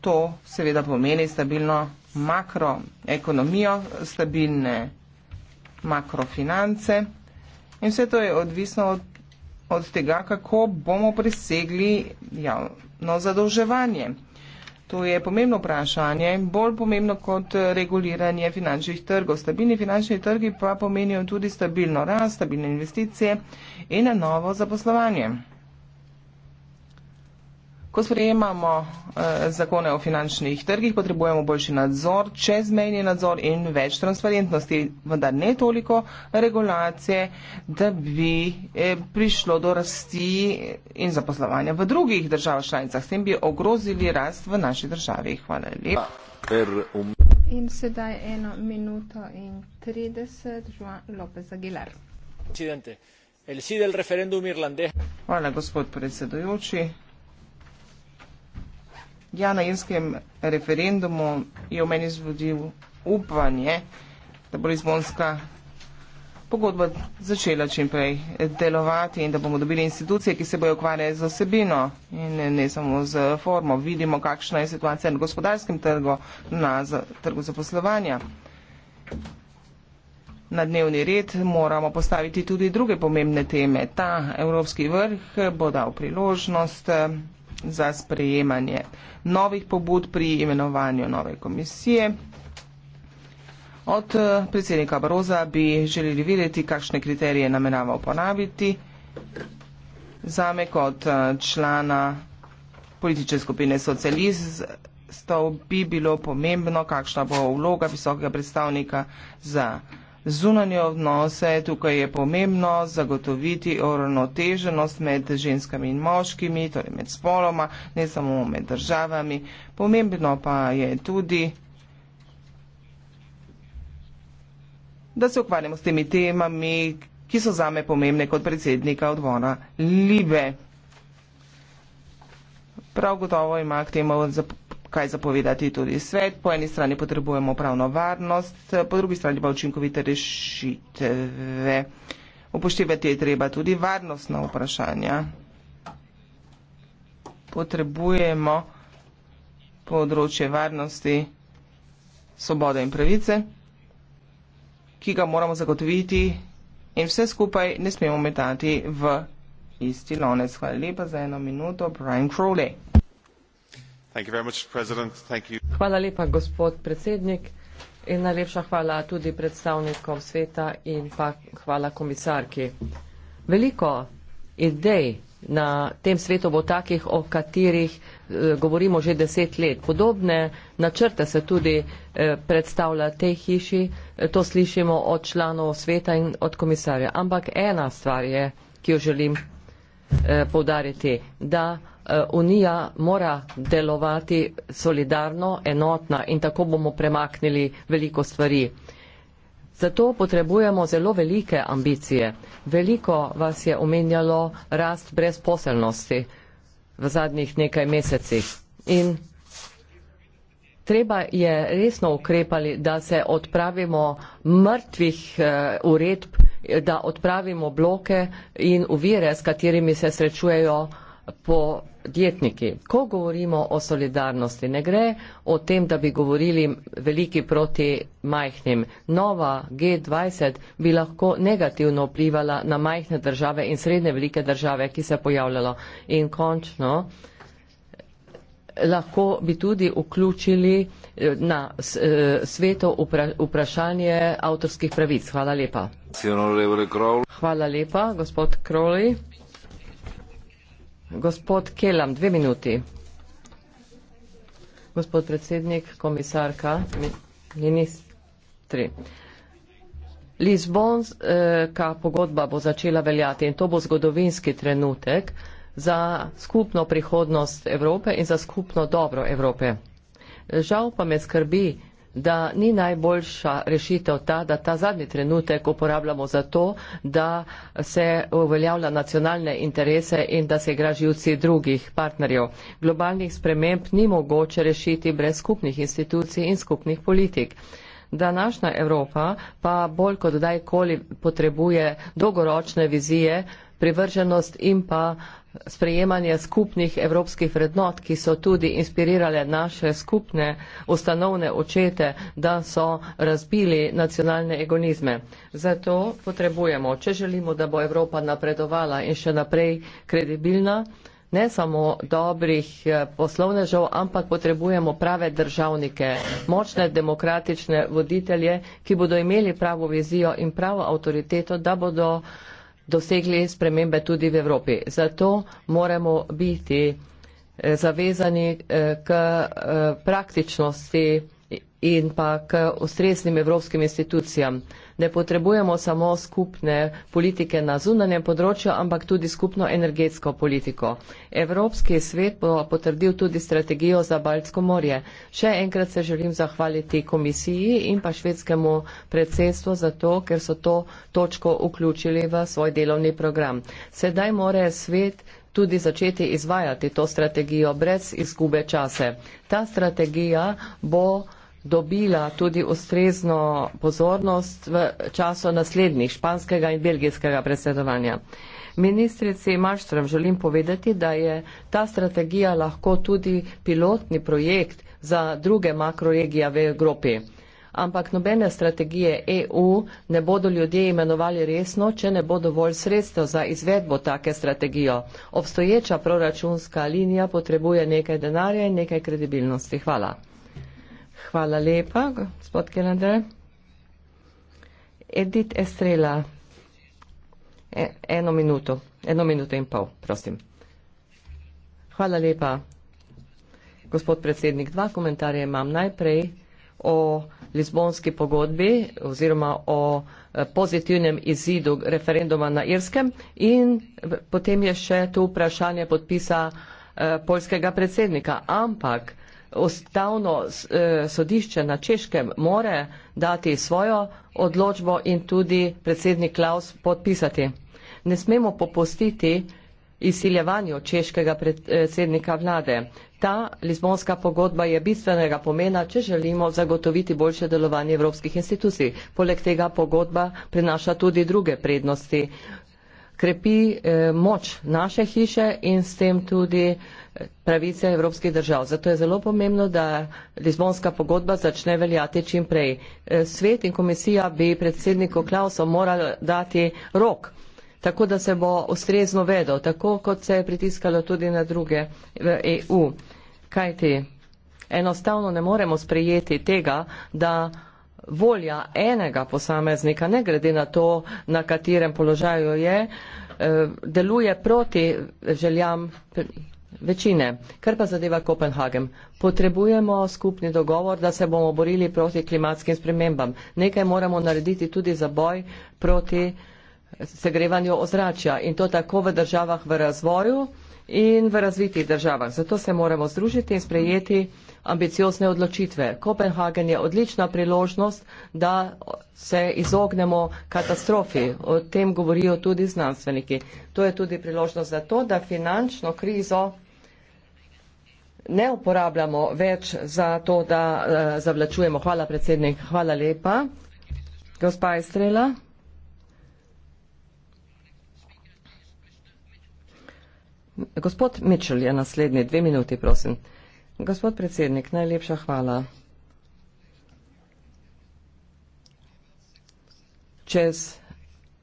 To seveda pomeni stabilno makroekonomijo, stabilne makrofinance in vse to je odvisno od od tega, kako bomo presegli javno zadolževanje. To je pomembno vprašanje, bolj pomembno kot reguliranje finančnih trgov. Stabilni finančni trgi pa pomenijo tudi stabilno rast, stabilne investicije in novo zaposlovanje. Ko sprejemamo eh, zakone o finančnih trgih, potrebujemo boljši nadzor, čezmejni nadzor in več transparentnosti, vendar ne toliko regulacije, da bi eh, prišlo do rasti in zaposlovanja v drugih državah članicah. S tem bi ogrozili rast v naši državi. Hvala lepa. Um- in sedaj eno minuto in 30, Juan López Aguilar. Hvala, gospod predsedujoči. Ja, na jenskem referendumu je v meni zvodil upanje, da bo Lizbonska pogodba začela čimprej delovati in da bomo dobili institucije, ki se bojo ukvarjali z osebino in ne samo z formo. Vidimo, kakšna je situacija na gospodarskem trgu, na trgu zaposlovanja. Na dnevni red moramo postaviti tudi druge pomembne teme. Ta evropski vrh bo dal priložnost za sprejemanje novih pobud pri imenovanju nove komisije. Od eh, predsednika Baroza bi želeli videti, kakšne kriterije namenava uporabiti. Zame kot eh, člana politične skupine socialistov bi bilo pomembno, kakšna bo vloga visokega predstavnika za zunanje odnose. Tukaj je pomembno zagotoviti uravnoteženost med ženskami in moškimi, torej med spoloma, ne samo med državami. Pomembno pa je tudi, da se ukvarjamo s temi temami, ki so zame pomembne kot predsednika odbora Libe. Prav gotovo ima k temu zaposlenost kaj zapovedati tudi svet. Po eni strani potrebujemo pravno varnost, po drugi strani pa učinkovite rešitve. Upoštevati je treba tudi varnostna vprašanja. Potrebujemo področje varnosti, svobode in pravice, ki ga moramo zagotoviti in vse skupaj ne smemo metati v isti lonec. Hvala lepa za eno minuto, Brian Crowley. Hvala lepa, gospod predsednik, in najlepša hvala tudi predstavnikom sveta in pa hvala komisarki. Veliko idej na tem svetu bo takih, o katerih eh, govorimo že deset let. Podobne načrte se tudi eh, predstavlja tej hiši, eh, to slišimo od članov sveta in od komisarja. Ampak ena stvar je, ki jo želim povdariti, da Eh, Unija mora delovati solidarno, enotna in tako bomo premaknili veliko stvari. Zato potrebujemo zelo velike ambicije. Veliko vas je omenjalo rast brezposelnosti v zadnjih nekaj mesecih. In treba je resno ukrepali, da se odpravimo mrtvih uh, uredb, da odpravimo bloke in uvire, s katerimi se srečujejo podjetniki. Ko govorimo o solidarnosti, ne gre o tem, da bi govorili veliki proti majhnim. Nova G20 bi lahko negativno vplivala na majhne države in srednje velike države, ki se je pojavljalo. In končno lahko bi tudi vključili eh, na eh, sveto vprašanje avtorskih pravic. Hvala lepa. Hvala lepa, gospod Kroli. Gospod Kelam, dve minuti. Gospod predsednik, komisarka, ministri. Lizbonska pogodba bo začela veljati in to bo zgodovinski trenutek za skupno prihodnost Evrope in za skupno dobro Evrope. Žal pa me skrbi, da ni najboljša rešitev ta, da ta zadnji trenutek uporabljamo za to, da se uveljavlja nacionalne interese in da se igra živci drugih partnerjev. Globalnih sprememb ni mogoče rešiti brez skupnih institucij in skupnih politik. Današnja Evropa pa bolj kot dajkoli potrebuje dolgoročne vizije, privrženost in pa uh, sprejemanje skupnih evropskih vrednot, ki so tudi inspirirale naše skupne ustanovne očete, da so razbili nacionalne egonizme. Zato potrebujemo, če želimo, da bo Evropa napredovala in še naprej kredibilna, ne samo dobrih eh, poslovnežev, ampak potrebujemo prave državnike, močne demokratične voditelje, ki bodo imeli pravo vizijo in pravo avtoriteto, da bodo dosegli spremembe tudi v Evropi. Zato moramo biti eh, zavezani eh, k eh, praktičnosti in pa k ustreznim evropskim institucijam. Ne potrebujemo samo skupne politike na zunanjem področju, ampak tudi skupno energetsko politiko. Evropski svet bo potrdil tudi strategijo za Baltsko morje. Še enkrat se želim zahvaliti komisiji in pa švedskemu predsedstvu za to, ker so to točko vključili v svoj delovni program. Sedaj more svet tudi začeti izvajati to strategijo brez izgube čase. Ta strategija bo dobila tudi ustrezno pozornost v času naslednjih španskega in belgijskega predsedovanja. Ministrici Maštrom želim povedati, da je ta strategija lahko tudi pilotni projekt za druge makroregije v Evropi. Ampak nobene strategije EU ne bodo ljudje imenovali resno, če ne bo dovolj sredstev za izvedbo take strategije. Obstoječa proračunska linija potrebuje nekaj denarja in nekaj kredibilnosti. Hvala. Hvala lepa, gospod Gelander. Edit Estrela, e, eno minuto, eno minuto in pol, prosim. Hvala lepa, gospod predsednik. Dva komentarja imam najprej o Lizbonski pogodbi oziroma o e, pozitivnem izidu referenduma na Irskem in potem je še tu vprašanje podpisa eh, poljskega predsednika. Ampak ustavno eh, sodišče na Češkem more dati svojo odločbo in tudi predsednik Klaus podpisati. Ne smemo popustiti izsiljevanju češkega predsednika vlade. Ta lizbonska pogodba je bistvenega pomena, če želimo zagotoviti boljše delovanje evropskih institucij. Poleg tega pogodba prinaša tudi druge prednosti krepi eh, moč naše hiše in s tem tudi eh, pravice evropskih držav. Zato je zelo pomembno, da Lizbonska pogodba začne veljati čim prej. Eh, svet in komisija bi predsedniku Klauso morali dati rok, tako da se bo ustrezno vedel, tako kot se je pritiskalo tudi na druge v EU. Kajti enostavno ne moremo sprejeti tega, da volja enega posameznika, ne glede na to, na katerem položaju je, eh, deluje proti željam večine. Kar pa zadeva Kopenhagen? Potrebujemo skupni dogovor, da se bomo borili proti klimatskim spremembam. Nekaj moramo narediti tudi za boj proti eh, segrevanju ozračja in to tako v državah v razvoju in v razvitih državah. Zato se moramo združiti in sprejeti ambiciozne odločitve. Kopenhagen je odlična priložnost, da se izognemo katastrofi. O tem govorijo tudi znanstveniki. To je tudi priložnost za to, da finančno krizo ne uporabljamo več za to, da eh, zavlačujemo. Hvala, predsednik. Hvala lepa. Gospa Estrela. Gospod Mitchell je naslednji. Dve minuti, prosim. Gospod predsednik, najlepša hvala. Čez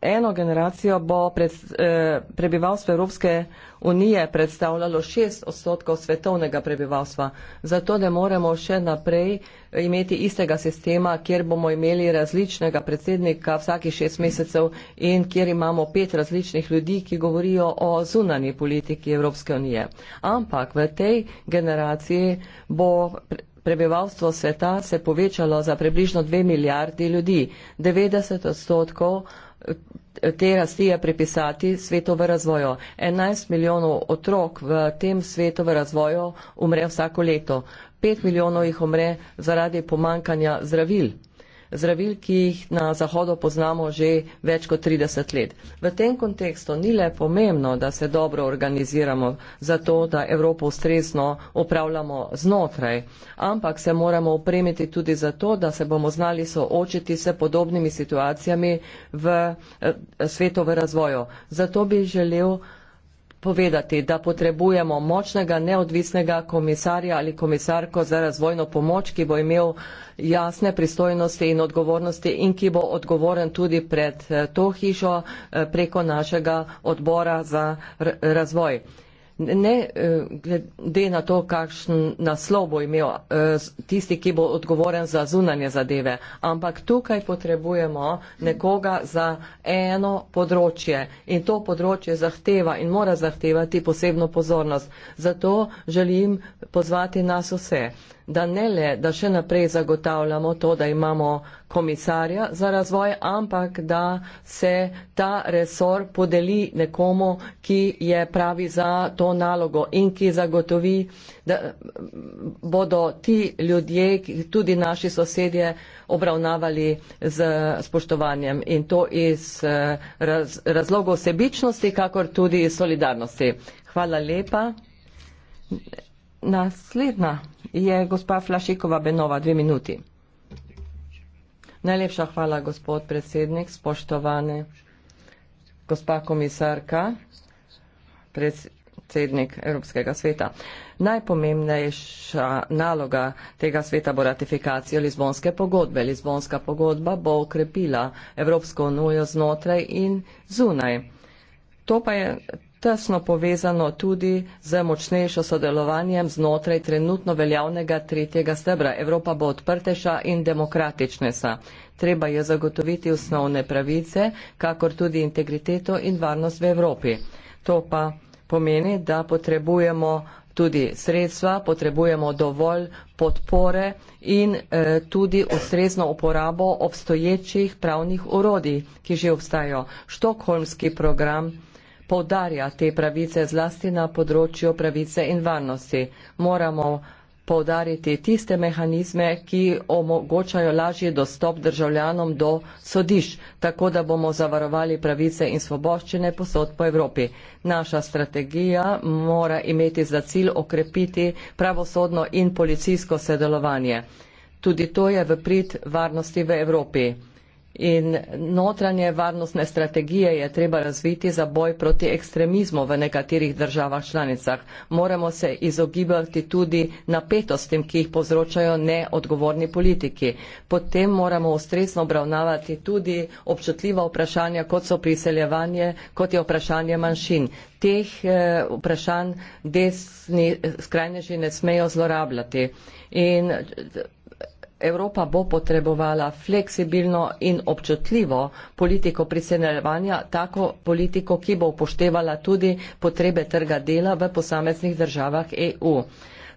eno generacijo bo pred, eh, prebivalstvo Evropske unije predstavljalo šest odstotkov svetovnega prebivalstva. Zato ne moremo še naprej imeti istega sistema, kjer bomo imeli različnega predsednika vsaki šest mesecev in kjer imamo pet različnih ljudi, ki govorijo o zunanji politiki Evropske unije. Ampak v tej generaciji bo. Pre, Prebivalstvo sveta se povečalo za približno 2 milijardi ljudi. 90 odstotkov te rasti je pripisati svetu v razvoju. 11 milijonov otrok v tem svetu v razvoju umre vsako leto. 5 milijonov jih umre zaradi pomankanja zdravil zdravil, ki jih na Zahodu poznamo že več kot 30 let. V tem kontekstu ni le pomembno, da se dobro organiziramo za to, da Evropo ustrezno upravljamo znotraj, ampak se moramo opremiti tudi za to, da se bomo znali soočiti s podobnimi situacijami v eh, svetu v razvoju. Zato bi želel povedati, da potrebujemo močnega, neodvisnega komisarja ali komisarko za razvojno pomoč, ki bo imel jasne pristojnosti in odgovornosti in ki bo odgovoren tudi pred eh, to hišo eh, preko našega odbora za razvoj ne eh, glede na to, kakšen naslov bo imel eh, tisti, ki bo odgovoren za zunanje zadeve, ampak tukaj potrebujemo nekoga za eno področje in to področje zahteva in mora zahtevati posebno pozornost. Zato želim pozvati nas vse, da ne le, da še naprej zagotavljamo to, da imamo komisarja za razvoj, ampak da se ta resor podeli nekomu, ki je pravi za to nalogo in ki zagotovi, da bodo ti ljudje, tudi naši sosedje, obravnavali z spoštovanjem in to iz eh, raz, razlogov sebičnosti, kakor tudi iz solidarnosti. Hvala lepa. Naslednja je gospa Flašikova Benova, dve minuti. Najlepša hvala, gospod predsednik, spoštovane gospa komisarka, predsednik Evropskega sveta. Najpomembnejša naloga tega sveta bo ratifikacija Lizbonske pogodbe. Lizbonska pogodba bo okrepila Evropsko unijo znotraj in zunaj. To pa je tesno povezano tudi z močnejšo sodelovanjem znotraj trenutno veljavnega tretjega stebra. Evropa bo odprtejša in demokratičnejša. Treba je zagotoviti osnovne pravice, kakor tudi integriteto in varnost v Evropi. To pa pomeni, da potrebujemo tudi sredstva, potrebujemo dovolj podpore in e, tudi ustrezno uporabo obstoječih pravnih urodij, ki že obstajajo. Štokholmski program poudarja te pravice zlasti na področju pravice in varnosti. Moramo poudariti tiste mehanizme, ki omogočajo lažji dostop državljanom do sodišč, tako da bomo zavarovali pravice in svoboščine posod po Evropi. Naša strategija mora imeti za cilj okrepiti pravosodno in policijsko sodelovanje. Tudi to je v prid varnosti v Evropi. In notranje varnostne strategije je treba razviti za boj proti ekstremizmu v nekaterih državah članicah. Moramo se izogibati tudi napetostim, ki jih povzročajo neodgovorni politiki. Potem moramo ustrezno obravnavati tudi občutljiva vprašanja, kot so priseljevanje, kot je vprašanje manjšin. Teh eh, vprašanj desni skrajneži ne smejo zlorabljati. In Evropa bo potrebovala fleksibilno in občutljivo politiko priseljevanja, tako politiko, ki bo upoštevala tudi potrebe trga dela v posameznih državah EU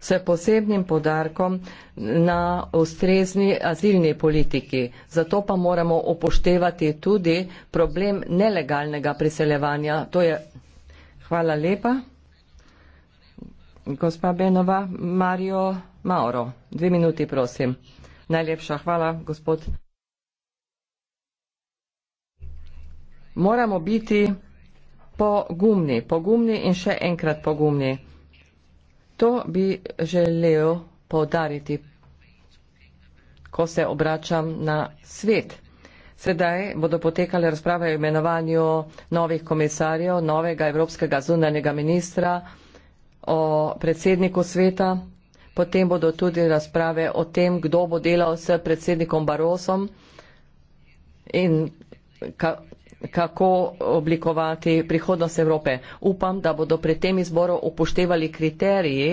s posebnim podarkom na ustrezni azilni politiki. Zato pa moramo upoštevati tudi problem nelegalnega priseljevanja. To je hvala lepa. Gospa Benova, Mario Mauro, dve minuti prosim. Najlepša hvala, gospod. Moramo biti pogumni, pogumni in še enkrat pogumni. To bi želel povdariti, ko se obračam na svet. Sedaj bodo potekale razprave o imenovanju novih komisarjev, novega evropskega zunanjega ministra, o predsedniku sveta. Potem bodo tudi razprave o tem, kdo bo delal s predsednikom Barosom in ka, kako oblikovati prihodnost Evrope. Upam, da bodo pri tem izboru upoštevali kriteriji,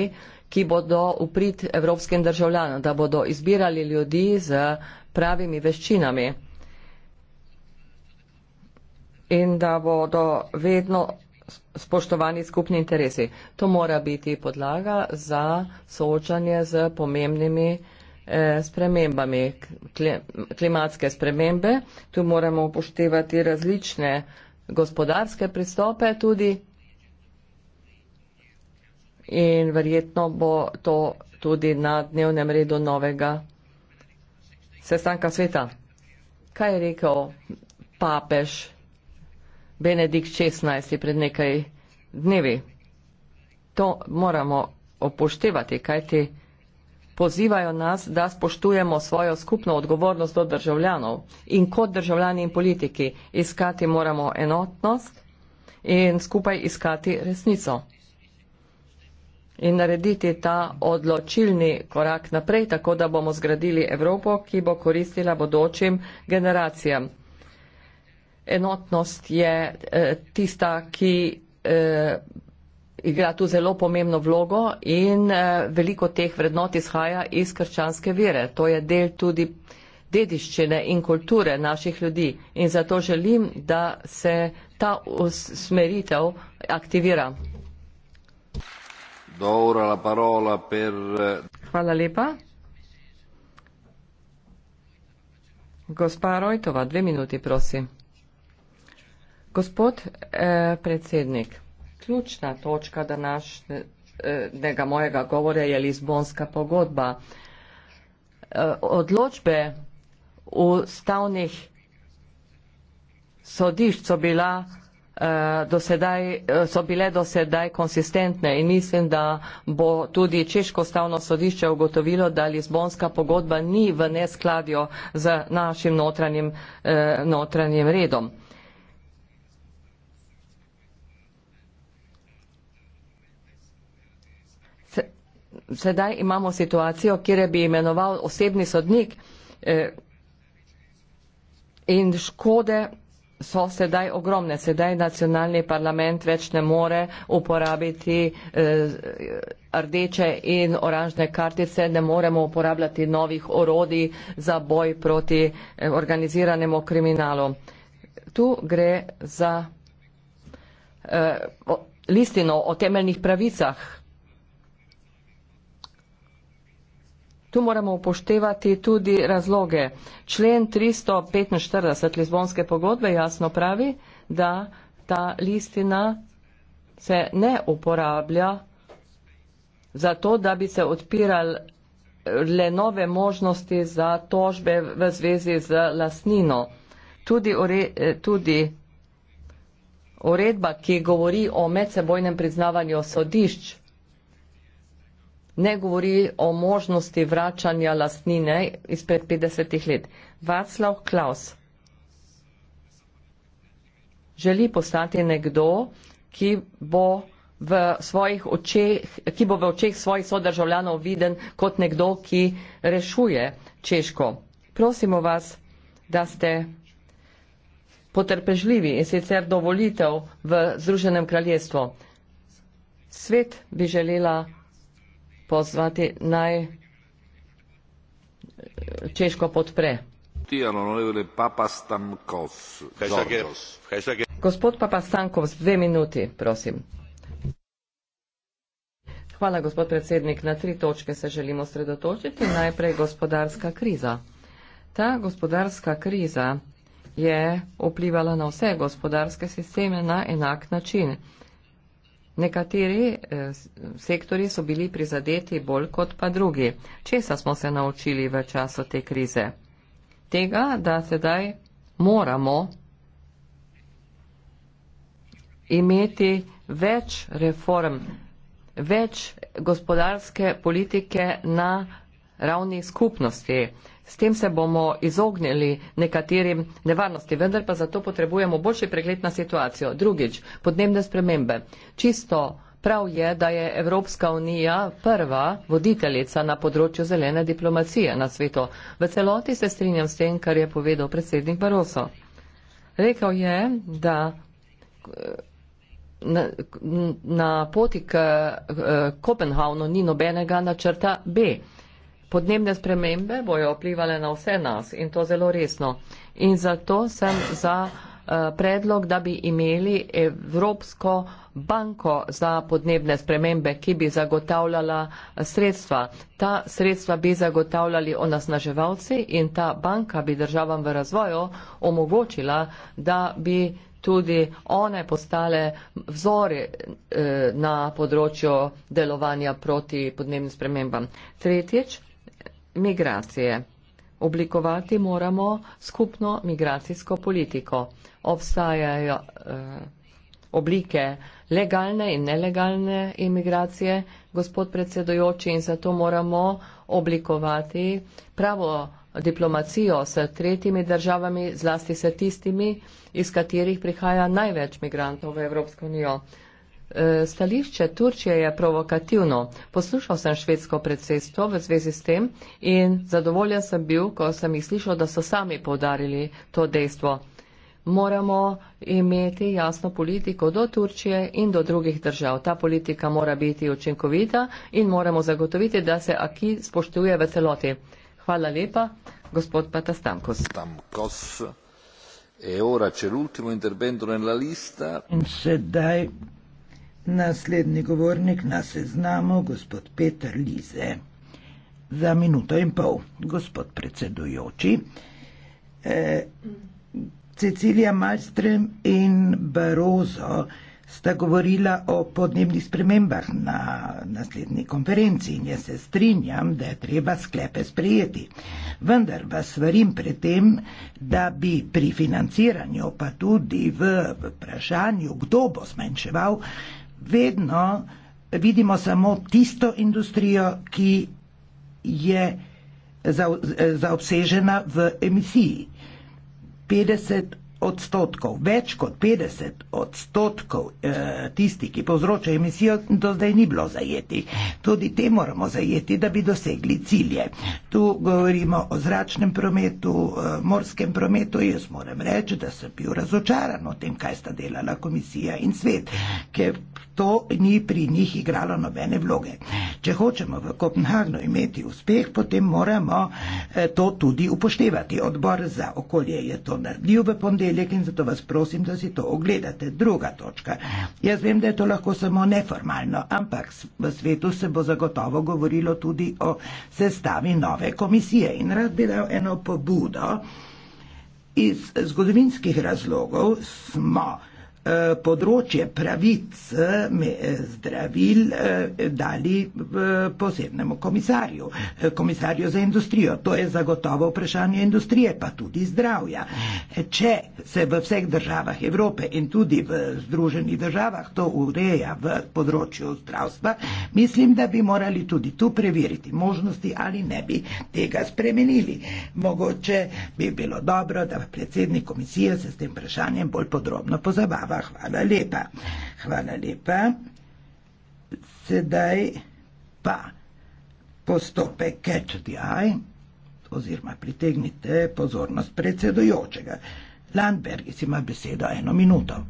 ki bodo uprit evropskim državljanom, da bodo izbirali ljudi z pravimi veščinami in da bodo vedno spoštovani skupni interesi. To mora biti podlaga za soočanje z pomembnimi eh, spremembami, klimatske spremembe. Tu moramo upoštevati različne gospodarske pristope tudi in verjetno bo to tudi na dnevnem redu novega sestanka sveta. Kaj je rekel papež? Benedikt XVI pred nekaj dnevi. To moramo opoštevati, kajti pozivajo nas, da spoštujemo svojo skupno odgovornost do državljanov in kot državljani in politiki iskati moramo enotnost in skupaj iskati resnico in narediti ta odločilni korak naprej, tako da bomo zgradili Evropo, ki bo koristila bodočim generacijam enotnost je eh, tista, ki eh, igra tu zelo pomembno vlogo in eh, veliko teh vrednot izhaja iz krščanske vere. To je del tudi dediščine in kulture naših ljudi in zato želim, da se ta usmeritev aktivira. Dobro, la parola per... Hvala lepa. Gospa Rojtova, dve minuti, prosim. Gospod eh, predsednik, ključna točka današnjega mojega govora je Lizbonska pogodba. Eh, odločbe ustavnih sodišč so, bila, eh, dosedaj, eh, so bile dosedaj konsistentne in mislim, da bo tudi Češko ustavno sodišče ugotovilo, da Lizbonska pogodba ni v neskladju z našim notranjim, eh, notranjim redom. sedaj imamo situacijo, kjer bi imenoval osebni sodnik eh, in škode so sedaj ogromne. Sedaj nacionalni parlament več ne more uporabiti eh, rdeče in oranžne kartice, ne moremo uporabljati novih orodi za boj proti eh, organiziranemu kriminalu. Tu gre za listino o temeljnih pravicah Tu moramo upoštevati tudi razloge. Člen 345 Lizbonske pogodbe jasno pravi, da ta listina se ne uporablja za to, da bi se odpirale nove možnosti za tožbe v zvezi z lasnino. Tudi, ure, tudi uredba, ki govori o medsebojnem priznavanju sodišč, ne govori o možnosti vračanja lastnine izpred 50 let. Václav Klaus želi postati nekdo, ki bo v svojih očeh, ki bo v očeh svojih sodržavljanov viden kot nekdo, ki rešuje Češko. Prosimo vas, da ste potrpežljivi in sicer dovolitev v Združenem kraljestvu. Svet bi želela pozvati naj eh, Češko podpre. Gospod Papastankovs, dve minuti, prosim. Hvala, gospod predsednik. Na tri točke se želimo sredotočiti. Najprej gospodarska kriza. Ta gospodarska kriza je vplivala na vse gospodarske sisteme na enak način. Nekateri eh, sektori so bili prizadeti bolj kot pa drugi. Česa smo se naučili v času te krize? Tega, da sedaj moramo imeti več reform, več gospodarske politike na ravni skupnosti. S tem se bomo izognili nekaterim nevarnosti, vendar pa zato potrebujemo boljši pregled na situacijo. Drugič, podnebne spremembe. Čisto prav je, da je Evropska unija prva voditeljica na področju zelene diplomacije na svetu. V celoti se strinjam s tem, kar je povedal predsednik Baroso. Rekel je, da. Eh, na, na poti k, k eh, Kopenhavnu ni nobenega načrta B. Podnebne spremembe bojo vplivali na vse nas in to zelo resno. In zato sem za eh, predlog, da bi imeli Evropsko banko za podnebne spremembe, ki bi zagotavljala eh, sredstva. Ta sredstva bi zagotavljali onasnaževalci in ta banka bi državam v razvoju omogočila, da bi tudi one postale vzori eh, na področju delovanja proti podnebnim spremembam. Tretjič, migracije. Oblikovati moramo skupno migracijsko politiko. Obstajajo eh, oblike legalne in nelegalne imigracije, gospod predsedojoči, in zato moramo oblikovati pravo diplomacijo s tretjimi državami, zlasti s tistimi, iz katerih prihaja največ migrantov v Evropsko unijo. E, stališče Turčije je provokativno. Poslušal sem švedsko predsedstvo v zvezi s tem in zadovoljen sem bil, ko sem jih slišal, da so sami povdarili to dejstvo. Moramo imeti jasno politiko do Turčije in do drugih držav. Ta politika mora biti učinkovita in moramo zagotoviti, da se Aki spoštuje v celoti. Hvala lepa, gospod Patastankos. Stamkos. E ora c'è l'ultimo intervento nella lista. Sedai. Naslednji govornik na seznamu, gospod Peter Lize. Za minuto in pol, gospod predsedujoči. E, Cecilija Malstrem in Barozo sta govorila o podnebnih spremembah na naslednji konferenci in jaz se strinjam, da je treba sklepe sprejeti. Vendar vas svarim pred tem, da bi pri financiranju, pa tudi v vprašanju, kdo bo zmanjševal, vedno vidimo samo tisto industrijo, ki je zaobsežena v emisiji. 50 odstotkov, več kot 50 odstotkov eh, tistih, ki povzročajo emisijo, do zdaj ni bilo zajetih. Tudi te moramo zajeti, da bi dosegli cilje. Tu govorimo o zračnem prometu, eh, morskem prometu. Jaz moram reči, da sem bil razočaran o tem, kaj sta delala komisija in svet, ker to ni pri njih igralo nobene vloge. Če hočemo v Kopenhagnu imeti uspeh, potem moramo eh, to tudi upoštevati. Odbor za okolje je to naredil v ponedeljek ponedeljek in zato vas prosim, da si to ogledate. Druga točka. Jaz vem, da je to lahko samo neformalno, ampak v svetu se bo zagotovo govorilo tudi o sestavi nove komisije in rad bi dal eno pobudo. Iz zgodovinskih razlogov smo Eh, področje pravic eh, eh, zdravil dali posebnemu komisarju, komisarju za industrijo. To je zagotovo vprašanje industrije, pa tudi zdravja. Če se v vseh državah Evrope in tudi v Združenih državah to ureja v področju zdravstva, mislim, da bi morali tudi tu preveriti možnosti ali ne bi tega spremenili. Mogoče bi bilo dobro, da predsednik komisije se s tem vprašanjem bolj podrobno pozabava. Hvala, hvala lepa. Hvala lepa. Sedaj pa postopek catch the eye, oziroma pritegnite pozornost predsedujočega. Landberg ima besedo eno minuto.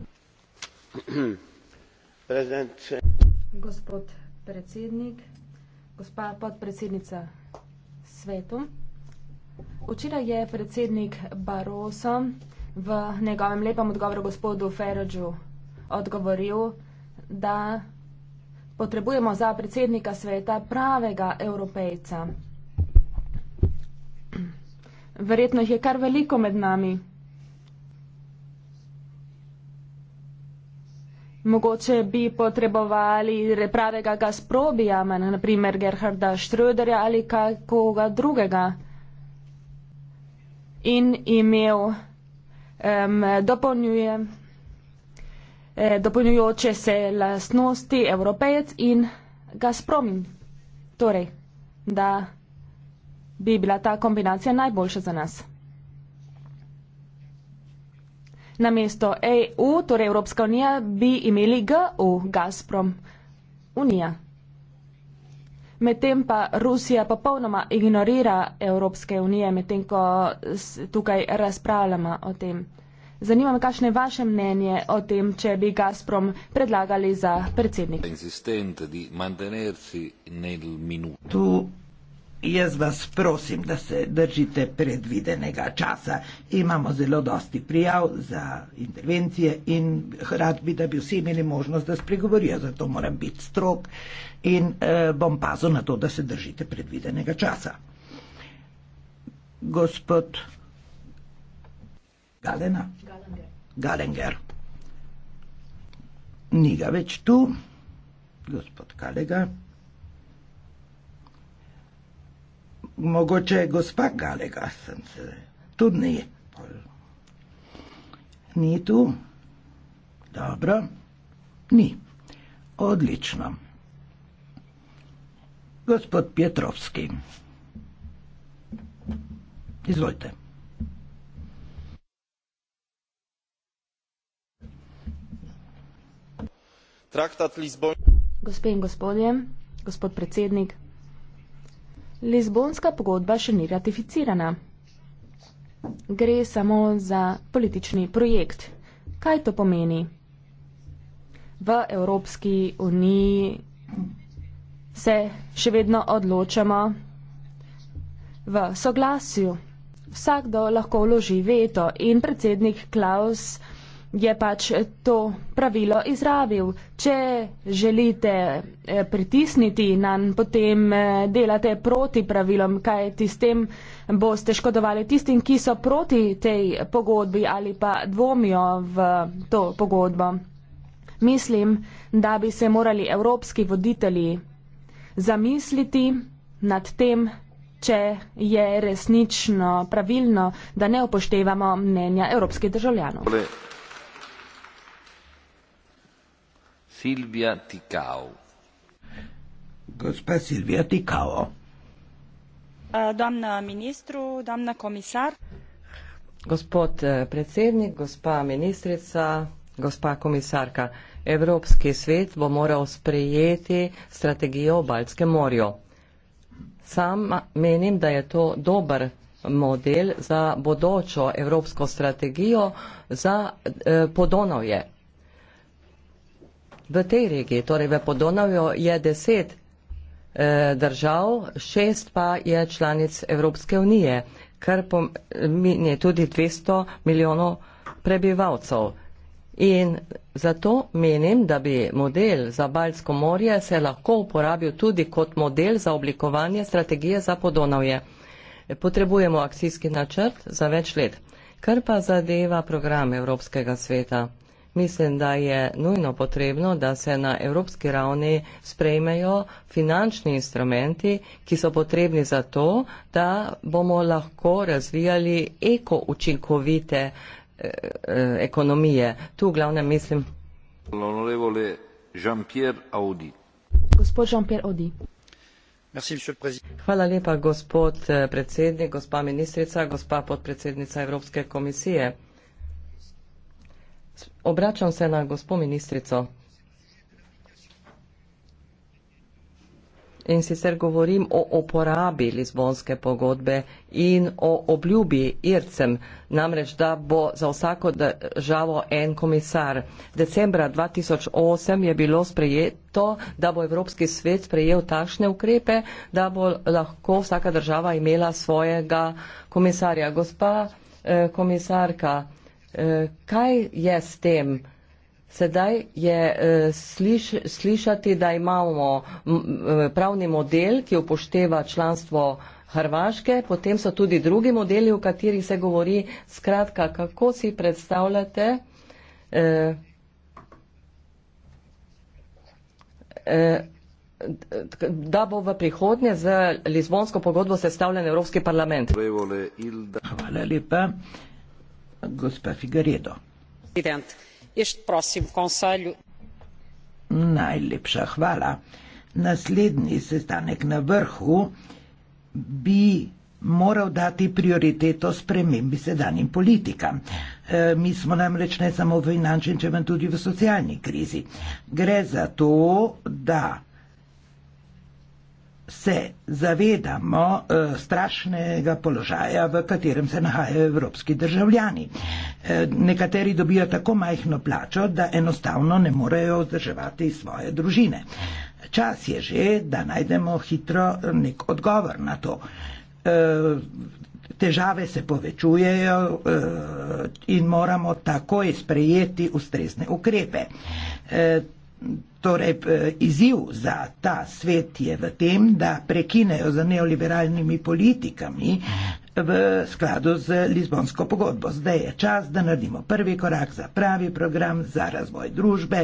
Gospod predsednik, gospa podpredsednica svetu. Včeraj je predsednik Barosa v njegovem lepem odgovoru gospodu Ferrađu odgovoril, da potrebujemo za predsednika sveta pravega evropejca. Verjetno jih je kar veliko med nami. Mogoče bi potrebovali pravega Gazprobija, naprimer Gerharda Štruderja ali kakoga drugega. In imel um, dopolnjuje, eh, dopolnjujoče se lastnosti evropejec in Gazprom. Torej, da bi bila ta kombinacija najboljša za nas. Namesto EU, torej Evropska unija, bi imeli GU, Gazprom unija medtem pa Rusija popolnoma ignorira Evropske unije, medtem ko tukaj razpravljamo o tem. Zanima me, kakšno je vaše mnenje o tem, če bi Gazprom predlagali za predsednika. Tu Jaz vas prosim, da se držite predvidenega časa. Imamo zelo dosti prijav za intervencije in rad bi, da bi vsi imeli možnost, da spregovorijo. Zato moram biti strok in eh, bom pazil na to, da se držite predvidenega časa. Gospod Galena. Galenger. Galenger. Ni ga več tu. Gospod Kalega. mogoče je gospa Galega, sem se. Tudi ni. Ni tu? Dobro. Ni. Odlično. Gospod Pietrovski. Izvolite. Traktat Lizbon. Gospe in gospodje, gospod predsednik, Lizbonska pogodba še ni ratificirana. Gre samo za politični projekt. Kaj to pomeni? V Evropski uniji se še vedno odločamo v soglasju. Vsakdo lahko vloži veto in predsednik Klaus je pač to pravilo izrabil. Če želite eh, pritisniti nam, potem eh, delate proti pravilom, kaj ti s tem boste škodovali tistim, ki so proti tej pogodbi ali pa dvomijo v to pogodbo. Mislim, da bi se morali evropski voditelji zamisliti nad tem, če je resnično pravilno, da ne upoštevamo mnenja evropskih državljanov. Ale. Silvia Ticau. Gospa Silvia Ticau. Eh, doamna ministru, doamna comisar. Gospod eh, predsednik, gospa ministrica, gospa komisarka, Evropski svet bo moral sprejeti strategijo o Baljskem morju. Sam menim, da je to dober model za bodočo evropsko strategijo za eh, Podonovje v tej regiji, torej v Podonavju, je deset eh, držav, šest pa je članic Evropske unije, kar pominje tudi 200 milijonov prebivalcev. In zato menim, da bi model za Baljsko morje se lahko uporabil tudi kot model za oblikovanje strategije za Podonavje. Potrebujemo akcijski načrt za več let. Kar pa zadeva program Evropskega sveta? Mislim, da je nujno potrebno, da se na evropski ravni sprejmejo finančni instrumenti, ki so potrebni za to, da bomo lahko razvijali ekoučinkovite eh, eh, ekonomije. Tu glavne mislim. Hvala lepa, gospod eh, predsednik, gospa ministrica, gospa podpredsednica Evropske komisije. Obračam se na gospod ministrico. In sicer govorim o uporabi Lizbonske pogodbe in o obljubi IRCEM, namreč da bo za vsako državo en komisar. Decembra 2008 je bilo sprejeto, da bo Evropski svet sprejel takšne ukrepe, da bo lahko vsaka država imela svojega komisarja. Gospa eh, komisarka, eh, Eh, kaj je s tem? Sedaj je eh, sliš, slišati, da imamo eh, pravni model, ki upošteva članstvo Hrvaške, potem so tudi drugi modeli, o katerih se govori. Skratka, kako si predstavljate? da bo v prihodnje z Lizbonsko pogodbo sestavljen Evropski parlament. Hvala lepa. Uh, Najlepša hvala. Naslednji sestanek na vrhu bi moral dati prioriteto spremembi sedanjim politikam. E, mi smo namreč ne samo v finančni, če vem tudi v socialni krizi. Gre za to, da se zavedamo e, strašnega položaja, v katerem se nahajajo evropski državljani. E, nekateri dobijo tako majhno plačo, da enostavno ne morejo vzdrževati svoje družine. Čas je že, da najdemo hitro nek odgovor na to. E, težave se povečujejo e, in moramo takoj sprejeti ustrezne ukrepe. E, Torej, izziv za ta svet je v tem, da prekinejo za neoliberalnimi politikami v skladu z Lizbonsko pogodbo. Zdaj je čas, da naredimo prvi korak za pravi program, za razvoj družbe,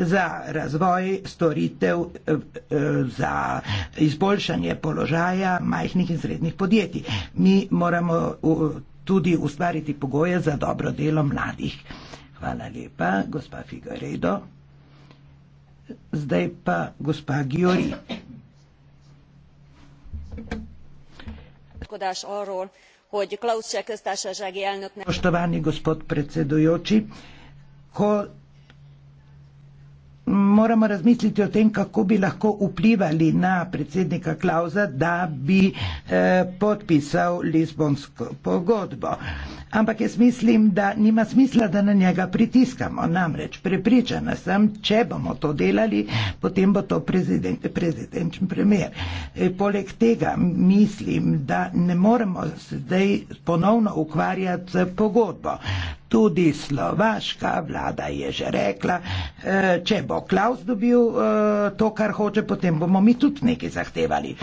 za razvoj storitev, eh, eh, za izboljšanje položaja majhnih in srednjih podjetij. Mi moramo tudi ustvariti pogoje za dobro delo mladih. Hvala lepa, gospa Figueiredo. Zdaj pa gospa Giori. Poštovani gospod predsedujoči, ko m, moramo razmisliti o tem, kako bi lahko vplivali na predsednika Klauza, da bi eh, podpisal Lizbonsko pogodbo. Ampak jaz mislim, da nima smisla, da na njega pritiskamo. Namreč prepričana sem, če bomo to delali, potem bo to prezidenčen prezident premjer. E, eh, poleg tega mislim, da ne moremo zdaj ponovno ukvarjati z pogodbo. Tudi slovaška vlada je že rekla, eh, če bo klav. Klaus dobil uh, to, kar hoče, potem bomo mi tudi nekaj zahtevali.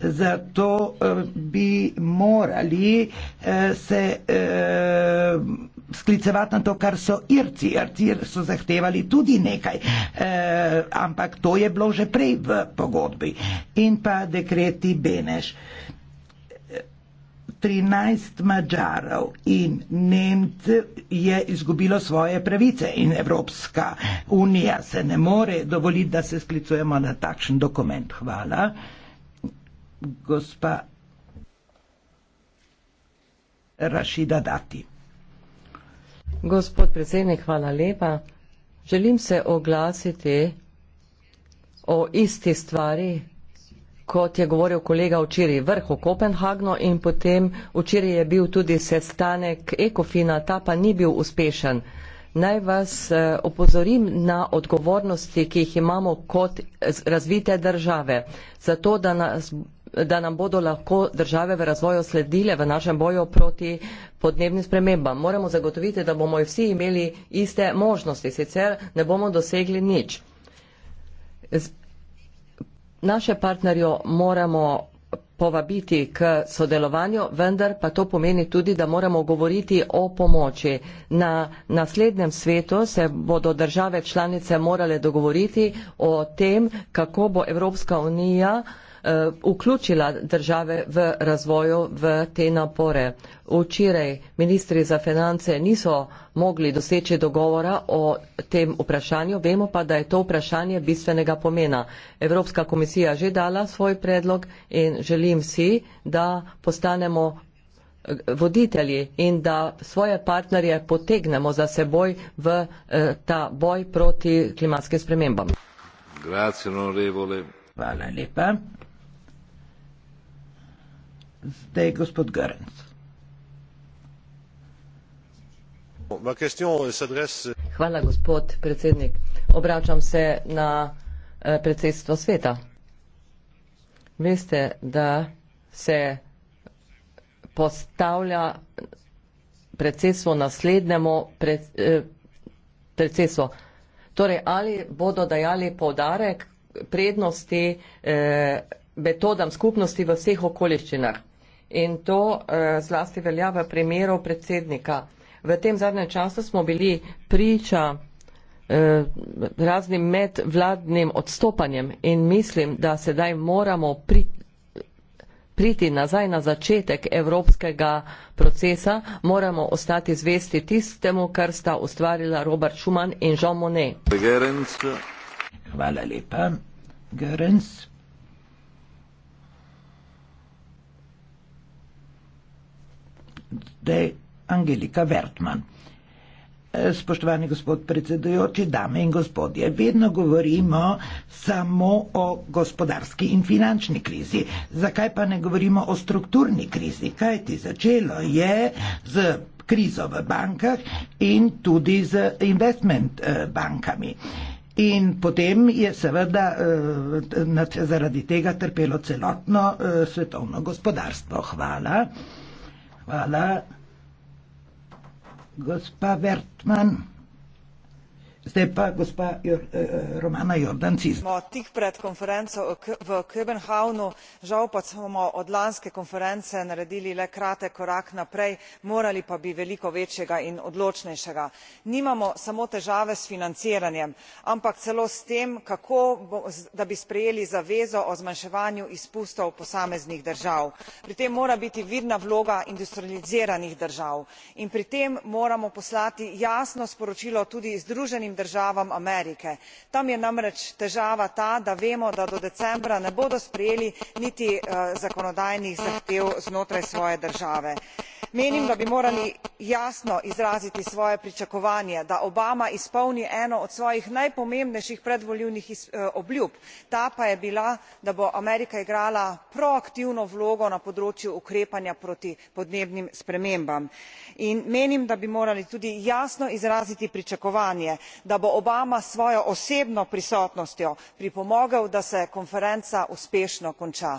Zato uh, bi morali uh, se uh, sklicevati na to, kar so Irci. Irci so zahtevali tudi nekaj, uh, ampak to je bilo že prej v pogodbi. In pa dekreti Beneš. Uh, 13 Mačarov in Nemcev je izgubilo svoje pravice in Evropska unija se ne more dovoliti, da se sklicujemo na takšen dokument. Hvala. Gospa Rašida Dati. Gospod predsednik, hvala lepa. Želim se oglasiti o isti stvari, kot je govoril kolega včeraj, vrh v Kopenhagnu in potem včeraj je bil tudi sestanek Ekofina, ta pa ni bil uspešen. Naj vas eh, opozorim na odgovornosti, ki jih imamo kot eh, razvite države, zato da, nas, da nam bodo lahko države v razvoju sledile v našem boju proti podnebnim spremembam. Moramo zagotoviti, da bomo vsi imeli iste možnosti, sicer ne bomo dosegli nič naše partnerjo moramo povabiti k sodelovanju, vendar pa to pomeni tudi, da moramo govoriti o pomoči. Na naslednjem svetu se bodo države članice morale dogovoriti o tem, kako bo Evropska unija uh, Eh, vključila države v razvoju v te napore. Včeraj ministri za finance niso mogli doseči dogovora o tem vprašanju, vemo pa, da je to vprašanje bistvenega pomena. Evropska komisija že dala svoj predlog in želim si, da postanemo eh, voditelji in da svoje partnerje potegnemo za seboj v eh, ta boj proti klimatskim spremembam. Grazie, Hvala lepa. Zdaj je gospod Görens. Hvala, gospod predsednik. Obračam se na eh, predsedstvo sveta. Veste, da se postavlja predsedstvo naslednjemu eh, predsedstvu. Torej, ali bodo dajali povdarek prednosti eh, metodam skupnosti v vseh okoliščinah? in to eh, zlasti velja v primeru predsednika. V tem zadnjem času smo bili priča eh, raznim medvladnim odstopanjem in mislim, da sedaj moramo pri, priti nazaj na začetek evropskega procesa, moramo ostati zvesti tistemu, kar sta ustvarila Robert Schuman in Jean Monnet. Hvala lepa, Gerenc. zdaj Angelika Vertman. Eh, spoštovani gospod predsedujoči, dame in gospodje, vedno govorimo samo o gospodarski in finančni krizi. Zakaj pa ne govorimo o strukturni krizi? Kaj ti začelo je z krizo v bankah in tudi z investment eh, bankami. In potem je seveda eh, zaradi tega trpelo celotno svetovno gospodarstvo. Hvala. Hvala. Gospa Vertman. Zdaj pa gospa Jor, eh, eh, Romana Jordancis. Smo tik pred konferenco v Köbenhavnu, žal pa smo od lanske konference naredili le kratek korak naprej, morali pa bi veliko večjega in odločnejšega. Nimamo samo težave s financiranjem, ampak celo s tem, kako bo, da bi sprejeli zavezo o zmanjševanju izpustov posameznih držav. Pri tem mora biti vidna vloga industrializiranih držav in pri tem moramo poslati jasno sporočilo tudi združenim državam amerike tam je namreč težava ta da vemo da do decembra ne bodo sprejeli niti eh, zakonodajnih zahtev znotraj svoje države menim da bi morali jasno izraziti svoje pričakovanje da obama izpolni eno od svojih najpomembnejših predvolilnih eh, obljub ta pa je bila da bo amerika igrala proaktivno vlogo na področju ukrepanja proti podnebnim spremembam in menim da bi morali tudi jasno izraziti pričakovanje da bo obama s svojo osebno prisotnostjo pripomogel da se konferenca uspešno konča.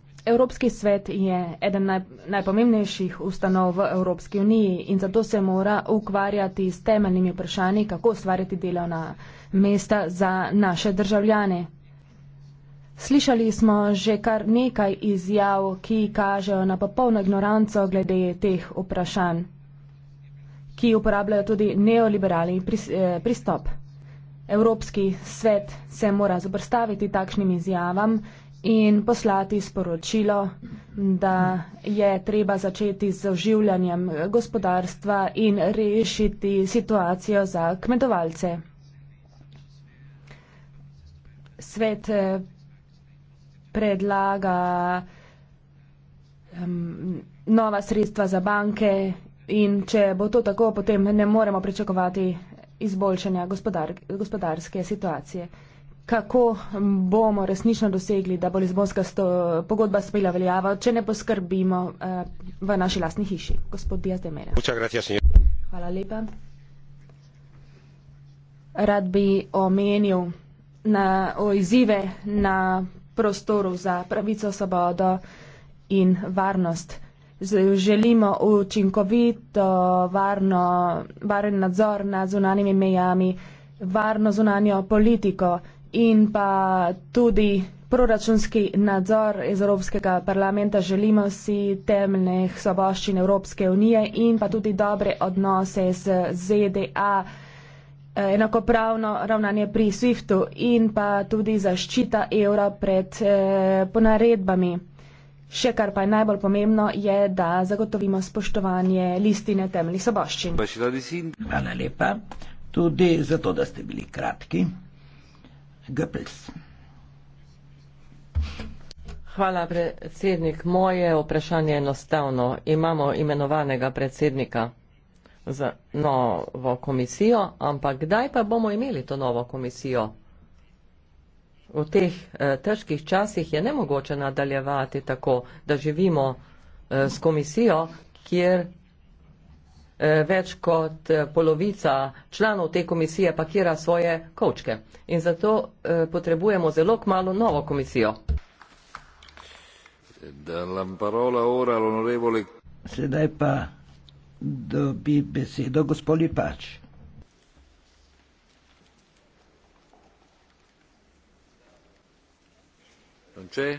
Evropski svet je eden naj, najpomembnejših ustanov v Evropski uniji in zato se mora ukvarjati s temeljnimi vprašanji, kako ustvariti delovna mesta za naše državljane. Slišali smo že kar nekaj izjav, ki kažejo na popolno ignoranco glede teh vprašanj, ki uporabljajo tudi neoliberalni eh, pristop. Evropski svet se mora zaprstaviti takšnim izjavam in poslati sporočilo, da je treba začeti z oživljanjem gospodarstva in rešiti situacijo za kmetovalce. Svet eh, predlaga um, nova sredstva za banke in če bo to tako, potem ne moremo pričakovati izboljšanja gospodar, gospodarske situacije kako bomo resnično dosegli, da bo Lizbonska sto, pogodba spela veljavo, če ne poskrbimo eh, v naši lastni hiši. Gospod Diaz de Mera. Hvala lepa. Rad bi omenil na, o izzive na prostoru za pravico, svobodo in varnost. Želimo učinkovito, varno, varen nadzor nad zunanimi mejami, varno zunanjo politiko in pa tudi proračunski nadzor iz Evropskega parlamenta. Želimo si temeljne svoboščine Evropske unije in pa tudi dobre odnose z ZDA, eh, enakopravno ravnanje pri SWIFT-u in pa tudi zaščita evra pred eh, ponaredbami. Še kar pa je najbolj pomembno, je, da zagotovimo spoštovanje listine temeljnih soboščin. Hvala lepa tudi za to, da ste bili kratki. Goebbels. Hvala, predsednik. Moje vprašanje je enostavno. Imamo imenovanega predsednika za novo komisijo, ampak kdaj pa bomo imeli to novo komisijo? V teh eh, težkih časih je nemogoče nadaljevati tako, da živimo eh, s komisijo, kjer Eh, več kot eh, polovica članov te komisije pakira svoje kočke. In zato eh, potrebujemo zelo kmalo novo komisijo. Sedaj pa dobi besedo gospod Lipač. Non c'è?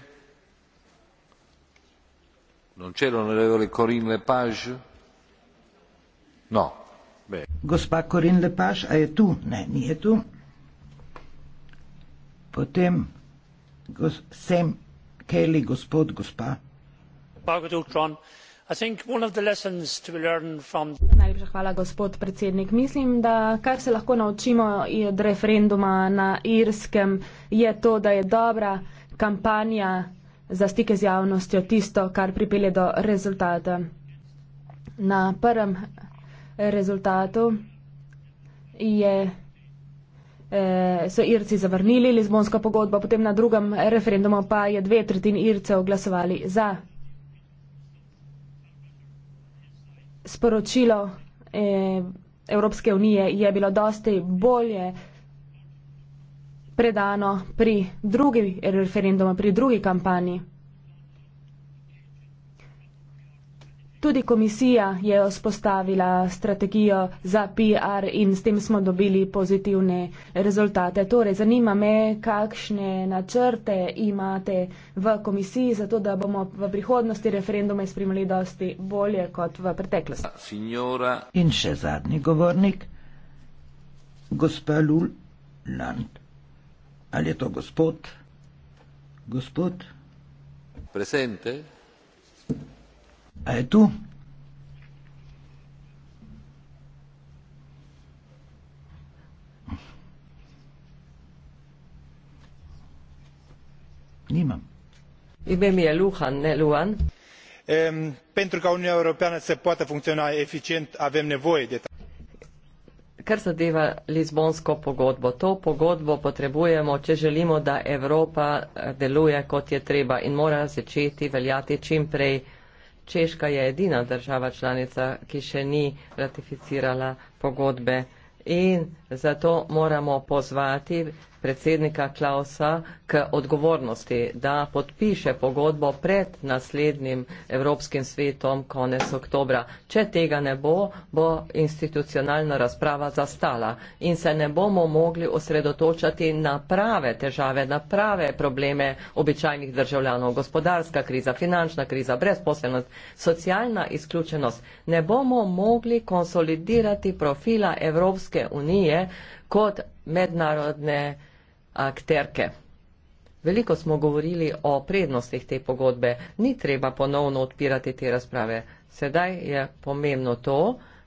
Non c'è l'onorevole Corinne Lepage? No. Gospa Korin Lepaš, a je tu? Ne, ni tu. Potem gos, sem Kelly, gospod, gospa. Najlepša hvala, gospod predsednik. Mislim, da kar se lahko naučimo od referenduma na Irskem, je to, da je dobra kampanja za stike z javnostjo tisto, kar pripelje do rezultata. Na prvem rezultatov je, eh, so Irci zavrnili Lizbonsko pogodbo, potem na drugem referendumu pa je dve tretjini Ircev glasovali za. Sporočilo eh, Evropske unije je bilo dosti bolje predano pri drugi referendumu, pri drugi kampanji. Tudi komisija je vzpostavila strategijo za PR in s tem smo dobili pozitivne rezultate. Torej, zanima me, kakšne načrte imate v komisiji, zato da bomo v prihodnosti referendume spremljali dosti bolje kot v preteklosti. Signora. In še zadnji govornik. Gospa Lul Land. Ali je to gospod? Gospod? Presente. A je tu? Nimam. Ime mi je Luhan, ne Luan. E, pentru ca Uniunea Europeană să poată funcționa eficient, avem nevoie de... Kar zadeva Lizbonsko pogodbo. To pogodbo potrebujemo, če želimo, da Evropa deluje, kot je treba in mora začeti veljati čim prej. Češka je edina država članica, ki še ni ratificirala pogodbe. In zato moramo pozvati predsednika Klausa, odgovornosti, da podpiše pogodbo pred naslednjim Evropskim svetom konec oktobra. Če tega ne bo, bo institucionalna razprava zastala in se ne bomo mogli osredotočati na prave težave, na prave probleme običajnih državljanov. Gospodarska kriza, finančna kriza, brezposelnost, socialna izključenost. Ne bomo mogli konsolidirati profila Evropske unije kot mednarodne akterke. Veliko smo govorili o prednostih te pogodbe, ni treba ponovno odpirati te razprave. Sedaj je pomembno to,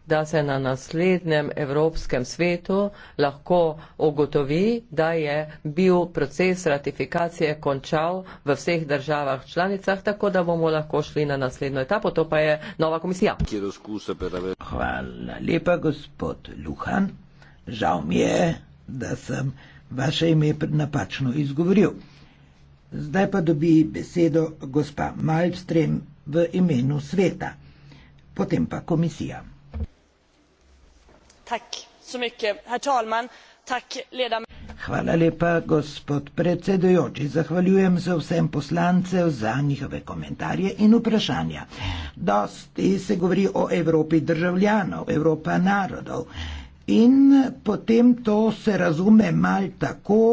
da se na naslednjem Evropskem svetu lahko ogotovi, da je bil proces ratifikacije končal v vseh državah članicah, tako da bomo lahko šli na naslednjo etapo, to pa je nova komisija. Hvala lepa, gospod Luhan. Žal mi je, da sem vaše ime napačno izgovoril. Zdaj pa dobi besedo gospa Malmström v imenu sveta, potem pa komisija. Tak, sumike, herr Talman, tak, ledam. Hvala lepa, gospod predsedujoči. Zahvaljujem se vsem poslancem za njihove komentarje in vprašanja. Dosti se govori o Evropi državljanov, Evropa narodov. In potem to se razume mal tako,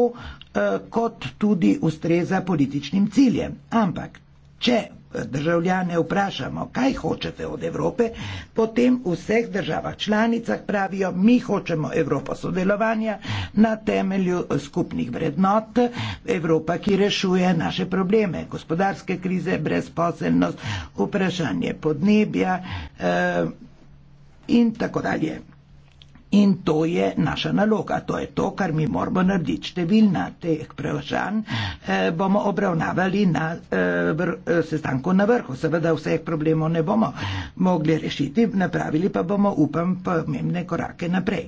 Eh, kot tudi ustreza političnim ciljem. Ampak, če eh, državljane vprašamo, kaj hočete od Evrope, potem v vseh državah članicah pravijo, mi hočemo Evropo sodelovanja na temelju skupnih vrednot, Evropa, ki rešuje naše probleme, gospodarske krize, brezposelnost, vprašanje podnebja eh, in tako dalje. In to je naša naloga, to je to, kar mi moramo narediti. Številna teh vprašanj eh, bomo obravnavali na eh, vr, eh, sestanku na vrhu. Seveda vseh problemov ne bomo mogli rešiti, napravili pa bomo, upam, pomembne korake naprej.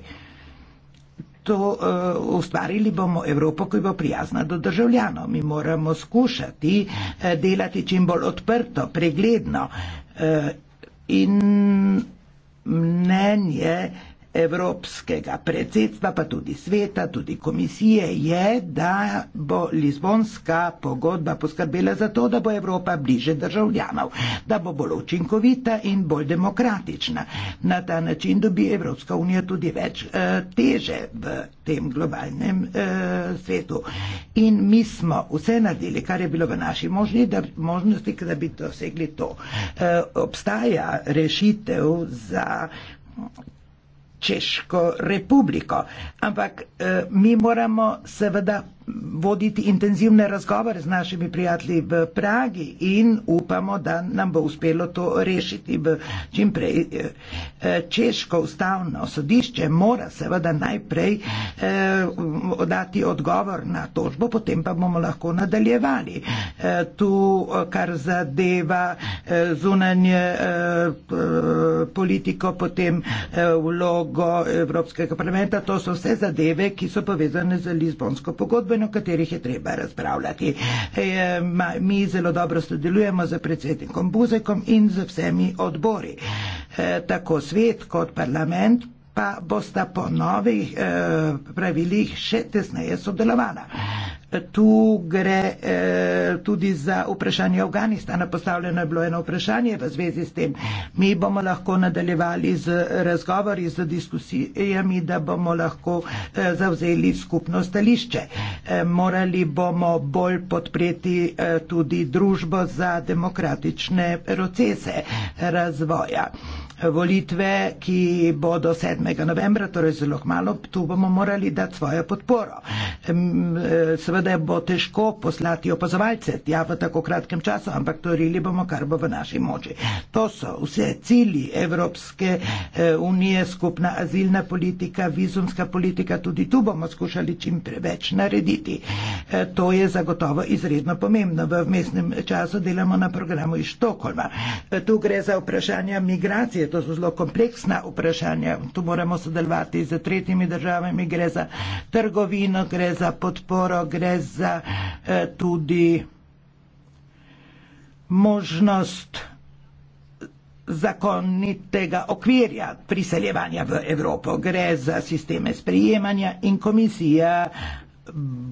To eh, ustvarili bomo Evropo, ki bo prijazna do državljanov. Mi moramo skušati eh, delati čim bolj odprto, pregledno. Eh, in mnenje, evropskega predsedstva, pa tudi sveta, tudi komisije, je, da bo Lizbonska pogodba poskrbela za to, da bo Evropa bliže državljanov, da bo bolj učinkovita in bolj demokratična. Na ta način dobi Evropska unija tudi več e, teže v tem globalnem e, svetu. In mi smo vse naredili, kar je bilo v naši možni, da, možnosti, da bi dosegli to. E, obstaja rešitev za Češko republiko. Ampak eh, mi moramo seveda voditi intenzivne razgovore z našimi prijatelji v Pragi in upamo, da nam bo uspelo to rešiti v čim prej. E, Češko ustavno sodišče mora seveda najprej e, dati odgovor na tožbo, potem pa bomo lahko nadaljevali. E, tu, kar zadeva zunanje politiko, potem vlogo Evropskega parlamenta, to so vse zadeve, ki so povezane z Lizbonsko pogodbo in o katerih je treba razpravljati. E, ma, mi zelo dobro sodelujemo z predsednikom Buzekom in z vsemi odbori. E, tako svet kot parlament pa bosta po novih e, pravilih še tesneje sodelovala. Tu gre e, tudi za vprašanje Afganistana. Postavljeno je bilo eno vprašanje v zvezi s tem. Mi bomo lahko nadaljevali z razgovori, z diskusijami, da bomo lahko e, zavzeli skupno stališče. E, morali bomo bolj podpreti e, tudi družbo za demokratične procese razvoja. E, volitve, ki bodo 7. novembra, torej zelo malo, tu bomo morali dati svojo podporo. Eh, seveda bo težko poslati opazovalce tja v tako kratkem času, ampak torili bomo, kar bo v naši moči. To so vse cilji Evropske eh, unije, skupna azilna politika, vizumska politika, tudi tu bomo skušali čim preveč narediti. Eh, to je zagotovo izredno pomembno. V mestnem času delamo na programu iz Štokolma. Tu gre za vprašanja migracije, to so zelo kompleksna vprašanja. Tu moramo sodelovati z tretjimi državami, gre za trgovino, gre za podporo, gre za eh, tudi možnost zakonitega okvirja priseljevanja v Evropo. Gre za sisteme sprijemanja in komisija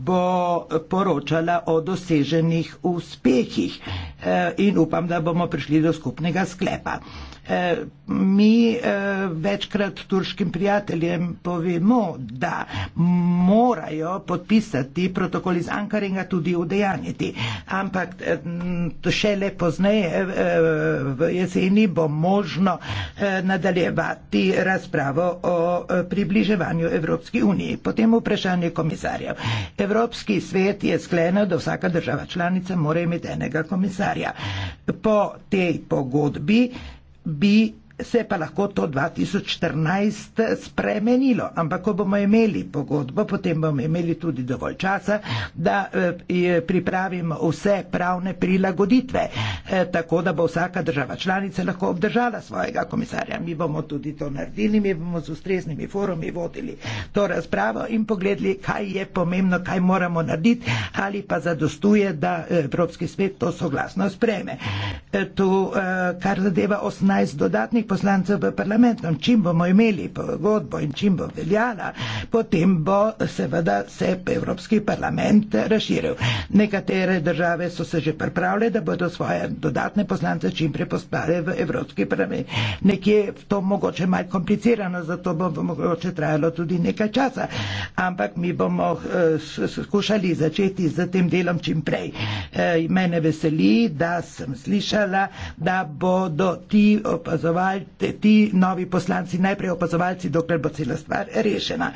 bo poročala o doseženih uspehih eh, in upam, da bomo prišli do skupnega sklepa. Eh, mi eh, večkrat turškim prijateljem povemo, da morajo podpisati protokol iz Ankare in ga tudi udejanjiti. Ampak eh, šele pozneje v jeseni bo možno nadaljevati razpravo o približevanju Evropski uniji. Potem vprašanje komisarjev. Evropski svet je sklenil, da vsaka država članica mora imeti enega komisarja. Po tej pogodbi bi se je pa lahko to 2014 spremenilo, ampak ko bomo imeli pogodbo, potem bomo imeli tudi dovolj časa, da eh, pripravimo vse pravne prilagoditve, eh, tako da bo vsaka država članica lahko obdržala svojega komisarja. Mi bomo tudi to naredili, mi bomo z ustreznimi forumi vodili to razpravo in pogledali, kaj je pomembno, kaj moramo narediti ali pa zadostuje, da eh, Evropski svet to soglasno spreme. To, kar zadeva 18 dodatnih naših poslancev v parlament, no, čim bomo imeli pogodbo in čim bo veljala, potem bo seveda se Evropski parlament razširil. Nekatere države so se že pripravile, da bodo svoje dodatne poslance čim prej postale v Evropski parlament. Nekje to mogoče malo komplicirano, zato bo mogoče trajalo tudi nekaj časa, ampak mi bomo uh, skušali začeti z tem delom čim prej. Uh, mene veseli, da sem slišala, da bodo ti opazovali, pohvalite ti novi poslanci, najprej opazovalci, dokler bo cela stvar rešena.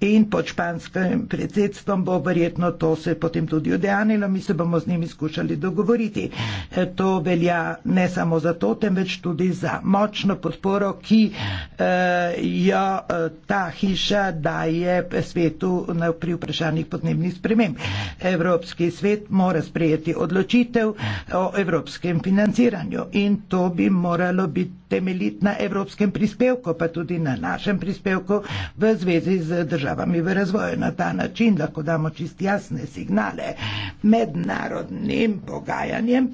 In pod španskim predsedstvom bo verjetno to se potem tudi odejanilo, mi se bomo z njimi skušali dogovoriti. E, to velja ne samo za to, temveč tudi za močno podporo, ki eh, jo e, ta hiša daje svetu na, pri vprašanjih podnebnih sprememb. Evropski svet mora sprejeti odločitev o evropskem financiranju in to bi moralo biti temeljito delit na evropskem prispevku, pa tudi na našem prispevku v zvezi z državami v razvoju. Na ta način lahko damo čist jasne signale mednarodnim pogajanjem,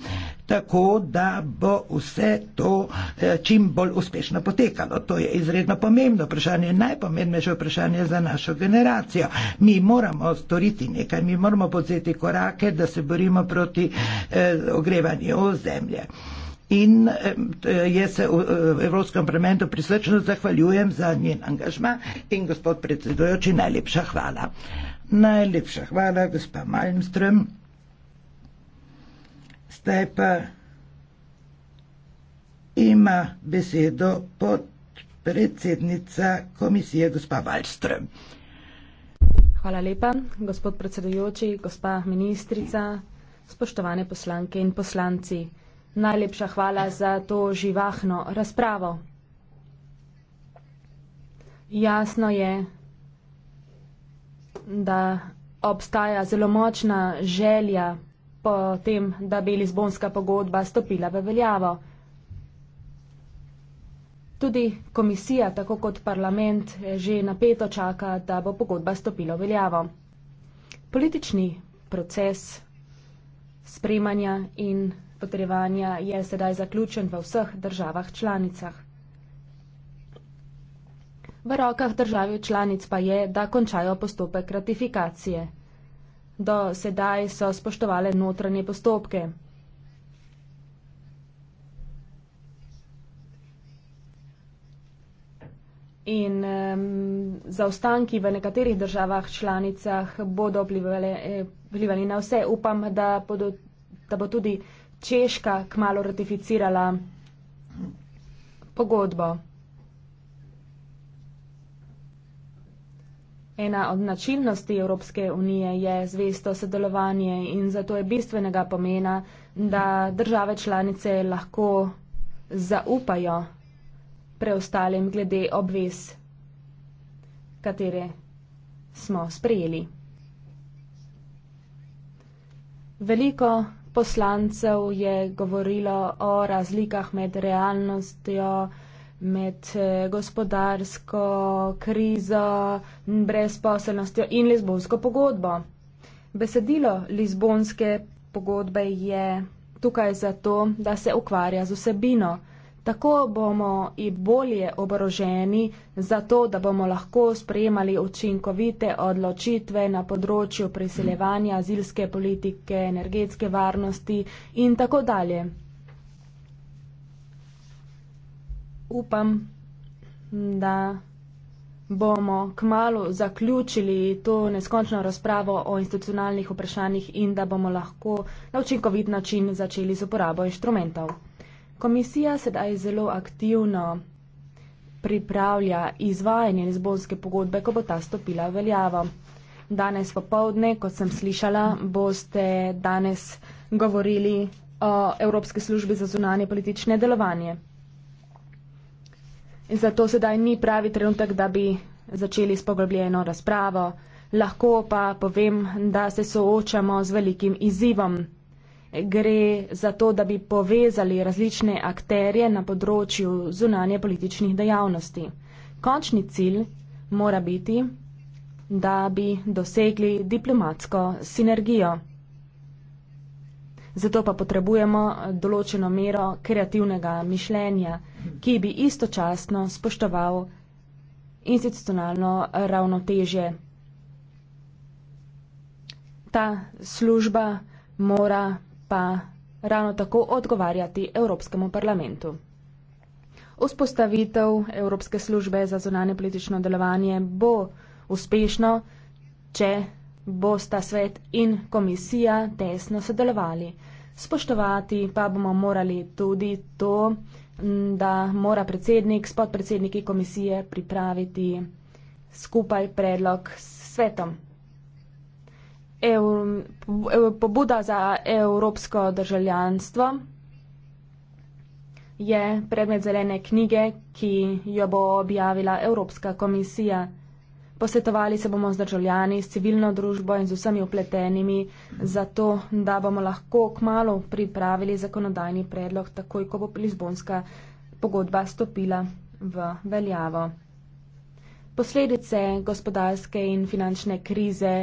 tako da bo vse to eh, čim bolj uspešno potekalo. To je izredno pomembno vprašanje, najpomembnejše vprašanje za našo generacijo. Mi moramo storiti nekaj, mi moramo podzeti korake, da se borimo proti eh, ogrevanju zemlje. In eh, jaz se v eh, Evropskem parlamentu prisrčno zahvaljujem za njen angažma in gospod predsedujoči, najlepša hvala. Najlepša hvala, gospa Malmström. Zdaj pa ima besedo podpredsednica komisije, gospa Malmström. Hvala lepa, gospod predsedujoči, gospa ministrica, spoštovane poslanke in poslanci. Najlepša hvala za to živahno razpravo. Jasno je, da obstaja zelo močna želja po tem, da bi Lizbonska pogodba stopila v veljavo. Tudi komisija, tako kot parlament, že napeto čaka, da bo pogodba stopila v veljavo. Politični proces spremanja in potrjevanja je sedaj zaključen v vseh državah članicah. V rokah držav članic pa je, da končajo postopek ratifikacije. Do sedaj so spoštovale notranje postopke. In um, zaostanki v nekaterih državah članicah bodo eh, vplivali na vse. Upam, da, bodo, da bo tudi Češka kmalo ratificirala pogodbo. Ena od načinnosti Evropske unije je zvesto sodelovanje in zato je bistvenega pomena, da države članice lahko zaupajo preostalim glede obvez, katere smo sprejeli. Veliko poslancev je govorilo o razlikah med realnostjo, med eh, gospodarsko krizo, brezposelnostjo in lizbonsko pogodbo. Besedilo lizbonske pogodbe je tukaj zato, da se ukvarja z vsebino. Tako bomo i bolje oboroženi za to, da bomo lahko sprejemali učinkovite odločitve na področju priseljevanja, azilske politike, energetske varnosti in tako dalje. Upam, da bomo kmalo zaključili to neskončno razpravo o institucionalnih vprašanjih in da bomo lahko na učinkovit način začeli z uporabo inštrumentov. Komisija sedaj zelo aktivno pripravlja izvajanje Lizbonske pogodbe, ko bo ta stopila v veljavo. Danes popovdne, kot sem slišala, boste danes govorili o Evropske službi za zunanje politične delovanje. Zato sedaj ni pravi trenutek, da bi začeli s poglobljeno razpravo. Lahko pa povem, da se soočamo z velikim izzivom gre za to, da bi povezali različne akterje na področju zunanje političnih dejavnosti. Končni cilj mora biti, da bi dosegli diplomatsko sinergijo. Zato pa potrebujemo določeno mero kreativnega mišljenja, ki bi istočasno spoštoval institucionalno ravnotežje. Ta služba mora pa ravno tako odgovarjati Evropskemu parlamentu. Vzpostavitev Evropske službe za zonanje politično delovanje bo uspešno, če bosta svet in komisija tesno sodelovali. Spoštovati pa bomo morali tudi to, da mora predsednik, spodpredsedniki komisije pripraviti skupaj predlog s svetom. EU, pobuda za evropsko državljanstvo je predmet zelene knjige, ki jo bo objavila Evropska komisija. Posvetovali se bomo z državljani, s civilno družbo in z vsemi upletenimi, zato da bomo lahko kmalo pripravili zakonodajni predlog, takoj ko bo Lizbonska pogodba stopila v veljavo. Posledice gospodarske in finančne krize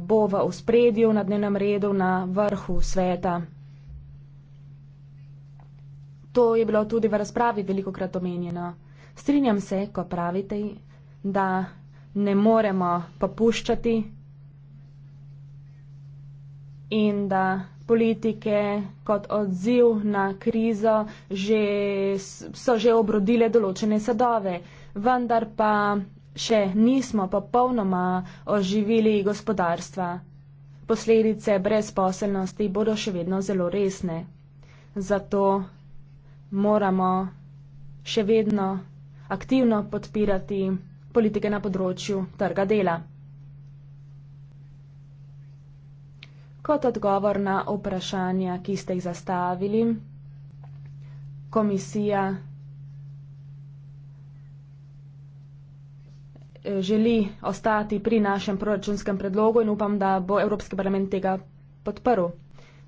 bo v ospredju na dnevnem redu na vrhu sveta. To je bilo tudi v razpravi velikokrat omenjeno. Strinjam se, ko pravite, da ne moremo popuščati in da politike kot odziv na krizo že, so že obrodile določene sadove. Vendar pa še nismo popolnoma oživili gospodarstva. Posledice brezposelnosti bodo še vedno zelo resne. Zato moramo še vedno aktivno podpirati politike na področju trga dela. Kot odgovor na vprašanja, ki ste jih zastavili, komisija Eh, želi ostati pri našem proračunskem predlogu in upam, da bo Evropski parlament tega podprl.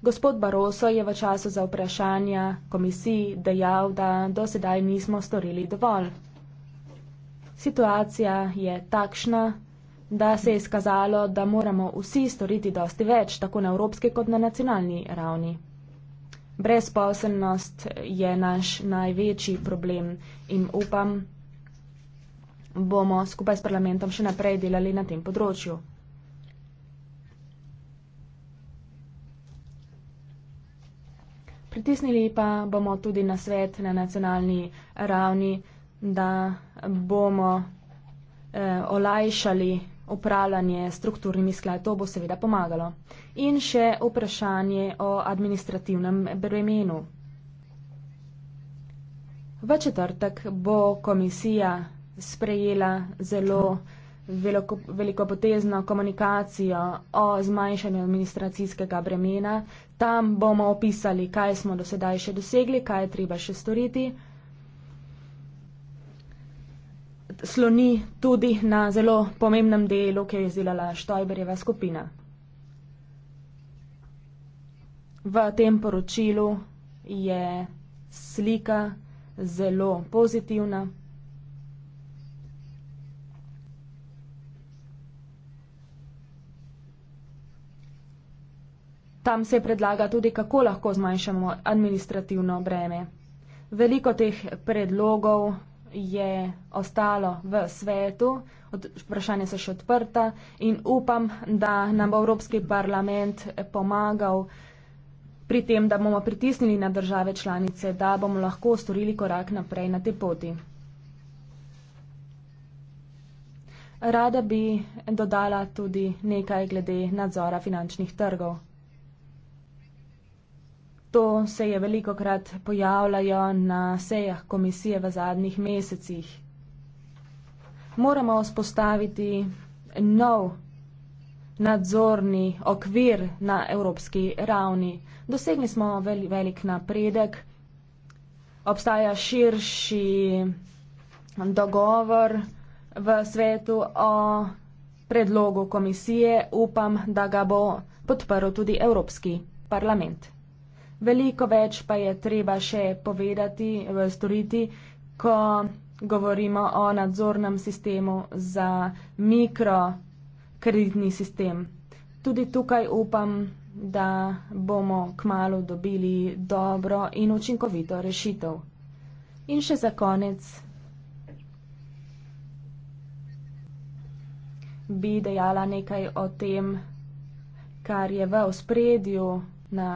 Gospod Baroso je v času za vprašanja komisiji dejal, da do sedaj nismo storili dovolj. Situacija je takšna, da se je skazalo, da moramo vsi storiti dosti več, tako na evropski kot na nacionalni ravni. Brezposelnost je naš največji problem in upam, bomo skupaj s parlamentom še naprej delali na tem področju. Pritisnili pa bomo tudi na svet na nacionalni ravni, da bomo eh, olajšali upravljanje strukturnimi skladi. To bo seveda pomagalo. In še vprašanje o administrativnem bremenu. V četrtek bo komisija sprejela zelo veliko, velikopotezno komunikacijo o zmanjšanju administracijskega bremena. Tam bomo opisali, kaj smo do sedaj še dosegli, kaj je treba še storiti. Sloni tudi na zelo pomembnem delu, ki je izdelala Štojberjeva skupina. V tem poročilu je slika zelo pozitivna. Tam se predlaga tudi, kako lahko zmanjšamo administrativno breme. Veliko teh predlogov je ostalo v svetu, vprašanje so še odprta in upam, da nam bo Evropski parlament pomagal pri tem, da bomo pritisnili na države članice, da bomo lahko storili korak naprej na te poti. Rada bi dodala tudi nekaj glede nadzora finančnih trgov. To se je veliko krat pojavljalo na sejah komisije v zadnjih mesecih. Moramo vzpostaviti nov nadzorni okvir na evropski ravni. Dosegli smo velik napredek, obstaja širši dogovor v svetu o predlogu komisije. Upam, da ga bo podprl tudi Evropski parlament. Veliko več pa je treba še povedati, eh, storiti, ko govorimo o nadzornem sistemu za mikrokreditni sistem. Tudi tukaj upam, da bomo kmalo dobili dobro in učinkovito rešitev. In še za konec bi dejala nekaj o tem, kar je v ospredju na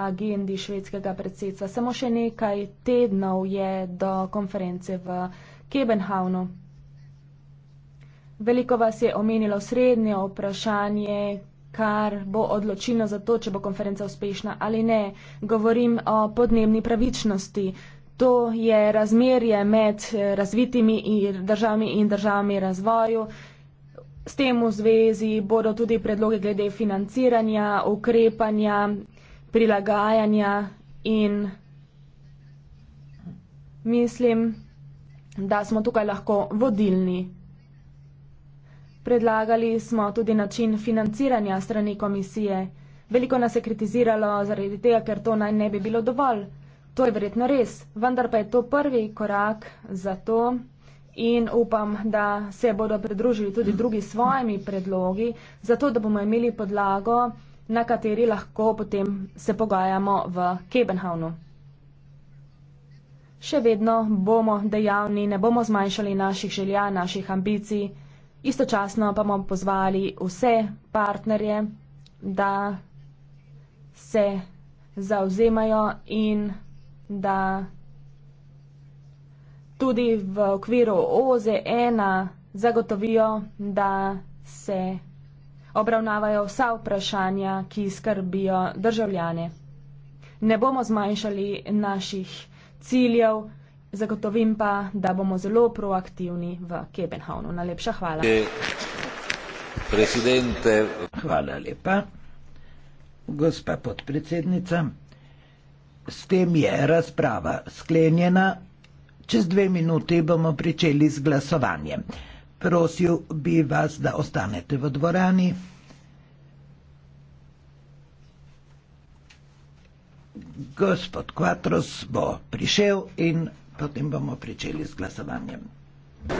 agendi švedskega predsedstva. Samo še nekaj tednov je do konference v Kebenhavnu. Veliko vas je omenilo srednje vprašanje, kar bo odločilo za to, če bo konferenca uspešna ali ne. Govorim o podnebni pravičnosti. To je razmerje med eh, razvitimi državami in državami razvoju. S tem v zvezi bodo tudi predloge glede financiranja, ukrepanja prilagajanja in mislim, da smo tukaj lahko vodilni. Predlagali smo tudi način financiranja strani komisije. Veliko nas je kritiziralo zaradi tega, ker to naj ne bi bilo dovolj. To je verjetno res, vendar pa je to prvi korak za to in upam, da se bodo pridružili tudi drugi svojimi predlogi, zato da bomo imeli podlago na kateri lahko potem se pogajamo v Kebenhavnu. Še vedno bomo dejavni, ne bomo zmanjšali naših želja, naših ambicij, istočasno pa bomo pozvali vse partnerje, da se zauzemajo in da tudi v okviru OZE-1 zagotovijo, da se obravnavajo vsa vprašanja, ki skrbijo državljane. Ne bomo zmanjšali naših ciljev, zagotovim pa, da bomo zelo proaktivni v Kebenhavnu. Najlepša hvala. Eh, presidente. Hvala lepa, gospa podpredsednica. S tem je razprava sklenjena. Čez dve minuti bomo pričeli z glasovanjem prosil bi vas, da ostanete v dvorani. Gospod Quatros bo prišel in potem bomo pričeli z glasovanjem.